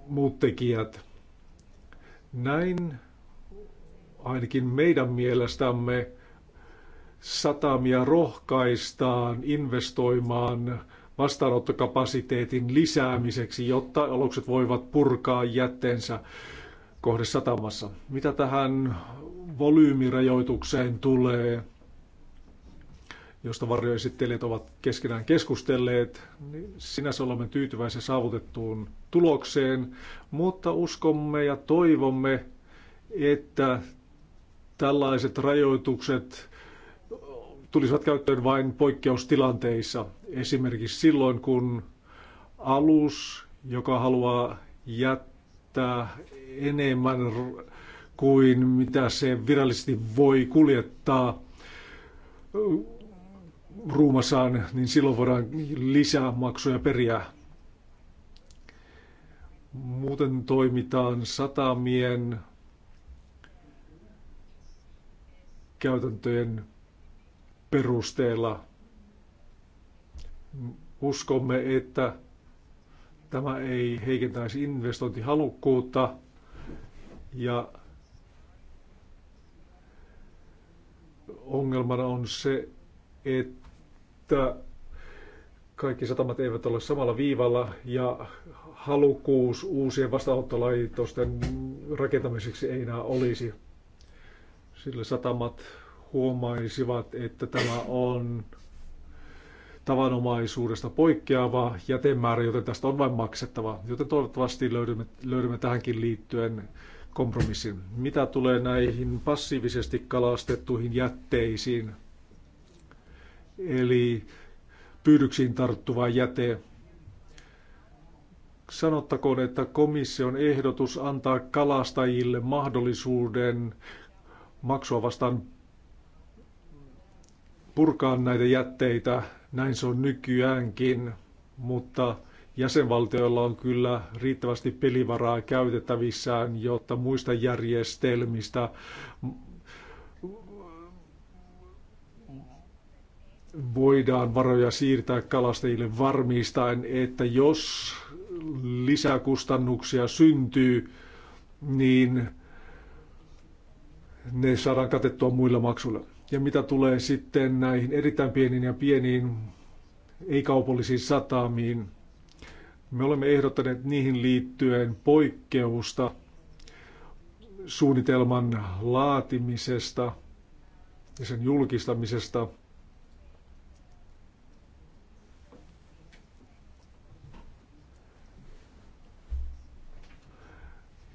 muut tekijät. Näin ainakin meidän mielestämme satamia rohkaistaan investoimaan vastaanottokapasiteetin lisäämiseksi, jotta alukset voivat purkaa jätteensä Kohde satamassa. Mitä tähän volyymirajoitukseen tulee, josta varjoesittelijät ovat keskenään keskustelleet, niin sinänsä olemme tyytyväisiä saavutettuun tulokseen, mutta uskomme ja toivomme, että tällaiset rajoitukset tulisivat käyttöön vain poikkeustilanteissa. Esimerkiksi silloin, kun alus, joka haluaa jättää enemmän kuin mitä se virallisesti voi kuljettaa ruumasaan, niin silloin voidaan lisää maksuja periä. Muuten toimitaan satamien käytäntöjen perusteella. Uskomme, että tämä ei heikentäisi investointihalukkuutta – ja ongelmana on se, että kaikki satamat eivät ole samalla viivalla ja halukkuus uusien vastaanottolaitosten rakentamiseksi ei enää olisi. Sillä satamat huomaisivat, että tämä on tavanomaisuudesta poikkeava jätemäärä, joten tästä on vain maksettava. Joten toivottavasti löydämme, löydämme tähänkin liittyen kompromissin. Mitä tulee näihin passiivisesti kalastettuihin jätteisiin, eli pyydyksiin tarttuva jäte, sanottakoon, että komission ehdotus antaa kalastajille mahdollisuuden maksua vastaan purkaa näitä jätteitä, näin se on nykyäänkin, mutta jäsenvaltioilla on kyllä riittävästi pelivaraa käytettävissään, jotta muista järjestelmistä voidaan varoja siirtää kalastajille varmistaen, että jos lisäkustannuksia syntyy, niin ne saadaan katettua muilla maksuilla. Ja mitä tulee sitten näihin erittäin pieniin ja pieniin ei-kaupallisiin satamiin, me olemme ehdottaneet niihin liittyen poikkeusta suunnitelman laatimisesta ja sen julkistamisesta.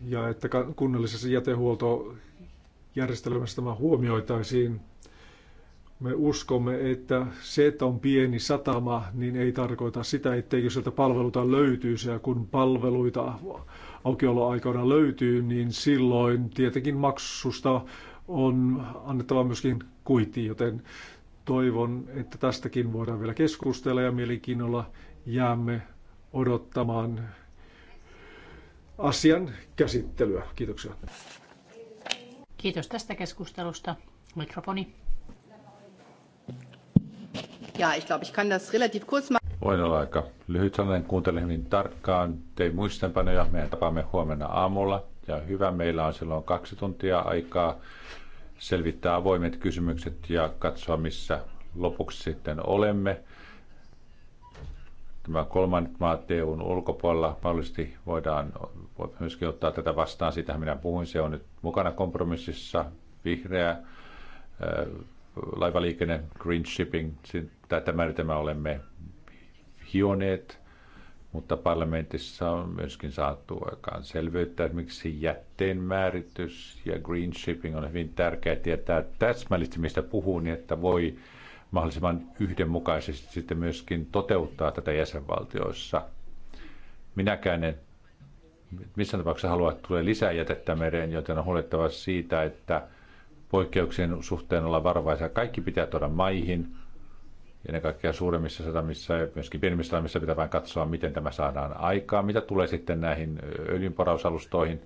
Ja että kunnallisessa jätehuoltojärjestelmässä tämä huomioitaisiin me uskomme, että se, että on pieni satama, niin ei tarkoita sitä, etteikö sieltä palveluita löytyisi. Ja kun palveluita aukioloaikana löytyy, niin silloin tietenkin maksusta on annettava myöskin kuiti, joten toivon, että tästäkin voidaan vielä keskustella ja mielenkiinnolla jäämme odottamaan asian käsittelyä. Kiitoksia. Kiitos tästä keskustelusta. Mikrofoni. Ja, ich glaube, ich kann das relativ kurz machen. Voin olla aika lyhyt sanoen, kuuntelen hyvin tarkkaan. Tein muistanpanoja, meidän tapaamme huomenna aamulla. Ja hyvä, meillä on silloin kaksi tuntia aikaa selvittää avoimet kysymykset ja katsoa, missä lopuksi sitten olemme. Tämä kolmannet maat EUn ulkopuolella mahdollisesti voidaan voi myöskin ottaa tätä vastaan. sitä minä puhuin, se on nyt mukana kompromississa. Vihreä laivaliikenne, green shipping, tämä mitä me olemme hioneet, mutta parlamentissa on myöskin saatu aikaan selvyyttä, että miksi jätteen määritys ja green shipping on hyvin tärkeää tietää täsmällisesti, mistä puhuu, niin että voi mahdollisimman yhdenmukaisesti sitten myöskin toteuttaa tätä jäsenvaltioissa. Minäkään en missään tapauksessa halua, että tulee lisää jätettä mereen, joten on huolettava siitä, että poikkeuksien suhteen olla varovaisia. Kaikki pitää tuoda maihin, ne kaikkea suuremmissa satamissa ja myöskin pienemmissä satamissa pitää vain katsoa, miten tämä saadaan aikaan. Mitä tulee sitten näihin öljynporausalustoihin,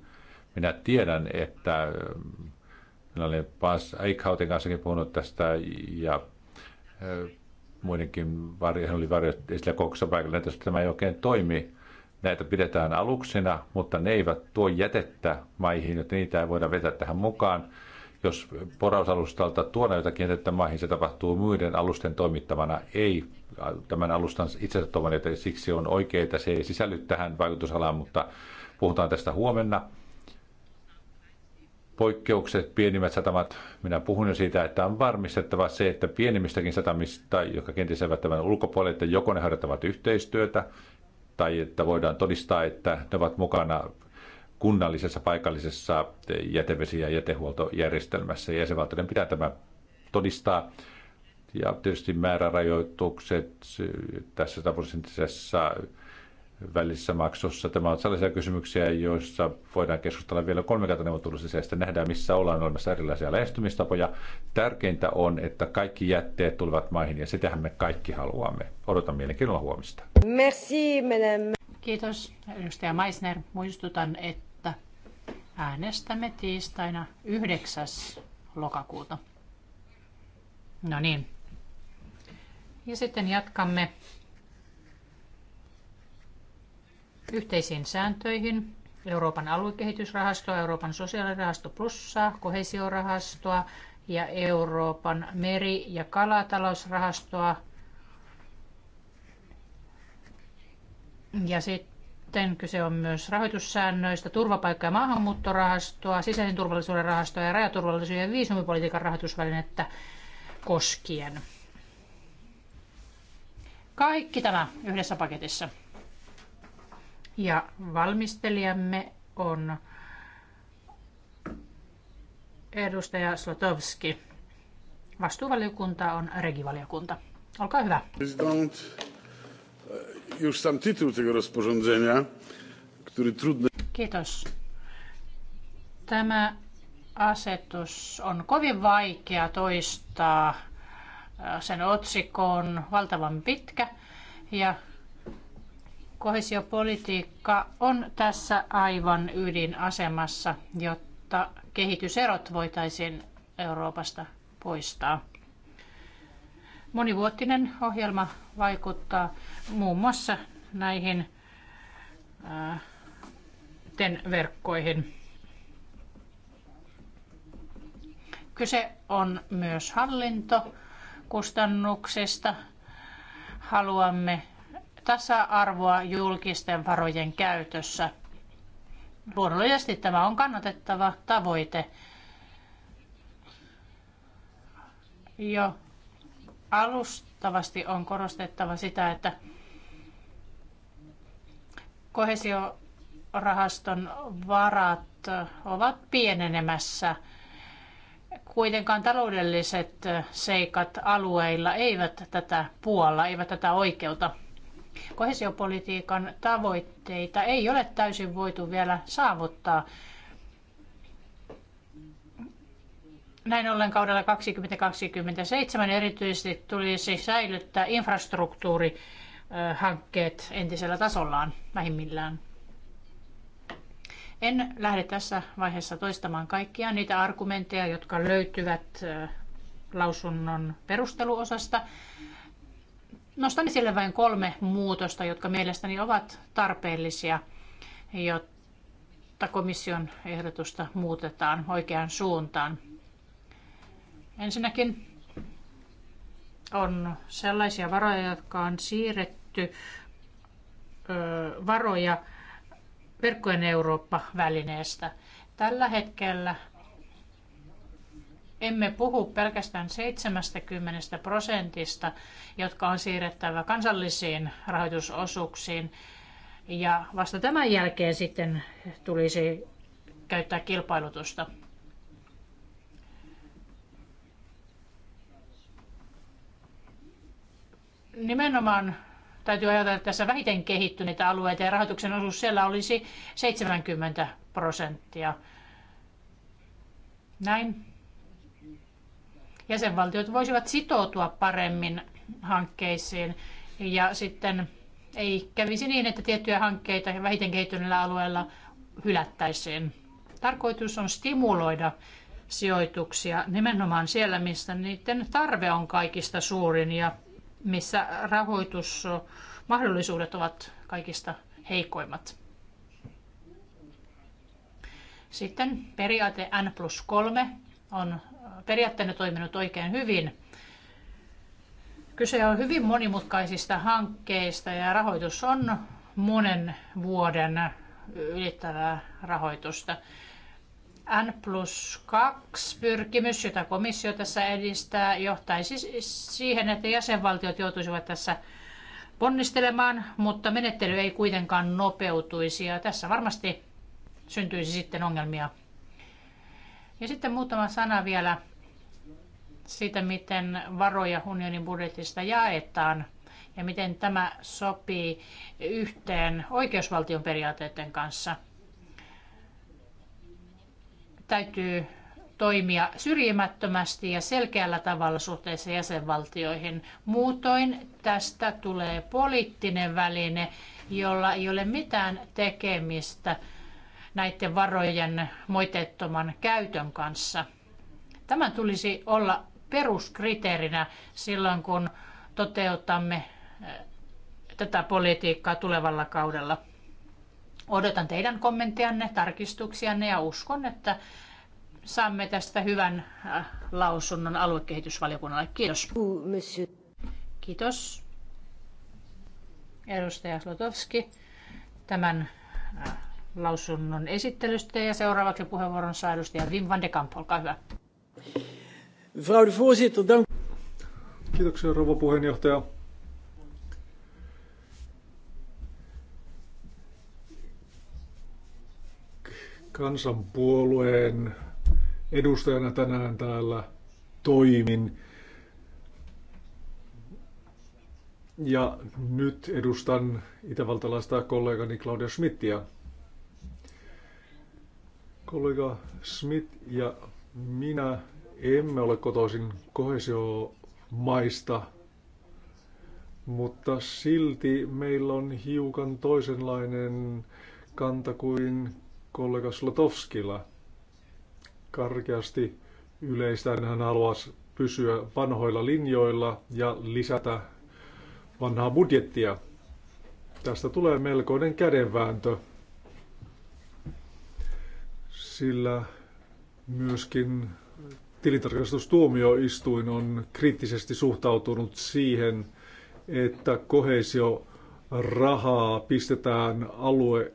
minä tiedän, että äh, minä olen Paas Eichhautin kanssakin puhunut tästä ja äh, muidenkin varjo, oli varjo esillä kokouksessa paikalla, että tämä ei oikein toimi. Näitä pidetään aluksina, mutta ne eivät tuo jätettä maihin, joten niitä ei voida vetää tähän mukaan. Jos porausalustalta tuodaan jotakin jätettä maihin, se tapahtuu muiden alusten toimittamana, ei tämän alustan itsensä tuoman, että siksi on oikein, että se ei sisälly tähän vaikutusalaan, mutta puhutaan tästä huomenna. Poikkeukset, pienimmät satamat, minä puhun jo siitä, että on varmistettava se, että pienimmistäkin satamista, jotka kenties eivät tämän ulkopuolelle, että joko ne harjoittavat yhteistyötä, tai että voidaan todistaa, että ne ovat mukana kunnallisessa paikallisessa jätevesi- ja jätehuoltojärjestelmässä. Jäsenvaltioiden pitää tämä todistaa. Ja tietysti määrärajoitukset tässä tapauksessa välissä maksossa Tämä on sellaisia kysymyksiä, joissa voidaan keskustella vielä kolmikantaneuvottelussa sitten Nähdään, missä ollaan olemassa erilaisia lähestymistapoja. Tärkeintä on, että kaikki jätteet tulevat maihin ja sitähän me kaikki haluamme. Odotan mielenkiinnolla huomista. Merci, madame. Kiitos, edustaja Meissner. Muistutan, että Äänestämme tiistaina 9. lokakuuta. No niin. Ja sitten jatkamme yhteisiin sääntöihin. Euroopan aluekehitysrahastoa, Euroopan sosiaalirahasto plussaa, kohesiorahastoa ja Euroopan meri- ja kalatalousrahastoa. Ja sitten sitten kyse on myös rahoitussäännöistä, turvapaikka- ja maahanmuuttorahastoa, sisäisen turvallisuuden rahastoa ja rajaturvallisuuden ja viisumipolitiikan rahoitusvälinettä koskien. Kaikki tämä yhdessä paketissa. Ja valmistelijamme on edustaja Slotowski. Vastuuvaliokunta on regivaliokunta. Olkaa hyvä. President. Już sam tytuł tego rozporządzenia, który trudno... Kiitos. Tämä asetus on kovin vaikea toistaa. Äh, sen otsikko on valtavan pitkä ja kohesiopolitiikka on tässä aivan ydinasemassa, jotta kehityserot voitaisiin Euroopasta poistaa. Monivuotinen ohjelma vaikuttaa muun muassa näihin TEN-verkkoihin. Kyse on myös hallintokustannuksista. Haluamme tasa-arvoa julkisten varojen käytössä. Luonnollisesti tämä on kannatettava tavoite. Jo alustavasti on korostettava sitä, että kohesiorahaston varat ovat pienenemässä. Kuitenkaan taloudelliset seikat alueilla eivät tätä puolla, eivät tätä oikeuta. Kohesiopolitiikan tavoitteita ei ole täysin voitu vielä saavuttaa Näin ollen kaudella 2027 erityisesti tulisi säilyttää infrastruktuurihankkeet entisellä tasollaan vähimmillään. En lähde tässä vaiheessa toistamaan kaikkia niitä argumentteja, jotka löytyvät lausunnon perusteluosasta. Nostan esille vain kolme muutosta, jotka mielestäni ovat tarpeellisia, jotta komission ehdotusta muutetaan oikeaan suuntaan. Ensinnäkin on sellaisia varoja, jotka on siirretty varoja verkkojen Eurooppa-välineestä. Tällä hetkellä emme puhu pelkästään 70 prosentista, jotka on siirrettävä kansallisiin rahoitusosuuksiin. Ja vasta tämän jälkeen sitten tulisi käyttää kilpailutusta. nimenomaan täytyy ajatella tässä vähiten kehittyneitä alueita ja rahoituksen osuus siellä olisi 70 prosenttia. Näin. Jäsenvaltiot voisivat sitoutua paremmin hankkeisiin ja sitten ei kävisi niin, että tiettyjä hankkeita vähiten kehittyneillä alueilla hylättäisiin. Tarkoitus on stimuloida sijoituksia nimenomaan siellä, missä niiden tarve on kaikista suurin ja missä rahoitusmahdollisuudet ovat kaikista heikoimmat. Sitten periaate N plus 3 on periaatteena toiminut oikein hyvin. Kyse on hyvin monimutkaisista hankkeista ja rahoitus on monen vuoden ylittävää rahoitusta. N plus 2 pyrkimys, jota komissio tässä edistää, johtaisi siihen, että jäsenvaltiot joutuisivat tässä ponnistelemaan, mutta menettely ei kuitenkaan nopeutuisi ja tässä varmasti syntyisi sitten ongelmia. Ja sitten muutama sana vielä siitä, miten varoja unionin budjetista jaetaan ja miten tämä sopii yhteen oikeusvaltion periaatteiden kanssa – täytyy toimia syrjimättömästi ja selkeällä tavalla suhteessa jäsenvaltioihin. Muutoin tästä tulee poliittinen väline, jolla ei ole mitään tekemistä näiden varojen moitettoman käytön kanssa. Tämä tulisi olla peruskriteerinä silloin, kun toteutamme eh, tätä politiikkaa tulevalla kaudella. Odotan teidän kommenttianne, tarkistuksianne ja uskon, että saamme tästä hyvän äh, lausunnon aluekehitysvaliokunnalle. Kiitos. Kiitos. Edustaja Slotowski tämän äh, lausunnon esittelystä ja seuraavaksi puheenvuoron saa edustaja Wim van de Kamp. Olkaa hyvä. Mevrouw de voorzitter, dank. Kiitoksia rouva puheenjohtaja. kansanpuolueen edustajana tänään täällä toimin. Ja nyt edustan itävaltalaista kollegani Claudia Schmidtia. Kollega Schmidt ja minä emme ole kotoisin kohesiomaista, mutta silti meillä on hiukan toisenlainen kanta kuin kollega Slotovskilla. Karkeasti yleistään hän haluaisi pysyä vanhoilla linjoilla ja lisätä vanhaa budjettia. Tästä tulee melkoinen kädenvääntö, sillä myöskin tilintarkastustuomioistuin on kriittisesti suhtautunut siihen, että kohesio rahaa pistetään alue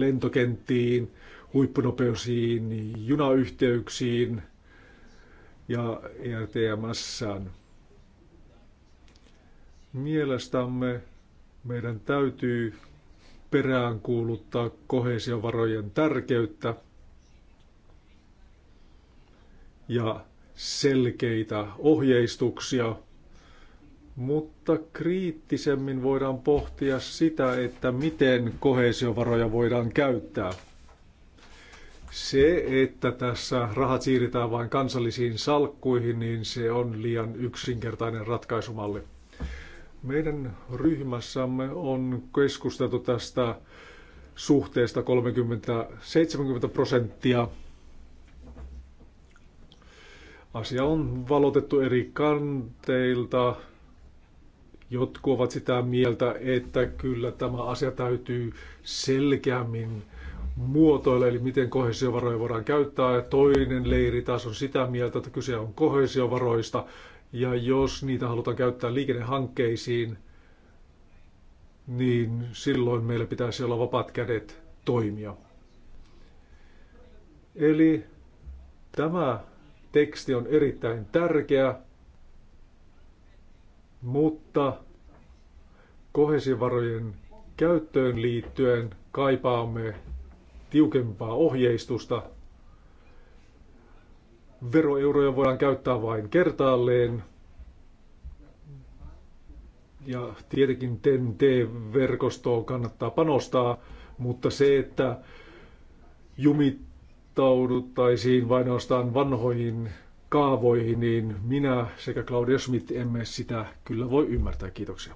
lentokenttiin, huippunopeusiin, junayhteyksiin ja ERTMSään. Mielestämme meidän täytyy peräänkuuluttaa kohesiovarojen tärkeyttä ja selkeitä ohjeistuksia – mutta kriittisemmin voidaan pohtia sitä, että miten kohesiovaroja voidaan käyttää. Se, että tässä rahat siirretään vain kansallisiin salkkuihin, niin se on liian yksinkertainen ratkaisumalli. Meidän ryhmässämme on keskusteltu tästä suhteesta 30-70 prosenttia. Asia on valotettu eri kanteilta, Jotkut ovat sitä mieltä, että kyllä tämä asia täytyy selkeämmin muotoilla, eli miten kohesiovaroja voidaan käyttää. Ja toinen leiri taas on sitä mieltä, että kyse on kohesiovaroista, ja jos niitä halutaan käyttää liikennehankkeisiin, niin silloin meillä pitäisi olla vapaat kädet toimia. Eli tämä teksti on erittäin tärkeä mutta kohesivarojen käyttöön liittyen kaipaamme tiukempaa ohjeistusta. Veroeuroja voidaan käyttää vain kertaalleen. Ja tietenkin TEN-T-verkostoon kannattaa panostaa, mutta se, että jumittauduttaisiin vain vanhoihin kaavoihin, niin minä sekä Claudia Schmidt emme sitä kyllä voi ymmärtää. Kiitoksia.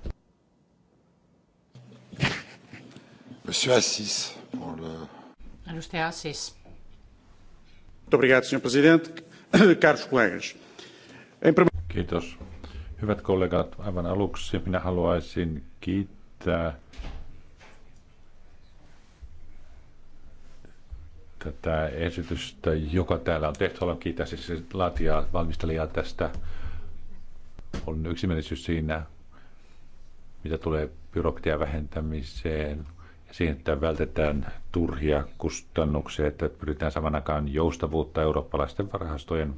Monsieur Assis, pour le... Edustaja Assis. Obrigado, senhor presidente. Caros colegas. Kiitos. Hyvät kollegat, aivan aluksi minä haluaisin kiittää että tämä esitys, joka täällä on tehty. Haluan kiittää siis laatijaa, valmistelijaa tästä. On yksimielisyys siinä, mitä tulee byrokratian vähentämiseen ja siihen, että vältetään turhia kustannuksia, että pyritään aikaan joustavuutta eurooppalaisten varhastojen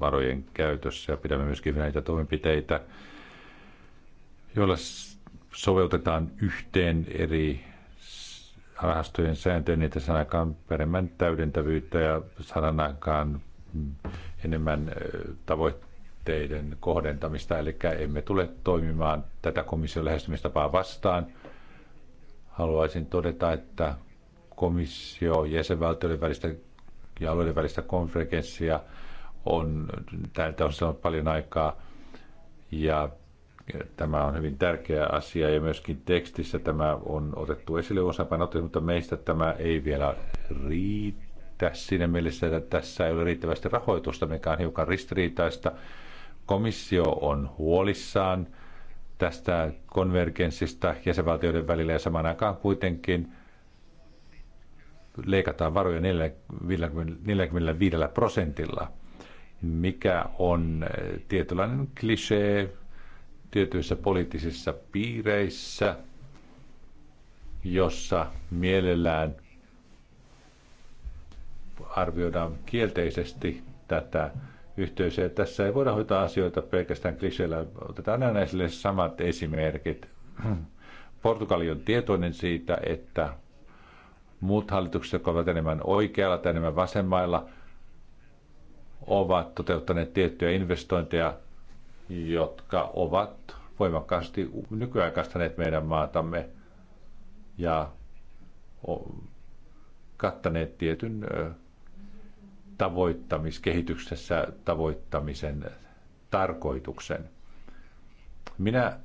varojen käytössä ja pidämme myöskin näitä toimenpiteitä, joilla sovelletaan yhteen eri rahastojen sääntöjä, niin että saadaan aikaan paremman täydentävyyttä ja saadaan aikaan enemmän tavoitteiden kohdentamista. Eli emme tule toimimaan tätä komission lähestymistapaa vastaan. Haluaisin todeta, että komissio jäsenvaltioiden välistä ja alueiden välistä konferenssia on tältä on saanut paljon aikaa ja Tämä on hyvin tärkeä asia ja myöskin tekstissä tämä on otettu esille osapainotettu, mutta meistä tämä ei vielä riitä siinä mielessä, että tässä ei ole riittävästi rahoitusta, mikä on hiukan ristiriitaista. Komissio on huolissaan tästä konvergenssista jäsenvaltioiden välillä ja samaan aikaan kuitenkin leikataan varoja 45 prosentilla, mikä on tietynlainen klisee, tietyissä poliittisissa piireissä, jossa mielellään arvioidaan kielteisesti tätä yhteisöä. Tässä ei voida hoitaa asioita pelkästään kliseillä. Otetaan aina esille samat esimerkit. Portugali on tietoinen siitä, että muut hallitukset, jotka ovat enemmän oikealla tai enemmän vasemmailla, ovat toteuttaneet tiettyjä investointeja jotka ovat voimakkaasti nykyaikaistaneet meidän maatamme ja kattaneet tietyn tavoittamiskehityksessä tavoittamisen tarkoituksen. Minä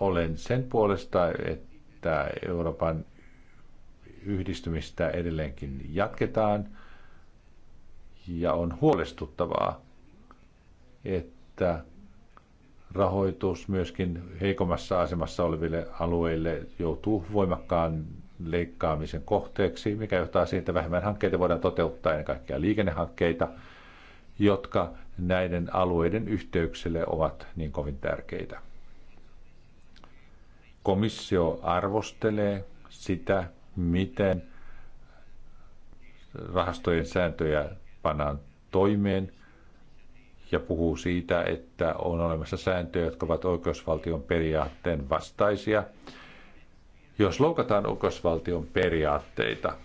olen sen puolesta, että Euroopan yhdistymistä edelleenkin jatketaan ja on huolestuttavaa, että rahoitus myöskin heikommassa asemassa oleville alueille joutuu voimakkaan leikkaamisen kohteeksi, mikä johtaa siihen, että vähemmän hankkeita voidaan toteuttaa, ennen kaikkea liikennehankkeita, jotka näiden alueiden yhteyksille ovat niin kovin tärkeitä. Komissio arvostelee sitä, miten rahastojen sääntöjä pannaan toimeen – ja puhuu siitä, että on olemassa sääntöjä, jotka ovat oikeusvaltion periaatteen vastaisia. Jos loukataan oikeusvaltion periaatteita,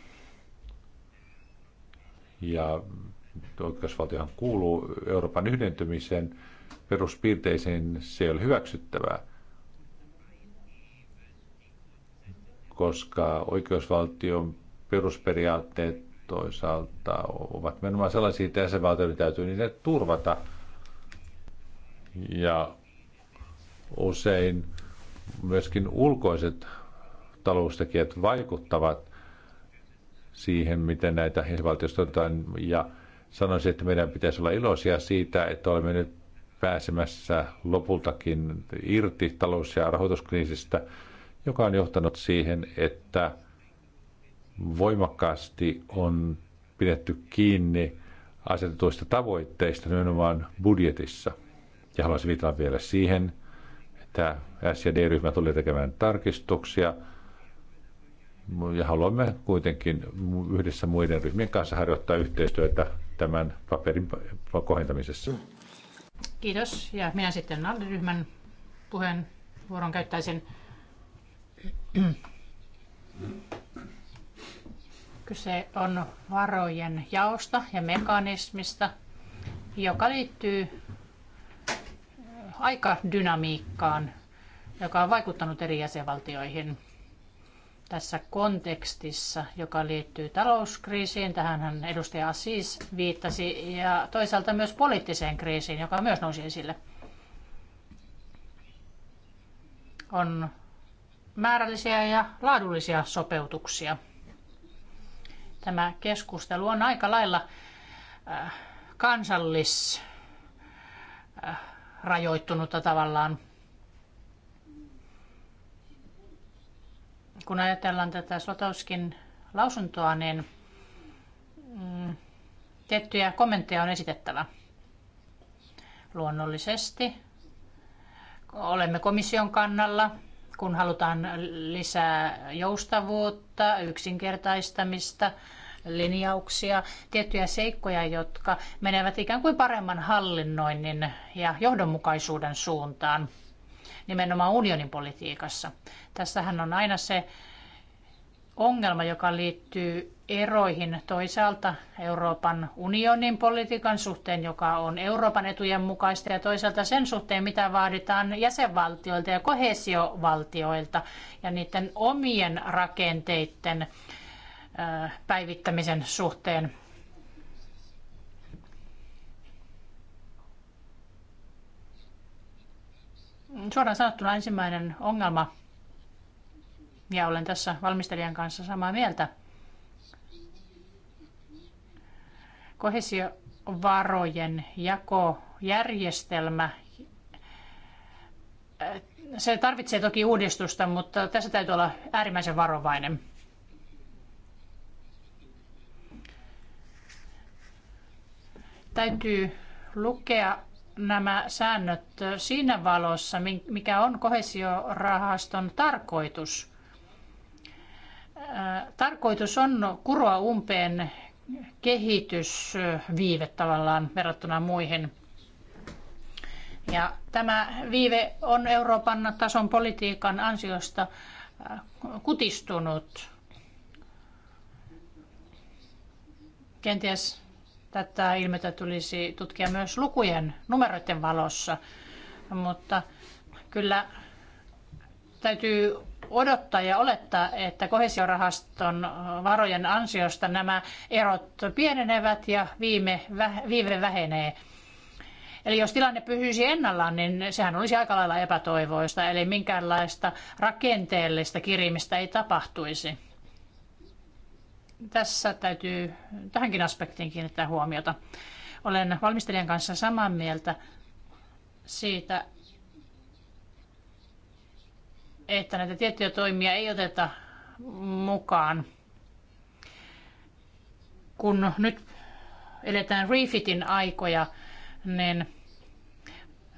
ja oikeusvaltiohan kuuluu Euroopan yhdentymisen peruspiirteisiin, se ei ole hyväksyttävää, koska oikeusvaltion perusperiaatteet toisaalta ovat menemään sellaisia jäsenvaltioiden täytyy niitä turvata – ja usein myöskin ulkoiset taloustekijät vaikuttavat siihen, miten näitä jäsenvaltioista Ja sanoisin, että meidän pitäisi olla iloisia siitä, että olemme nyt pääsemässä lopultakin irti talous- ja rahoituskriisistä, joka on johtanut siihen, että voimakkaasti on pidetty kiinni asetetuista tavoitteista nimenomaan budjetissa. Ja haluaisin viitata vielä siihen, että S- ja D-ryhmä tulee tekemään tarkistuksia. Ja haluamme kuitenkin yhdessä muiden ryhmien kanssa harjoittaa yhteistyötä tämän paperin kohentamisessa. Kiitos. Ja minä sitten nalli ryhmän puheenvuoron käyttäisin. Kyse on varojen jaosta ja mekanismista, joka liittyy aikadynamiikkaan, joka on vaikuttanut eri jäsenvaltioihin tässä kontekstissa, joka liittyy talouskriisiin, Tähänhän edustaja Assis viittasi, ja toisaalta myös poliittiseen kriisiin, joka myös nousi esille. On määrällisiä ja laadullisia sopeutuksia. Tämä keskustelu on aika lailla äh, kansallis äh, rajoittunutta tavallaan. Kun ajatellaan tätä Sotoskin lausuntoa, niin mm, tiettyjä kommentteja on esitettävä. Luonnollisesti olemme komission kannalla, kun halutaan lisää joustavuutta, yksinkertaistamista – linjauksia, tiettyjä seikkoja, jotka menevät ikään kuin paremman hallinnoinnin ja johdonmukaisuuden suuntaan nimenomaan unionin politiikassa. Tässähän on aina se ongelma, joka liittyy eroihin toisaalta Euroopan unionin politiikan suhteen, joka on Euroopan etujen mukaista, ja toisaalta sen suhteen, mitä vaaditaan jäsenvaltioilta ja kohesiovaltioilta ja niiden omien rakenteiden päivittämisen suhteen. Suoraan sanottuna ensimmäinen ongelma, ja olen tässä valmistelijan kanssa samaa mieltä, kohesiovarojen jakojärjestelmä se tarvitsee toki uudistusta, mutta tässä täytyy olla äärimmäisen varovainen. täytyy lukea nämä säännöt siinä valossa, mikä on kohesiorahaston tarkoitus. Tarkoitus on kuroa umpeen kehitysviive tavallaan verrattuna muihin. Ja tämä viive on Euroopan tason politiikan ansiosta kutistunut. Kenties Tätä ilmiötä tulisi tutkia myös lukujen, numeroiden valossa, mutta kyllä täytyy odottaa ja olettaa, että kohesiorahaston varojen ansiosta nämä erot pienenevät ja viime, viive vähenee. Eli jos tilanne pysyisi ennallaan, niin sehän olisi aika lailla epätoivoista, eli minkäänlaista rakenteellista kirimistä ei tapahtuisi. Tässä täytyy tähänkin aspektiin kiinnittää huomiota. Olen valmistelijan kanssa samaa mieltä siitä, että näitä tiettyjä toimia ei oteta mukaan. Kun nyt eletään refitin aikoja, niin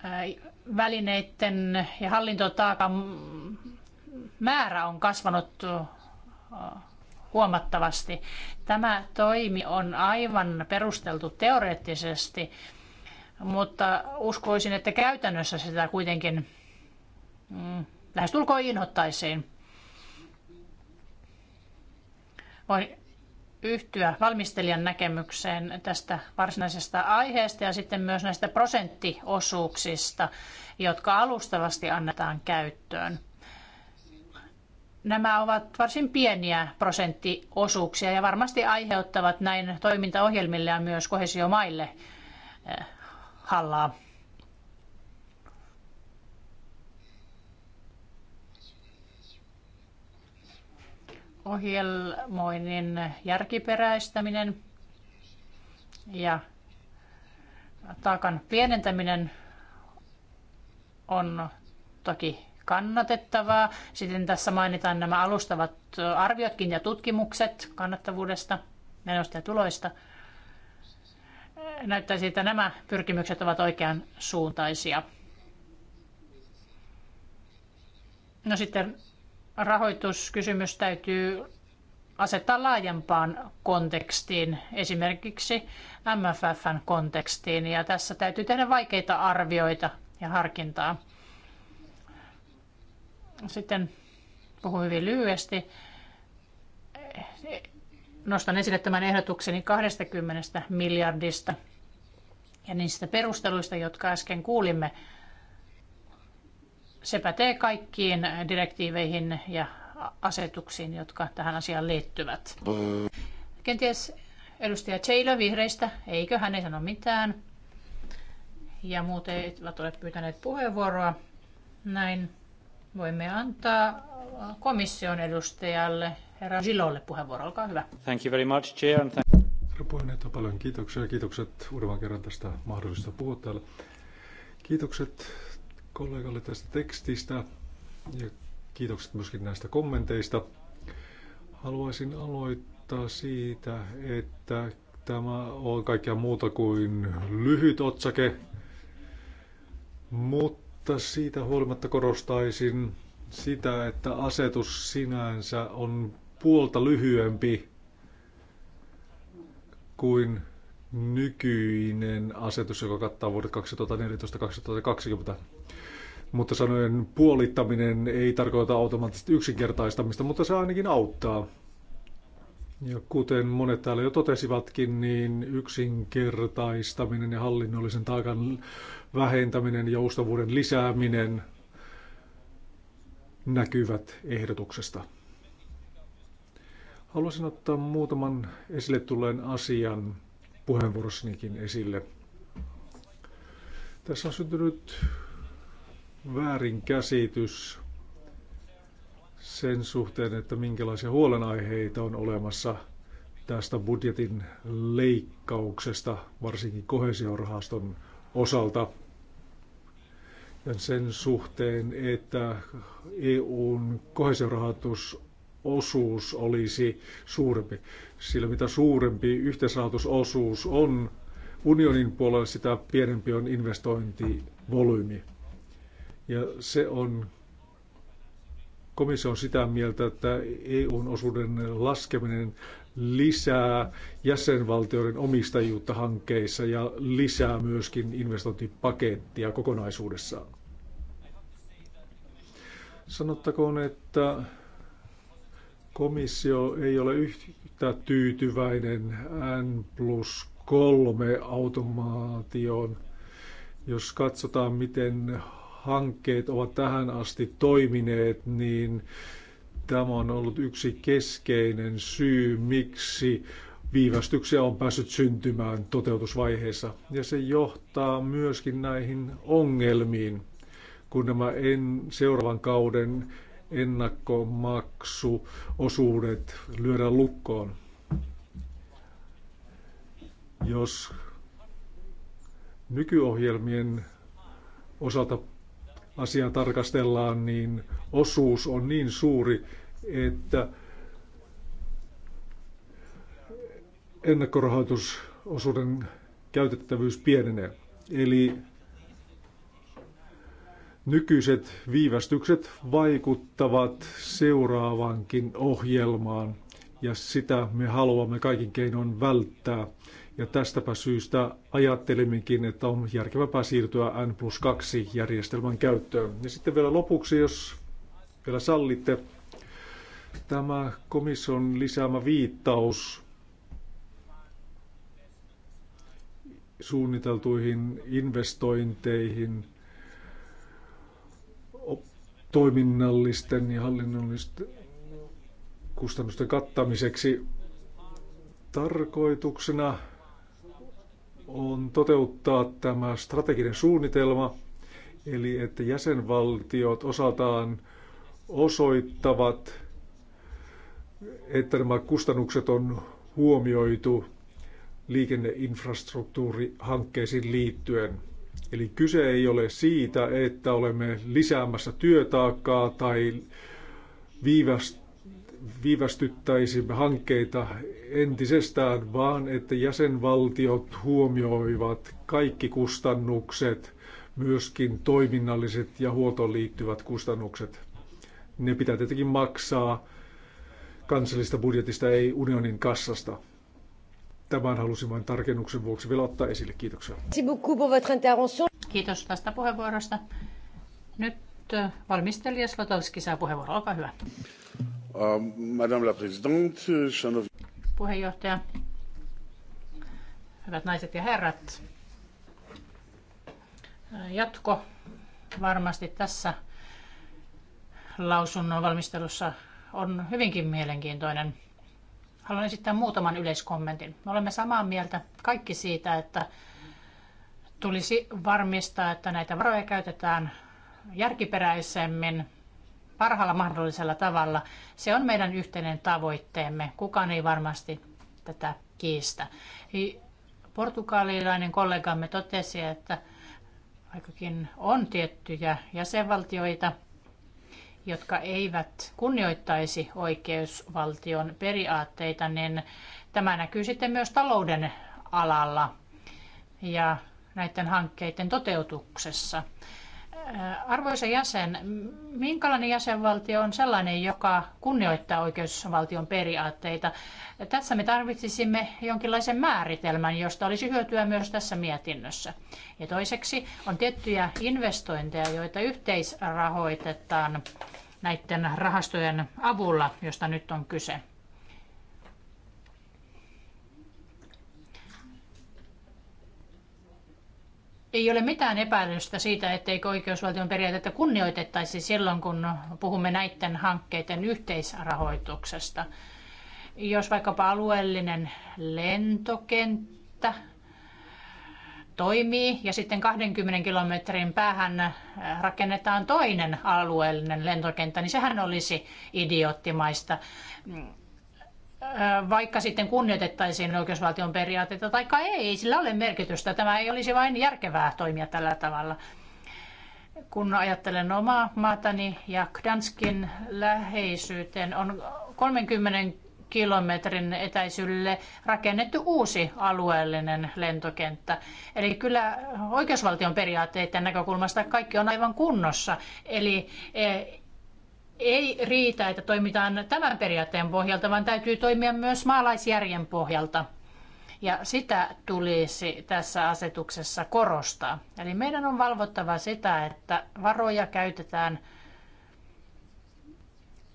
äh, välineiden ja hallintotaakan määrä on kasvanut äh, huomattavasti. Tämä toimi on aivan perusteltu teoreettisesti, mutta uskoisin, että käytännössä sitä kuitenkin mm, lähestulkoon inhottaisiin. Voin yhtyä valmistelijan näkemykseen tästä varsinaisesta aiheesta ja sitten myös näistä prosenttiosuuksista, jotka alustavasti annetaan käyttöön. Nämä ovat varsin pieniä prosenttiosuuksia ja varmasti aiheuttavat näin toimintaohjelmille ja myös kohesiomaille eh, hallaa. ohjelmoinnin järkiperäistäminen ja taakan pienentäminen on toki kannatettavaa. Sitten tässä mainitaan nämä alustavat arviotkin ja tutkimukset kannattavuudesta, menosta ja tuloista. Näyttäisi, että nämä pyrkimykset ovat oikean suuntaisia. No sitten rahoituskysymys täytyy asettaa laajempaan kontekstiin, esimerkiksi MFFn kontekstiin, ja tässä täytyy tehdä vaikeita arvioita ja harkintaa. Sitten puhun hyvin lyhyesti. Nostan esille tämän ehdotukseni 20 miljardista ja niistä perusteluista, jotka äsken kuulimme. Se pätee kaikkiin direktiiveihin ja asetuksiin, jotka tähän asiaan liittyvät. Kenties edustaja Taylor vihreistä, eikö hän ei sano mitään. Ja muut eivät ole pyytäneet puheenvuoroa. Näin Voimme antaa komission edustajalle, herra Gilolle puheenvuoro. Olkaa hyvä. Thank you very much, Chair. And thank... Herra puheenjohtaja, paljon kiitoksia ja kiitokset uudemman kerran tästä mahdollisesta puhua täällä. Kiitokset kollegalle tästä tekstistä ja kiitokset myöskin näistä kommenteista. Haluaisin aloittaa siitä, että tämä on kaikkea muuta kuin lyhyt otsake, mutta mutta siitä huolimatta korostaisin sitä, että asetus sinänsä on puolta lyhyempi kuin nykyinen asetus, joka kattaa vuodet 2014-2020. Mutta sanoen puolittaminen ei tarkoita automaattisesti yksinkertaistamista, mutta se ainakin auttaa. Ja kuten monet täällä jo totesivatkin, niin yksinkertaistaminen ja hallinnollisen taakan vähentäminen ja joustavuuden lisääminen näkyvät ehdotuksesta. Haluaisin ottaa muutaman esille tulleen asian puheenvuorossanikin esille. Tässä on syntynyt väärinkäsitys sen suhteen, että minkälaisia huolenaiheita on olemassa tästä budjetin leikkauksesta, varsinkin kohesiorahaston osalta. Ja sen suhteen, että EUn kohesiorahoitusosuus olisi suurempi. Sillä mitä suurempi yhteisrahoitusosuus on unionin puolella, sitä pienempi on investointivolyymi. Ja se on Komissio on sitä mieltä, että EUn osuuden laskeminen lisää jäsenvaltioiden omistajuutta hankkeissa ja lisää myöskin investointipakettia kokonaisuudessaan. Sanottakoon, että komissio ei ole yhtä tyytyväinen N plus 3 automaatioon. Jos katsotaan, miten hankkeet ovat tähän asti toimineet, niin tämä on ollut yksi keskeinen syy, miksi viivästyksiä on päässyt syntymään toteutusvaiheessa. Ja se johtaa myöskin näihin ongelmiin, kun nämä en, seuraavan kauden ennakkomaksuosuudet lyödään lukkoon. Jos nykyohjelmien osalta asiaa tarkastellaan, niin osuus on niin suuri, että ennakkorahoitusosuuden käytettävyys pienenee. Eli nykyiset viivästykset vaikuttavat seuraavankin ohjelmaan, ja sitä me haluamme kaikin keinoin välttää. Ja tästäpä syystä ajattelimmekin, että on järkevämpää siirtyä N plus 2 järjestelmän käyttöön. Ja sitten vielä lopuksi, jos vielä sallitte, tämä komission lisäämä viittaus suunniteltuihin investointeihin, toiminnallisten ja hallinnollisten kustannusten kattamiseksi tarkoituksena on toteuttaa tämä strateginen suunnitelma, eli että jäsenvaltiot osaltaan osoittavat, että nämä kustannukset on huomioitu liikenneinfrastruktuurihankkeisiin liittyen. Eli kyse ei ole siitä, että olemme lisäämässä työtaakkaa tai viivästyttäisimme hankkeita entisestään, vaan että jäsenvaltiot huomioivat kaikki kustannukset, myöskin toiminnalliset ja huoltoon liittyvät kustannukset. Ne pitää tietenkin maksaa kansallista budjetista, ei unionin kassasta. Tämän halusin vain tarkennuksen vuoksi vielä ottaa esille. Kiitoksia. Kiitos tästä puheenvuorosta. Nyt äh, valmistelija Slotowski saa puheenvuoron. Olkaa hyvä. Uh, Madame la présidente, puheenjohtaja. Hyvät naiset ja herrat. Jatko varmasti tässä lausunnon valmistelussa on hyvinkin mielenkiintoinen. Haluan esittää muutaman yleiskommentin. Me olemme samaa mieltä kaikki siitä, että tulisi varmistaa, että näitä varoja käytetään järkiperäisemmin parhaalla mahdollisella tavalla. Se on meidän yhteinen tavoitteemme. Kukaan ei varmasti tätä kiistä. Portugalilainen kollegamme totesi, että vaikkakin on tiettyjä jäsenvaltioita, jotka eivät kunnioittaisi oikeusvaltion periaatteita, niin tämä näkyy sitten myös talouden alalla ja näiden hankkeiden toteutuksessa. Arvoisa jäsen, minkälainen jäsenvaltio on sellainen, joka kunnioittaa oikeusvaltion periaatteita? Tässä me tarvitsisimme jonkinlaisen määritelmän, josta olisi hyötyä myös tässä mietinnössä. Ja toiseksi on tiettyjä investointeja, joita yhteisrahoitetaan näiden rahastojen avulla, josta nyt on kyse. ei ole mitään epäilystä siitä, etteikö oikeusvaltion periaatetta kunnioitettaisi silloin, kun puhumme näiden hankkeiden yhteisrahoituksesta. Jos vaikkapa alueellinen lentokenttä toimii ja sitten 20 kilometrin päähän rakennetaan toinen alueellinen lentokenttä, niin sehän olisi idioottimaista vaikka sitten kunnioitettaisiin oikeusvaltion periaatteita, tai ei, ei sillä ole merkitystä. Tämä ei olisi vain järkevää toimia tällä tavalla. Kun ajattelen omaa maatani ja Gdanskin läheisyyteen, on 30 kilometrin etäisyydelle rakennettu uusi alueellinen lentokenttä. Eli kyllä oikeusvaltion periaatteiden näkökulmasta kaikki on aivan kunnossa. Eli e, ei riitä, että toimitaan tämän periaatteen pohjalta, vaan täytyy toimia myös maalaisjärjen pohjalta. Ja sitä tulisi tässä asetuksessa korostaa. Eli meidän on valvottava sitä, että varoja käytetään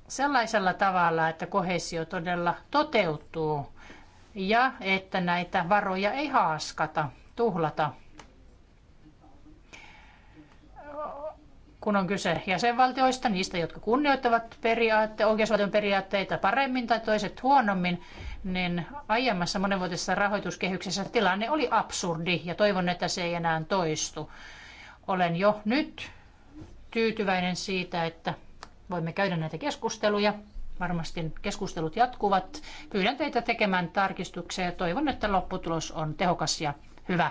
sellaisella tavalla, että kohesio todella toteutuu ja että näitä varoja ei haaskata, tuhlata. kun on kyse jäsenvaltioista, niistä, jotka kunnioittavat periaatte, oikeusvaltion periaatteita paremmin tai toiset huonommin, niin aiemmassa monenvuotisessa rahoituskehyksessä tilanne oli absurdi ja toivon, että se ei enää toistu. Olen jo nyt tyytyväinen siitä, että voimme käydä näitä keskusteluja. Varmasti keskustelut jatkuvat. Pyydän teitä tekemään tarkistuksia ja toivon, että lopputulos on tehokas ja hyvä.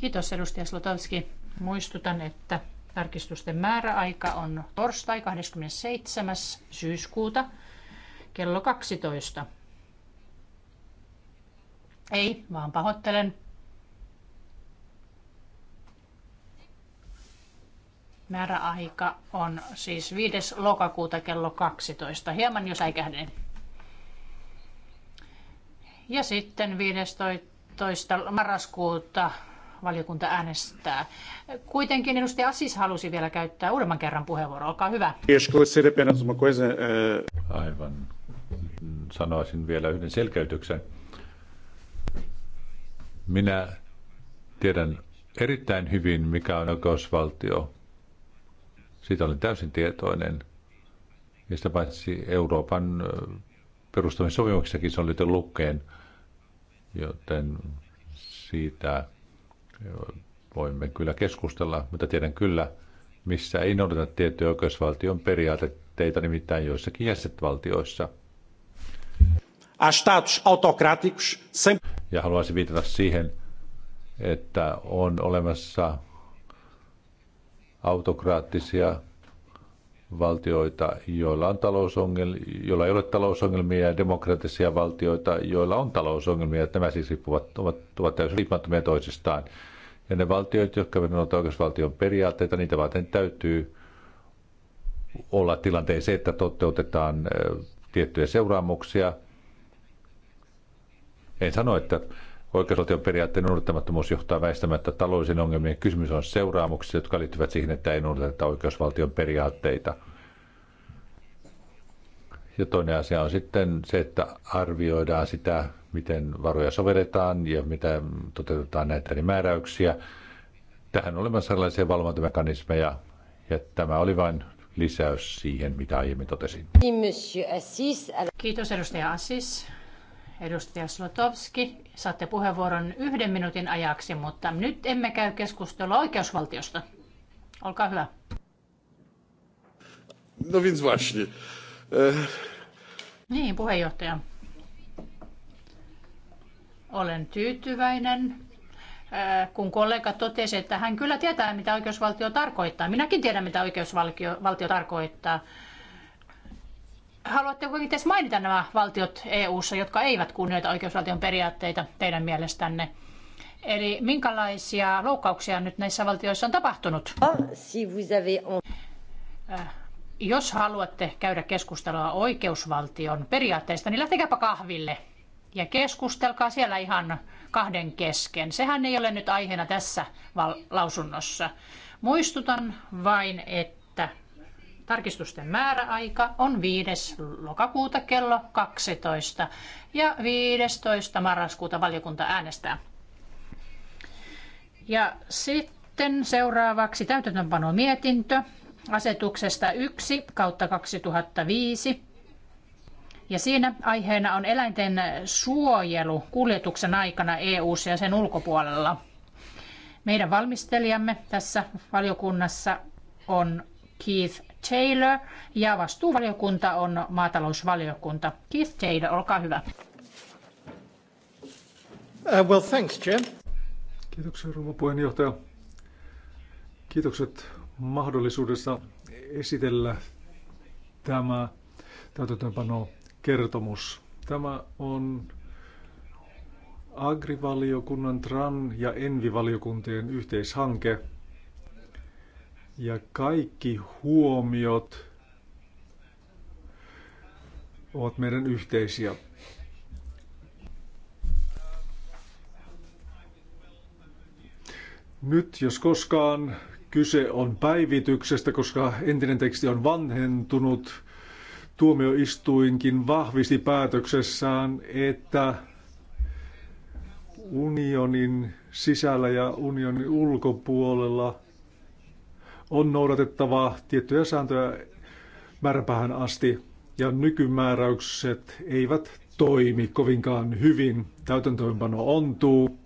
Kiitos edustaja Slotowski. Muistutan, että Tarkistusten määräaika on torstai 27. syyskuuta kello 12. Ei, vaan pahoittelen. Määräaika on siis 5. lokakuuta kello 12. Hieman jos äikähden. Ja sitten 15. marraskuuta valiokunta äänestää. Kuitenkin edustaja Assis halusi vielä käyttää uudemman kerran puheenvuoro. Olkaa hyvä. Aivan. Sanoisin vielä yhden selkeytyksen. Minä tiedän erittäin hyvin, mikä on oikeusvaltio. Siitä olen täysin tietoinen. Ja sitä paitsi Euroopan perustamissopimuksessakin se on lukeen, joten siitä voimme kyllä keskustella, mutta tiedän kyllä, missä ei noudata tiettyjä oikeusvaltion periaatteita, nimittäin joissakin jäsenvaltioissa. Ja haluaisin viitata siihen, että on olemassa autokraattisia valtioita, joilla, on talousongelmia, joilla ei ole talousongelmia, ja demokraattisia valtioita, joilla on talousongelmia. Nämä siis riippuvat, ovat, ovat täysin riippumattomia toisistaan. Ja ne valtiot, jotka ovat oikeusvaltion periaatteita, niitä varten täytyy olla tilanteeseen, että toteutetaan tiettyjä seuraamuksia. En sano, että oikeusvaltion periaatteen noudattamattomuus johtaa väistämättä taloudellisiin ongelmiin. Kysymys on seuraamuksista, jotka liittyvät siihen, että ei noudateta oikeusvaltion periaatteita. Ja toinen asia on sitten se, että arvioidaan sitä, miten varoja sovelletaan ja mitä toteutetaan näitä eri määräyksiä. Tähän on olemassa sellaisia valvontamekanismeja, ja tämä oli vain lisäys siihen, mitä aiemmin totesin. Kiitos edustaja Assis. Edustaja Slotowski, saatte puheenvuoron yhden minuutin ajaksi, mutta nyt emme käy keskustelua oikeusvaltiosta. Olkaa hyvä. No e- Niin, puheenjohtaja. Olen tyytyväinen, äh, kun kollega totesi, että hän kyllä tietää, mitä oikeusvaltio tarkoittaa. Minäkin tiedän, mitä oikeusvaltio valtio tarkoittaa. Haluatteko edes mainita nämä valtiot EU-ssa, jotka eivät kunnioita oikeusvaltion periaatteita teidän mielestänne? Eli minkälaisia loukkauksia nyt näissä valtioissa on tapahtunut? Äh, jos haluatte käydä keskustelua oikeusvaltion periaatteista, niin lähtekääpä kahville ja keskustelkaa siellä ihan kahden kesken. Sehän ei ole nyt aiheena tässä lausunnossa. Muistutan vain, että tarkistusten määräaika on 5. lokakuuta kello 12 ja 15. marraskuuta valiokunta äänestää. Ja sitten seuraavaksi täytäntöönpano mietintö asetuksesta 1 kautta 2005 ja siinä aiheena on eläinten suojelu kuljetuksen aikana EU:ssa ja sen ulkopuolella. Meidän valmistelijamme tässä valiokunnassa on Keith Taylor ja vastuuvaliokunta on maatalousvaliokunta. Keith Taylor, olkaa hyvä. Uh, well, thanks, Jim. Kiitoksia, rouva puheenjohtaja. Kiitokset mahdollisuudessa esitellä tämä täytäntöönpano kertomus. Tämä on Agrivaliokunnan, TRAN ja ENVI-valiokuntien yhteishanke. Ja kaikki huomiot ovat meidän yhteisiä. Nyt jos koskaan kyse on päivityksestä, koska entinen teksti on vanhentunut Tuomioistuinkin vahvisti päätöksessään, että unionin sisällä ja unionin ulkopuolella on noudatettava tiettyjä sääntöjä märpähän asti ja nykymääräykset eivät toimi kovinkaan hyvin. Täytäntöönpano ontuu,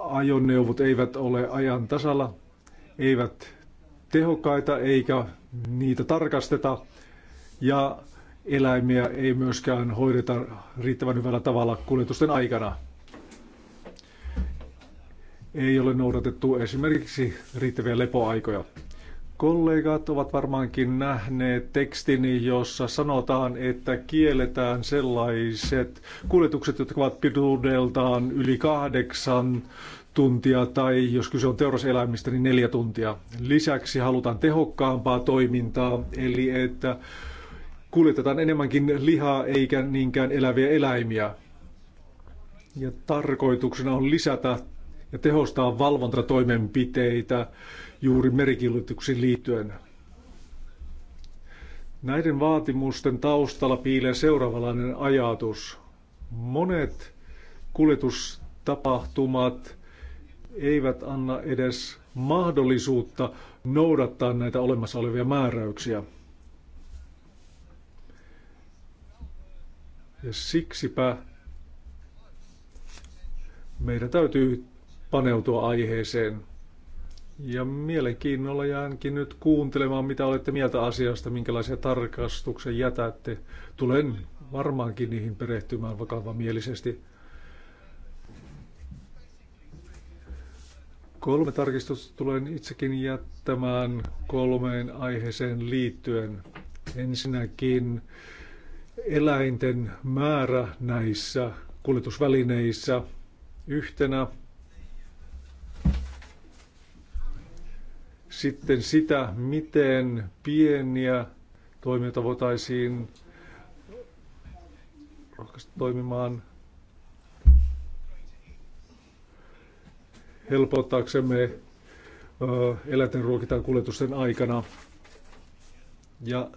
ajoneuvot eivät ole ajan tasalla, eivät tehokkaita eikä niitä tarkasteta ja eläimiä ei myöskään hoideta riittävän hyvällä tavalla kuljetusten aikana. Ei ole noudatettu esimerkiksi riittäviä lepoaikoja. Kollegat ovat varmaankin nähneet tekstini, jossa sanotaan, että kielletään sellaiset kuljetukset, jotka ovat pituudeltaan yli kahdeksan tuntia tai jos kyse on teuraseläimistä, niin neljä tuntia. Lisäksi halutaan tehokkaampaa toimintaa, eli että kuljetetaan enemmänkin lihaa eikä niinkään eläviä eläimiä. Ja tarkoituksena on lisätä ja tehostaa valvontatoimenpiteitä juuri merikiljoituksiin liittyen. Näiden vaatimusten taustalla piilee seuraavanlainen ajatus. Monet kuljetustapahtumat eivät anna edes mahdollisuutta noudattaa näitä olemassa olevia määräyksiä. Ja siksipä meidän täytyy paneutua aiheeseen. Ja mielenkiinnolla jäänkin nyt kuuntelemaan, mitä olette mieltä asiasta, minkälaisia tarkastuksia jätätte. Tulen varmaankin niihin perehtymään vakavamielisesti. Kolme tarkistusta tulen itsekin jättämään kolmeen aiheeseen liittyen. Ensinnäkin eläinten määrä näissä kuljetusvälineissä yhtenä. Sitten sitä, miten pieniä toimijoita voitaisiin rohkaista toimimaan helpottaaksemme eläinten ruokitaan kuljetusten aikana. Ja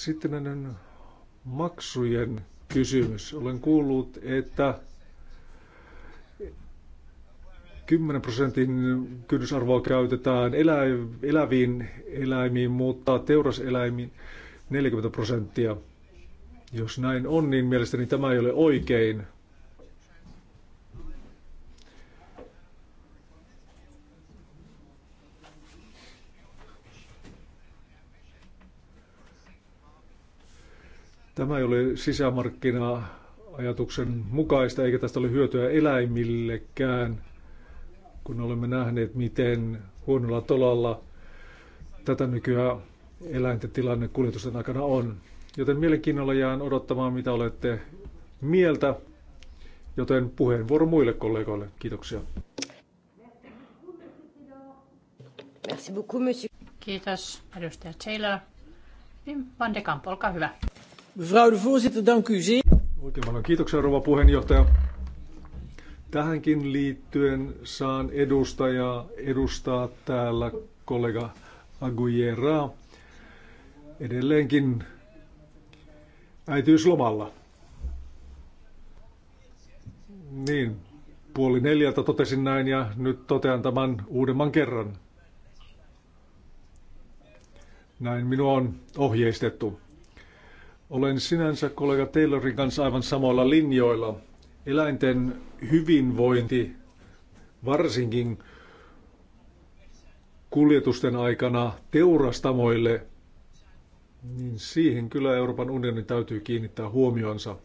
sitten näiden maksujen kysymys. Olen kuullut, että 10 prosentin kynnysarvoa käytetään elä, eläviin eläimiin, mutta teuraseläimiin 40 prosenttia. Jos näin on, niin mielestäni tämä ei ole oikein. Tämä ei ole sisämarkkina-ajatuksen mukaista, eikä tästä ole hyötyä eläimillekään, kun olemme nähneet, miten huonolla tolalla tätä nykyään eläinten tilanne kuljetusten aikana on. Joten mielenkiinnolla jään odottamaan, mitä olette mieltä, joten puheenvuoro muille kollegoille. Kiitoksia. Merci beaucoup, monsieur. Kiitos, edustaja Taylor. Niin, Van de Kamp, olkaa hyvä. Mevrouw de voorzitter, dank u zeer. Oikein paljon kiitoksia, rouva puheenjohtaja. Tähänkin liittyen saan edustajaa edustaa täällä kollega Aguilera edelleenkin äitiyslomalla. Niin, puoli neljältä totesin näin ja nyt totean tämän uudemman kerran. Näin minua on ohjeistettu. Olen sinänsä kollega Taylorin kanssa aivan samoilla linjoilla. Eläinten hyvinvointi, varsinkin kuljetusten aikana teurastamoille, niin siihen kyllä Euroopan unionin täytyy kiinnittää huomionsa.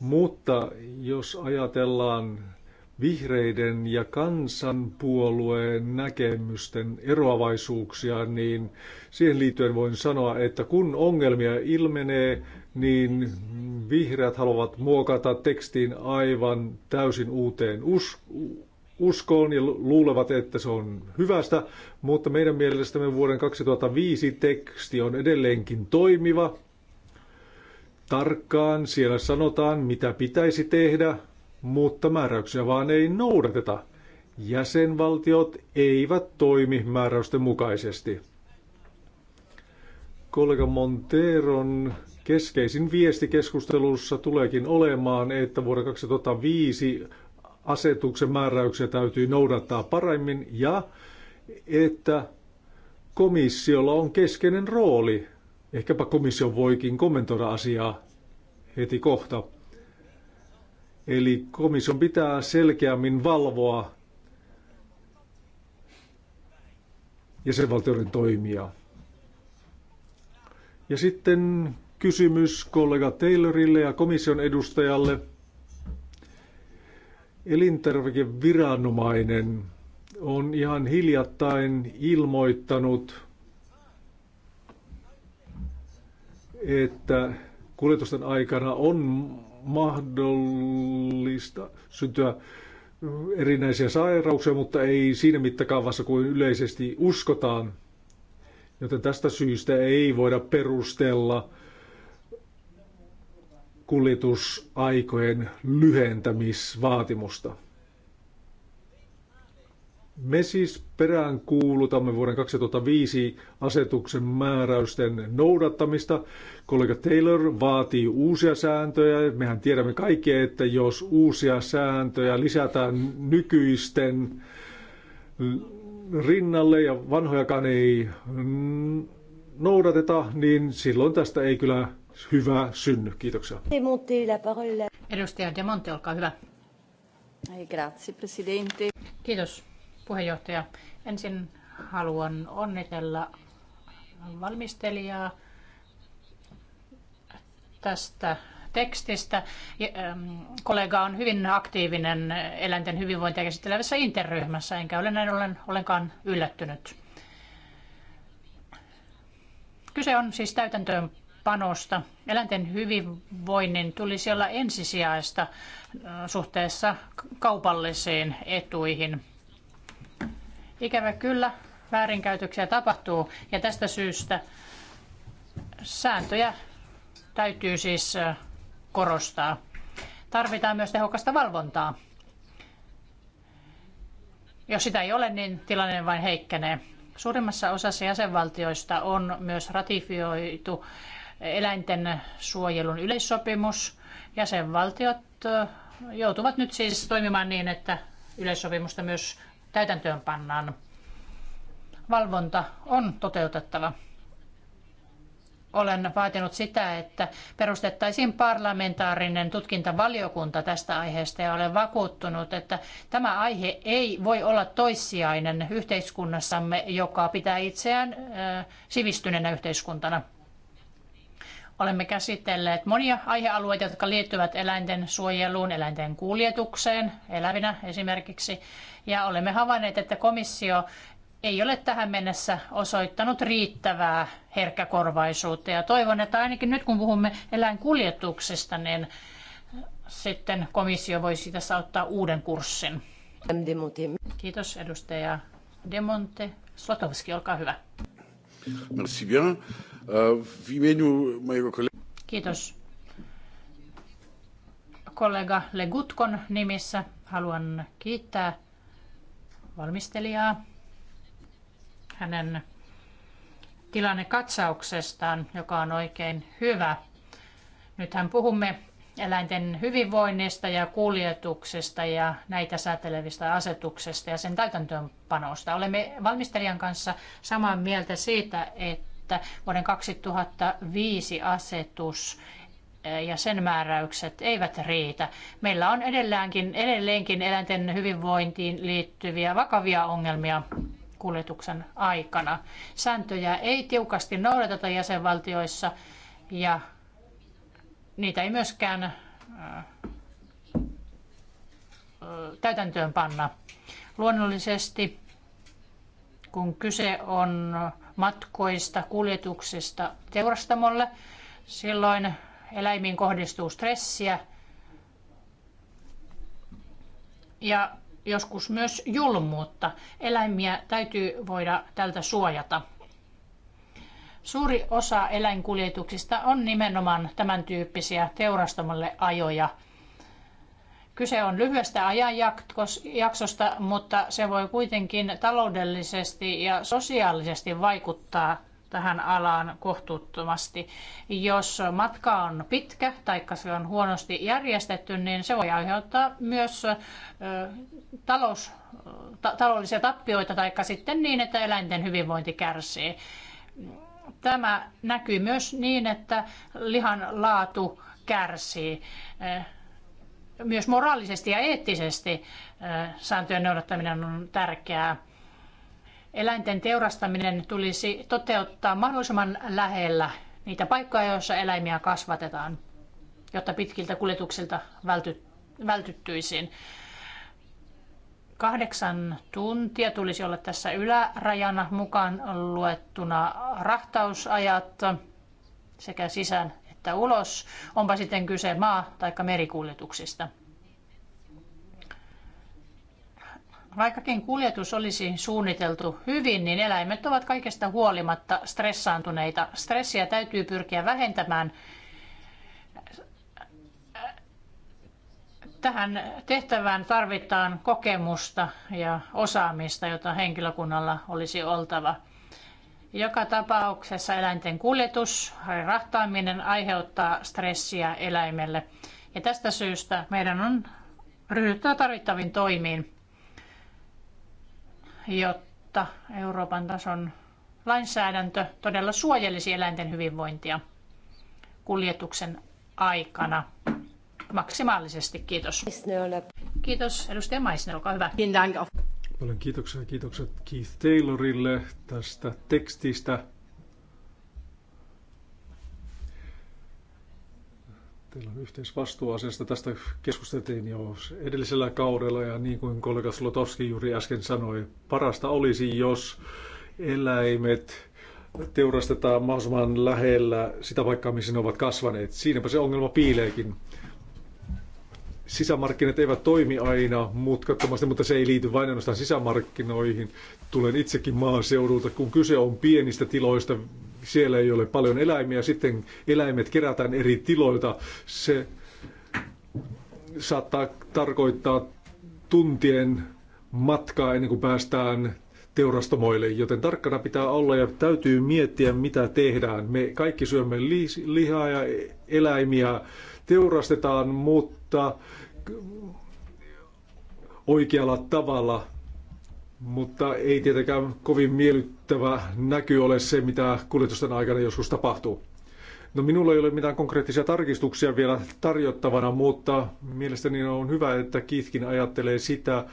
Mutta jos ajatellaan vihreiden ja kansanpuolueen näkemysten eroavaisuuksia, niin siihen liittyen voin sanoa, että kun ongelmia ilmenee, niin vihreät haluavat muokata tekstiin aivan täysin uuteen us- uskoon ja luulevat, että se on hyvästä, mutta meidän mielestämme vuoden 2005 teksti on edelleenkin toimiva. Tarkkaan siellä sanotaan, mitä pitäisi tehdä, mutta määräyksiä vaan ei noudateta. Jäsenvaltiot eivät toimi määräysten mukaisesti. Kollega Monteron keskeisin viesti keskustelussa tuleekin olemaan, että vuoden 2005 asetuksen määräyksiä täytyy noudattaa paremmin ja että komissiolla on keskeinen rooli. Ehkäpä komissio voikin kommentoida asiaa heti kohta. Eli komission pitää selkeämmin valvoa jäsenvaltioiden toimia. Ja sitten kysymys kollega Taylorille ja komission edustajalle. Elintarvikeviranomainen on ihan hiljattain ilmoittanut, että kuljetusten aikana on mahdollista syntyä erinäisiä sairauksia, mutta ei siinä mittakaavassa kuin yleisesti uskotaan. Joten tästä syystä ei voida perustella kuljetusaikojen lyhentämisvaatimusta. Me siis peräänkuulutamme vuoden 2005 asetuksen määräysten noudattamista. Kollega Taylor vaatii uusia sääntöjä. Mehän tiedämme kaikki, että jos uusia sääntöjä lisätään nykyisten rinnalle ja vanhojakaan ei noudateta, niin silloin tästä ei kyllä hyvä synny. Kiitoksia. Edustaja Demonte, olkaa hyvä. Grazie, Presidente. Kiitos puheenjohtaja. Ensin haluan onnitella valmistelijaa tästä tekstistä. Ähm, kollega on hyvin aktiivinen eläinten hyvinvointia käsittelevässä interryhmässä, enkä ole näin ollen ollenkaan yllättynyt. Kyse on siis täytäntöön panosta. Eläinten hyvinvoinnin tulisi olla ensisijaista äh, suhteessa kaupallisiin etuihin. Ikävä kyllä, väärinkäytöksiä tapahtuu ja tästä syystä sääntöjä täytyy siis korostaa. Tarvitaan myös tehokasta valvontaa. Jos sitä ei ole, niin tilanne vain heikkenee. Suurimmassa osassa jäsenvaltioista on myös ratifioitu eläinten suojelun yleissopimus. Jäsenvaltiot joutuvat nyt siis toimimaan niin, että yleissopimusta myös täytäntöön pannaan, valvonta on toteutettava. Olen vaatinut sitä, että perustettaisiin parlamentaarinen tutkintavaliokunta tästä aiheesta ja olen vakuuttunut, että tämä aihe ei voi olla toissijainen yhteiskunnassamme, joka pitää itseään sivistyneenä yhteiskuntana. Olemme käsitelleet monia aihealueita, jotka liittyvät eläinten suojeluun, eläinten kuljetukseen, elävinä esimerkiksi. Ja olemme havainneet, että komissio ei ole tähän mennessä osoittanut riittävää herkkäkorvaisuutta. Ja toivon, että ainakin nyt kun puhumme eläinkuljetuksesta, niin sitten komissio voisi tässä ottaa uuden kurssin. Kiitos edustaja Demonte. Slotowski, olkaa hyvä. Merci bien. W imieniu mojego kolegi... Kiitos. Kollega Legutkon nimissä haluan kiittää valmistelijaa hänen tilannekatsauksestaan, joka on oikein hyvä. Nythän puhumme eläinten hyvinvoinnista ja kuljetuksesta ja näitä säätelevistä asetuksesta ja sen täytäntöönpanosta. Olemme valmistelijan kanssa samaa mieltä siitä, että että vuoden 2005 asetus eh, ja sen määräykset eivät riitä. Meillä on edelleenkin, edelleenkin eläinten hyvinvointiin liittyviä vakavia ongelmia kuljetuksen aikana. Sääntöjä ei tiukasti noudateta jäsenvaltioissa ja niitä ei myöskään eh, täytäntöön panna. Luonnollisesti kun kyse on matkoista, kuljetuksista teurastamolle. Silloin eläimiin kohdistuu stressiä ja joskus myös julmuutta. Eläimiä täytyy voida tältä suojata. Suuri osa eläinkuljetuksista on nimenomaan tämän tyyppisiä teurastamolle ajoja – Kyse on lyhyestä ajanjaksosta, mutta se voi kuitenkin taloudellisesti ja sosiaalisesti vaikuttaa tähän alaan kohtuuttomasti. Jos matka on pitkä tai se on huonosti järjestetty, niin se voi aiheuttaa myös talous, ta- taloudellisia tappioita tai sitten niin, että eläinten hyvinvointi kärsii. Tämä näkyy myös niin, että lihan laatu kärsii myös moraalisesti ja eettisesti sääntöjen noudattaminen on tärkeää. Eläinten teurastaminen tulisi toteuttaa mahdollisimman lähellä niitä paikkoja, joissa eläimiä kasvatetaan, jotta pitkiltä kuljetuksilta välty, vältyttyisiin. Kahdeksan tuntia tulisi olla tässä ylärajana mukaan luettuna rahtausajat sekä sisään päästä ulos, onpa sitten kyse maa- tai merikuljetuksista. Vaikkakin kuljetus olisi suunniteltu hyvin, niin eläimet ovat kaikesta huolimatta stressaantuneita. Stressiä täytyy pyrkiä vähentämään. Tähän tehtävään tarvitaan kokemusta ja osaamista, jota henkilökunnalla olisi oltava. Joka tapauksessa eläinten kuljetus ja rahtaaminen aiheuttaa stressiä eläimelle. Ja tästä syystä meidän on ryhdyttävä tarvittaviin toimiin, jotta Euroopan tason lainsäädäntö todella suojelisi eläinten hyvinvointia kuljetuksen aikana maksimaalisesti. Kiitos. Kiitos. Edustaja Maisner, olkaa hyvä. Paljon kiitoksia ja kiitokset Keith Taylorille tästä tekstistä. Teillä on yhteisvastuuasiasta. Tästä keskusteltiin jo edellisellä kaudella ja niin kuin kollega Slotowski juuri äsken sanoi, parasta olisi, jos eläimet teurastetaan mahdollisimman lähellä sitä paikkaa, missä ne ovat kasvaneet. Siinäpä se ongelma piileekin sisämarkkinat eivät toimi aina mutkattomasti, mutta se ei liity vain ainoastaan sisämarkkinoihin. Tulen itsekin maaseudulta, kun kyse on pienistä tiloista, siellä ei ole paljon eläimiä, sitten eläimet kerätään eri tiloilta. Se saattaa tarkoittaa tuntien matkaa ennen kuin päästään teurastamoille, joten tarkkana pitää olla ja täytyy miettiä, mitä tehdään. Me kaikki syömme lihaa ja eläimiä teurastetaan, mutta toteuttaa oikealla tavalla, mutta ei tietenkään kovin miellyttävä näky ole se, mitä kuljetusten aikana joskus tapahtuu. No minulla ei ole mitään konkreettisia tarkistuksia vielä tarjottavana, mutta mielestäni on hyvä, että Kiitkin ajattelee sitä,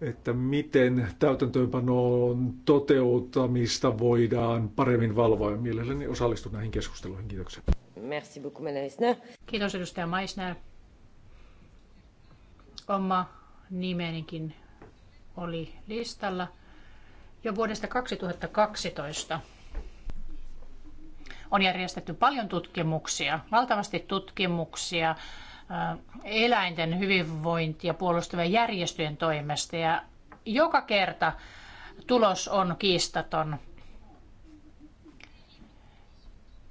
että miten täytäntöönpanon toteuttamista voidaan paremmin valvoa. Ja mielelläni osallistun näihin keskusteluihin. Kiitoksia. Merci beaucoup, Kiitos edustaja Maisner. Oma nimenikin oli listalla jo vuodesta 2012. On järjestetty paljon tutkimuksia, valtavasti tutkimuksia äh, eläinten hyvinvointia puolustavien järjestöjen toimesta ja joka kerta tulos on kiistaton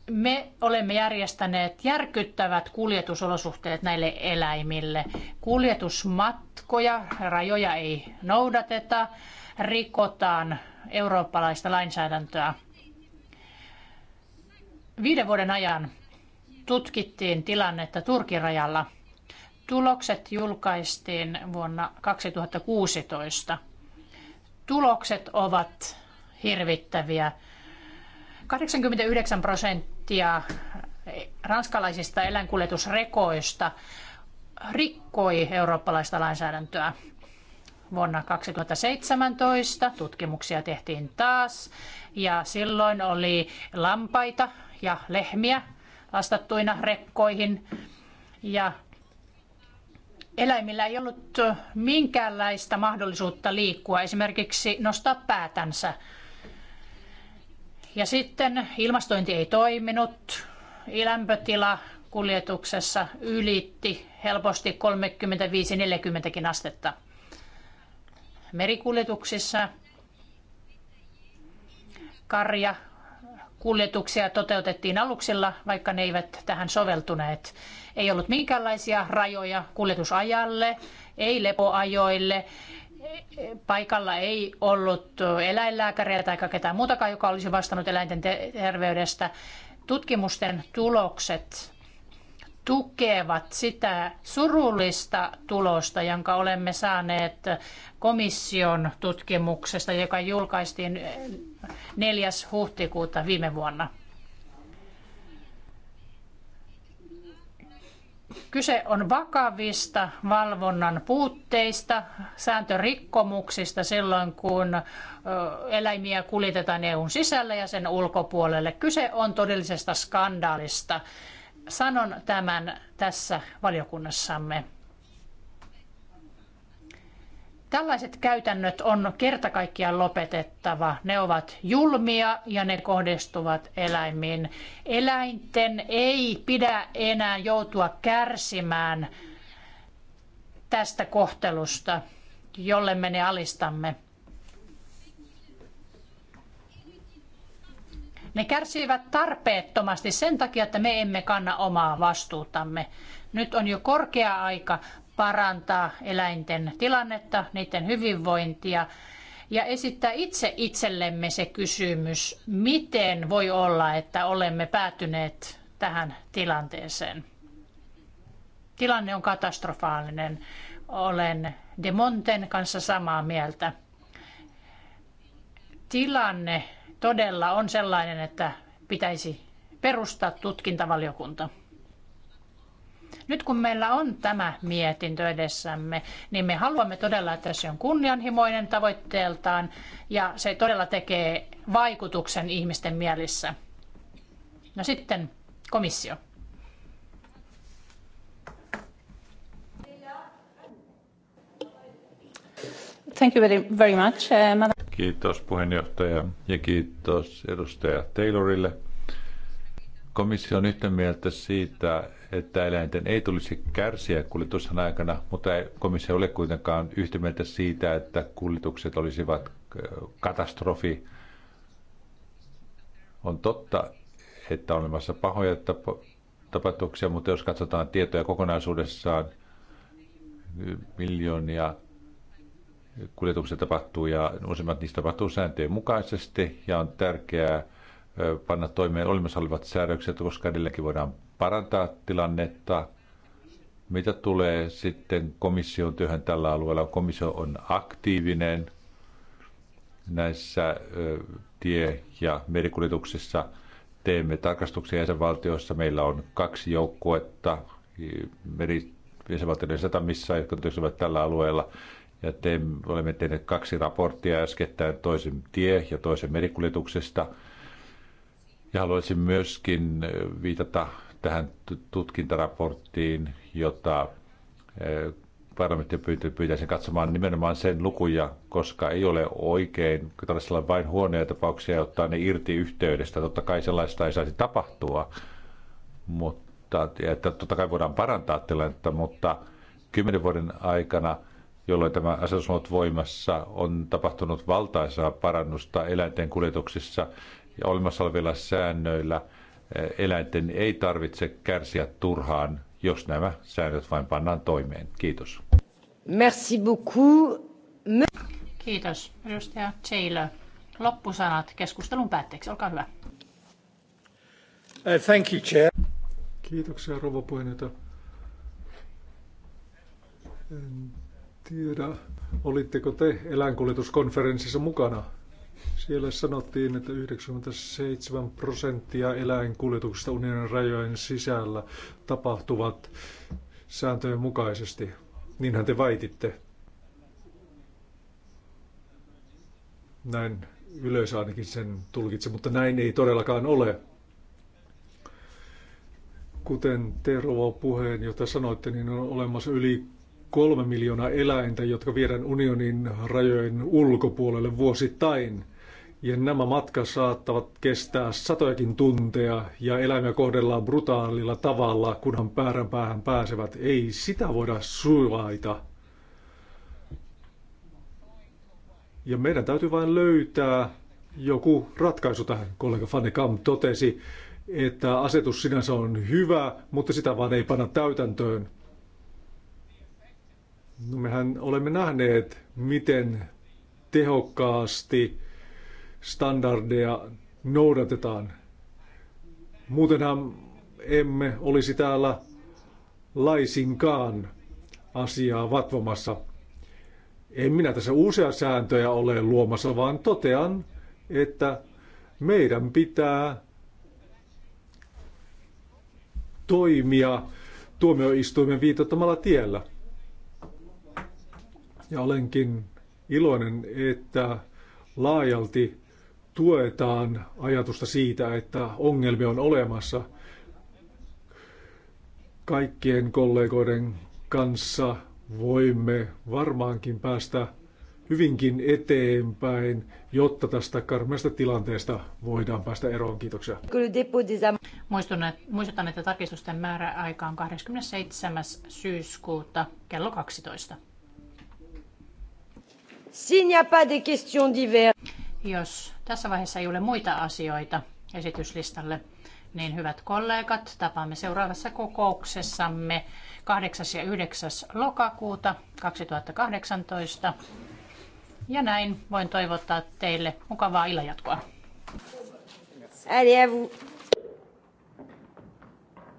me olemme järjestäneet järkyttävät kuljetusolosuhteet näille eläimille. Kuljetusmatkoja, rajoja ei noudateta, rikotaan eurooppalaista lainsäädäntöä. Viiden vuoden ajan tutkittiin tilannetta Turkin rajalla. Tulokset julkaistiin vuonna 2016. Tulokset ovat hirvittäviä. 89 prosenttia prosenttia ranskalaisista eläinkuljetusrekoista rikkoi eurooppalaista lainsäädäntöä. Vuonna 2017 tutkimuksia tehtiin taas ja silloin oli lampaita ja lehmiä lastattuina rekkoihin ja eläimillä ei ollut minkäänlaista mahdollisuutta liikkua, esimerkiksi nostaa päätänsä ja sitten ilmastointi ei toiminut, lämpötila kuljetuksessa ylitti helposti 35-40 astetta. Merikuljetuksissa karja kuljetuksia toteutettiin aluksilla, vaikka ne eivät tähän soveltuneet. Ei ollut minkäänlaisia rajoja kuljetusajalle, ei lepoajoille, paikalla ei ollut eläinlääkäriä tai ketään muutakaan, joka olisi vastannut eläinten terveydestä. Tutkimusten tulokset tukevat sitä surullista tulosta, jonka olemme saaneet komission tutkimuksesta, joka julkaistiin 4. huhtikuuta viime vuonna. Kyse on vakavista valvonnan puutteista, sääntörikkomuksista silloin, kun eläimiä kuljetetaan EUn sisällä ja sen ulkopuolelle. Kyse on todellisesta skandaalista. Sanon tämän tässä valiokunnassamme. Tällaiset käytännöt on kerta kaikkiaan lopetettava. Ne ovat julmia ja ne kohdistuvat eläimiin. Eläinten ei pidä enää joutua kärsimään tästä kohtelusta, jolle me ne alistamme. Ne kärsivät tarpeettomasti sen takia, että me emme kanna omaa vastuutamme. Nyt on jo korkea aika parantaa eläinten tilannetta, niiden hyvinvointia ja esittää itse itsellemme se kysymys, miten voi olla, että olemme päätyneet tähän tilanteeseen. Tilanne on katastrofaalinen. Olen Demonten kanssa samaa mieltä. Tilanne todella on sellainen, että pitäisi perustaa tutkintavaliokunta. Nyt kun meillä on tämä mietintö edessämme, niin me haluamme todella, että se on kunnianhimoinen tavoitteeltaan ja se todella tekee vaikutuksen ihmisten mielissä. No sitten komissio. Thank you very, very much, uh, madam. Kiitos puheenjohtaja ja kiitos edustaja Taylorille. Komissio on yhtä mieltä siitä, että eläinten ei tulisi kärsiä kuljetuksen aikana, mutta komissio ei ole kuitenkaan yhtä mieltä siitä, että kuljetukset olisivat katastrofi. On totta, että on olemassa pahoja tapahtuksia, mutta jos katsotaan tietoja kokonaisuudessaan, miljoonia kuljetuksia tapahtuu ja useimmat niistä tapahtuu sääntöjen mukaisesti ja on tärkeää panna toimeen olemassa olevat säädökset, koska edelläkin voidaan parantaa tilannetta. Mitä tulee sitten komission työhön tällä alueella? Komissio on aktiivinen näissä tie- ja merikuljetuksissa. Teemme tarkastuksia jäsenvaltioissa. Meillä on kaksi joukkuetta meri jäsenvaltioiden satamissa, jotka työskentelevät tällä alueella. Ja teemme, olemme tehneet kaksi raporttia äskettäin, toisen tie- ja toisen merikuljetuksesta – ja haluaisin myöskin eh, viitata tähän tutkintaraporttiin, jota eh, parlamentti pyytäisin katsomaan nimenomaan sen lukuja, koska ei ole oikein on vain huonoja tapauksia ja ottaa ne irti yhteydestä. Totta kai sellaista ei saisi tapahtua, mutta että totta kai voidaan parantaa tilannetta, mutta kymmenen vuoden aikana, jolloin tämä asetus on ollut voimassa, on tapahtunut valtaisaa parannusta eläinten kuljetuksissa ja olemassa olevilla säännöillä eh, eläinten ei tarvitse kärsiä turhaan, jos nämä säännöt vain pannaan toimeen. Kiitos. Merci beaucoup. Kiitos. Edustaja Taylor. Loppusanat keskustelun päätteeksi. Olkaa hyvä. Uh, thank you, Chair. Kiitoksia, rouva puheenjohtaja. En tiedä, olitteko te eläinkuljetuskonferenssissa mukana? Siellä sanottiin, että 97 prosenttia eläinkuljetuksista unionin rajojen sisällä tapahtuvat sääntöjen mukaisesti. Niinhän te väititte. Näin yleensä ainakin sen tulkitse, mutta näin ei todellakaan ole. Kuten Tervo puheenjohtaja sanoitte, niin on olemassa yli kolme miljoonaa eläintä, jotka viedään unionin rajojen ulkopuolelle vuosittain. Ja nämä matkat saattavat kestää satojakin tunteja ja eläimiä kohdellaan brutaalilla tavalla, kunhan päärän päähän pääsevät. Ei sitä voida suvaita. Ja meidän täytyy vain löytää joku ratkaisu tähän. Kollega Fanny Kam totesi, että asetus sinänsä on hyvä, mutta sitä vaan ei panna täytäntöön. No mehän olemme nähneet, miten tehokkaasti standardeja noudatetaan. Muutenhan emme olisi täällä laisinkaan asiaa vatvomassa. En minä tässä uusia sääntöjä ole luomassa, vaan totean, että meidän pitää toimia tuomioistuimen viitottamalla tiellä. Ja olenkin iloinen, että laajalti tuetaan ajatusta siitä, että ongelmia on olemassa kaikkien kollegoiden kanssa voimme varmaankin päästä hyvinkin eteenpäin, jotta tästä karmeasta tilanteesta voidaan päästä eroon. Kiitoksia. Muistutan, että tarkistusten määräaika on 27. syyskuuta kello 12. S'il pas jos tässä vaiheessa ei ole muita asioita esityslistalle, niin hyvät kollegat, tapaamme seuraavassa kokouksessamme 8. ja 9. lokakuuta 2018. Ja näin voin toivottaa teille mukavaa illanjatkoa. Allez à vous.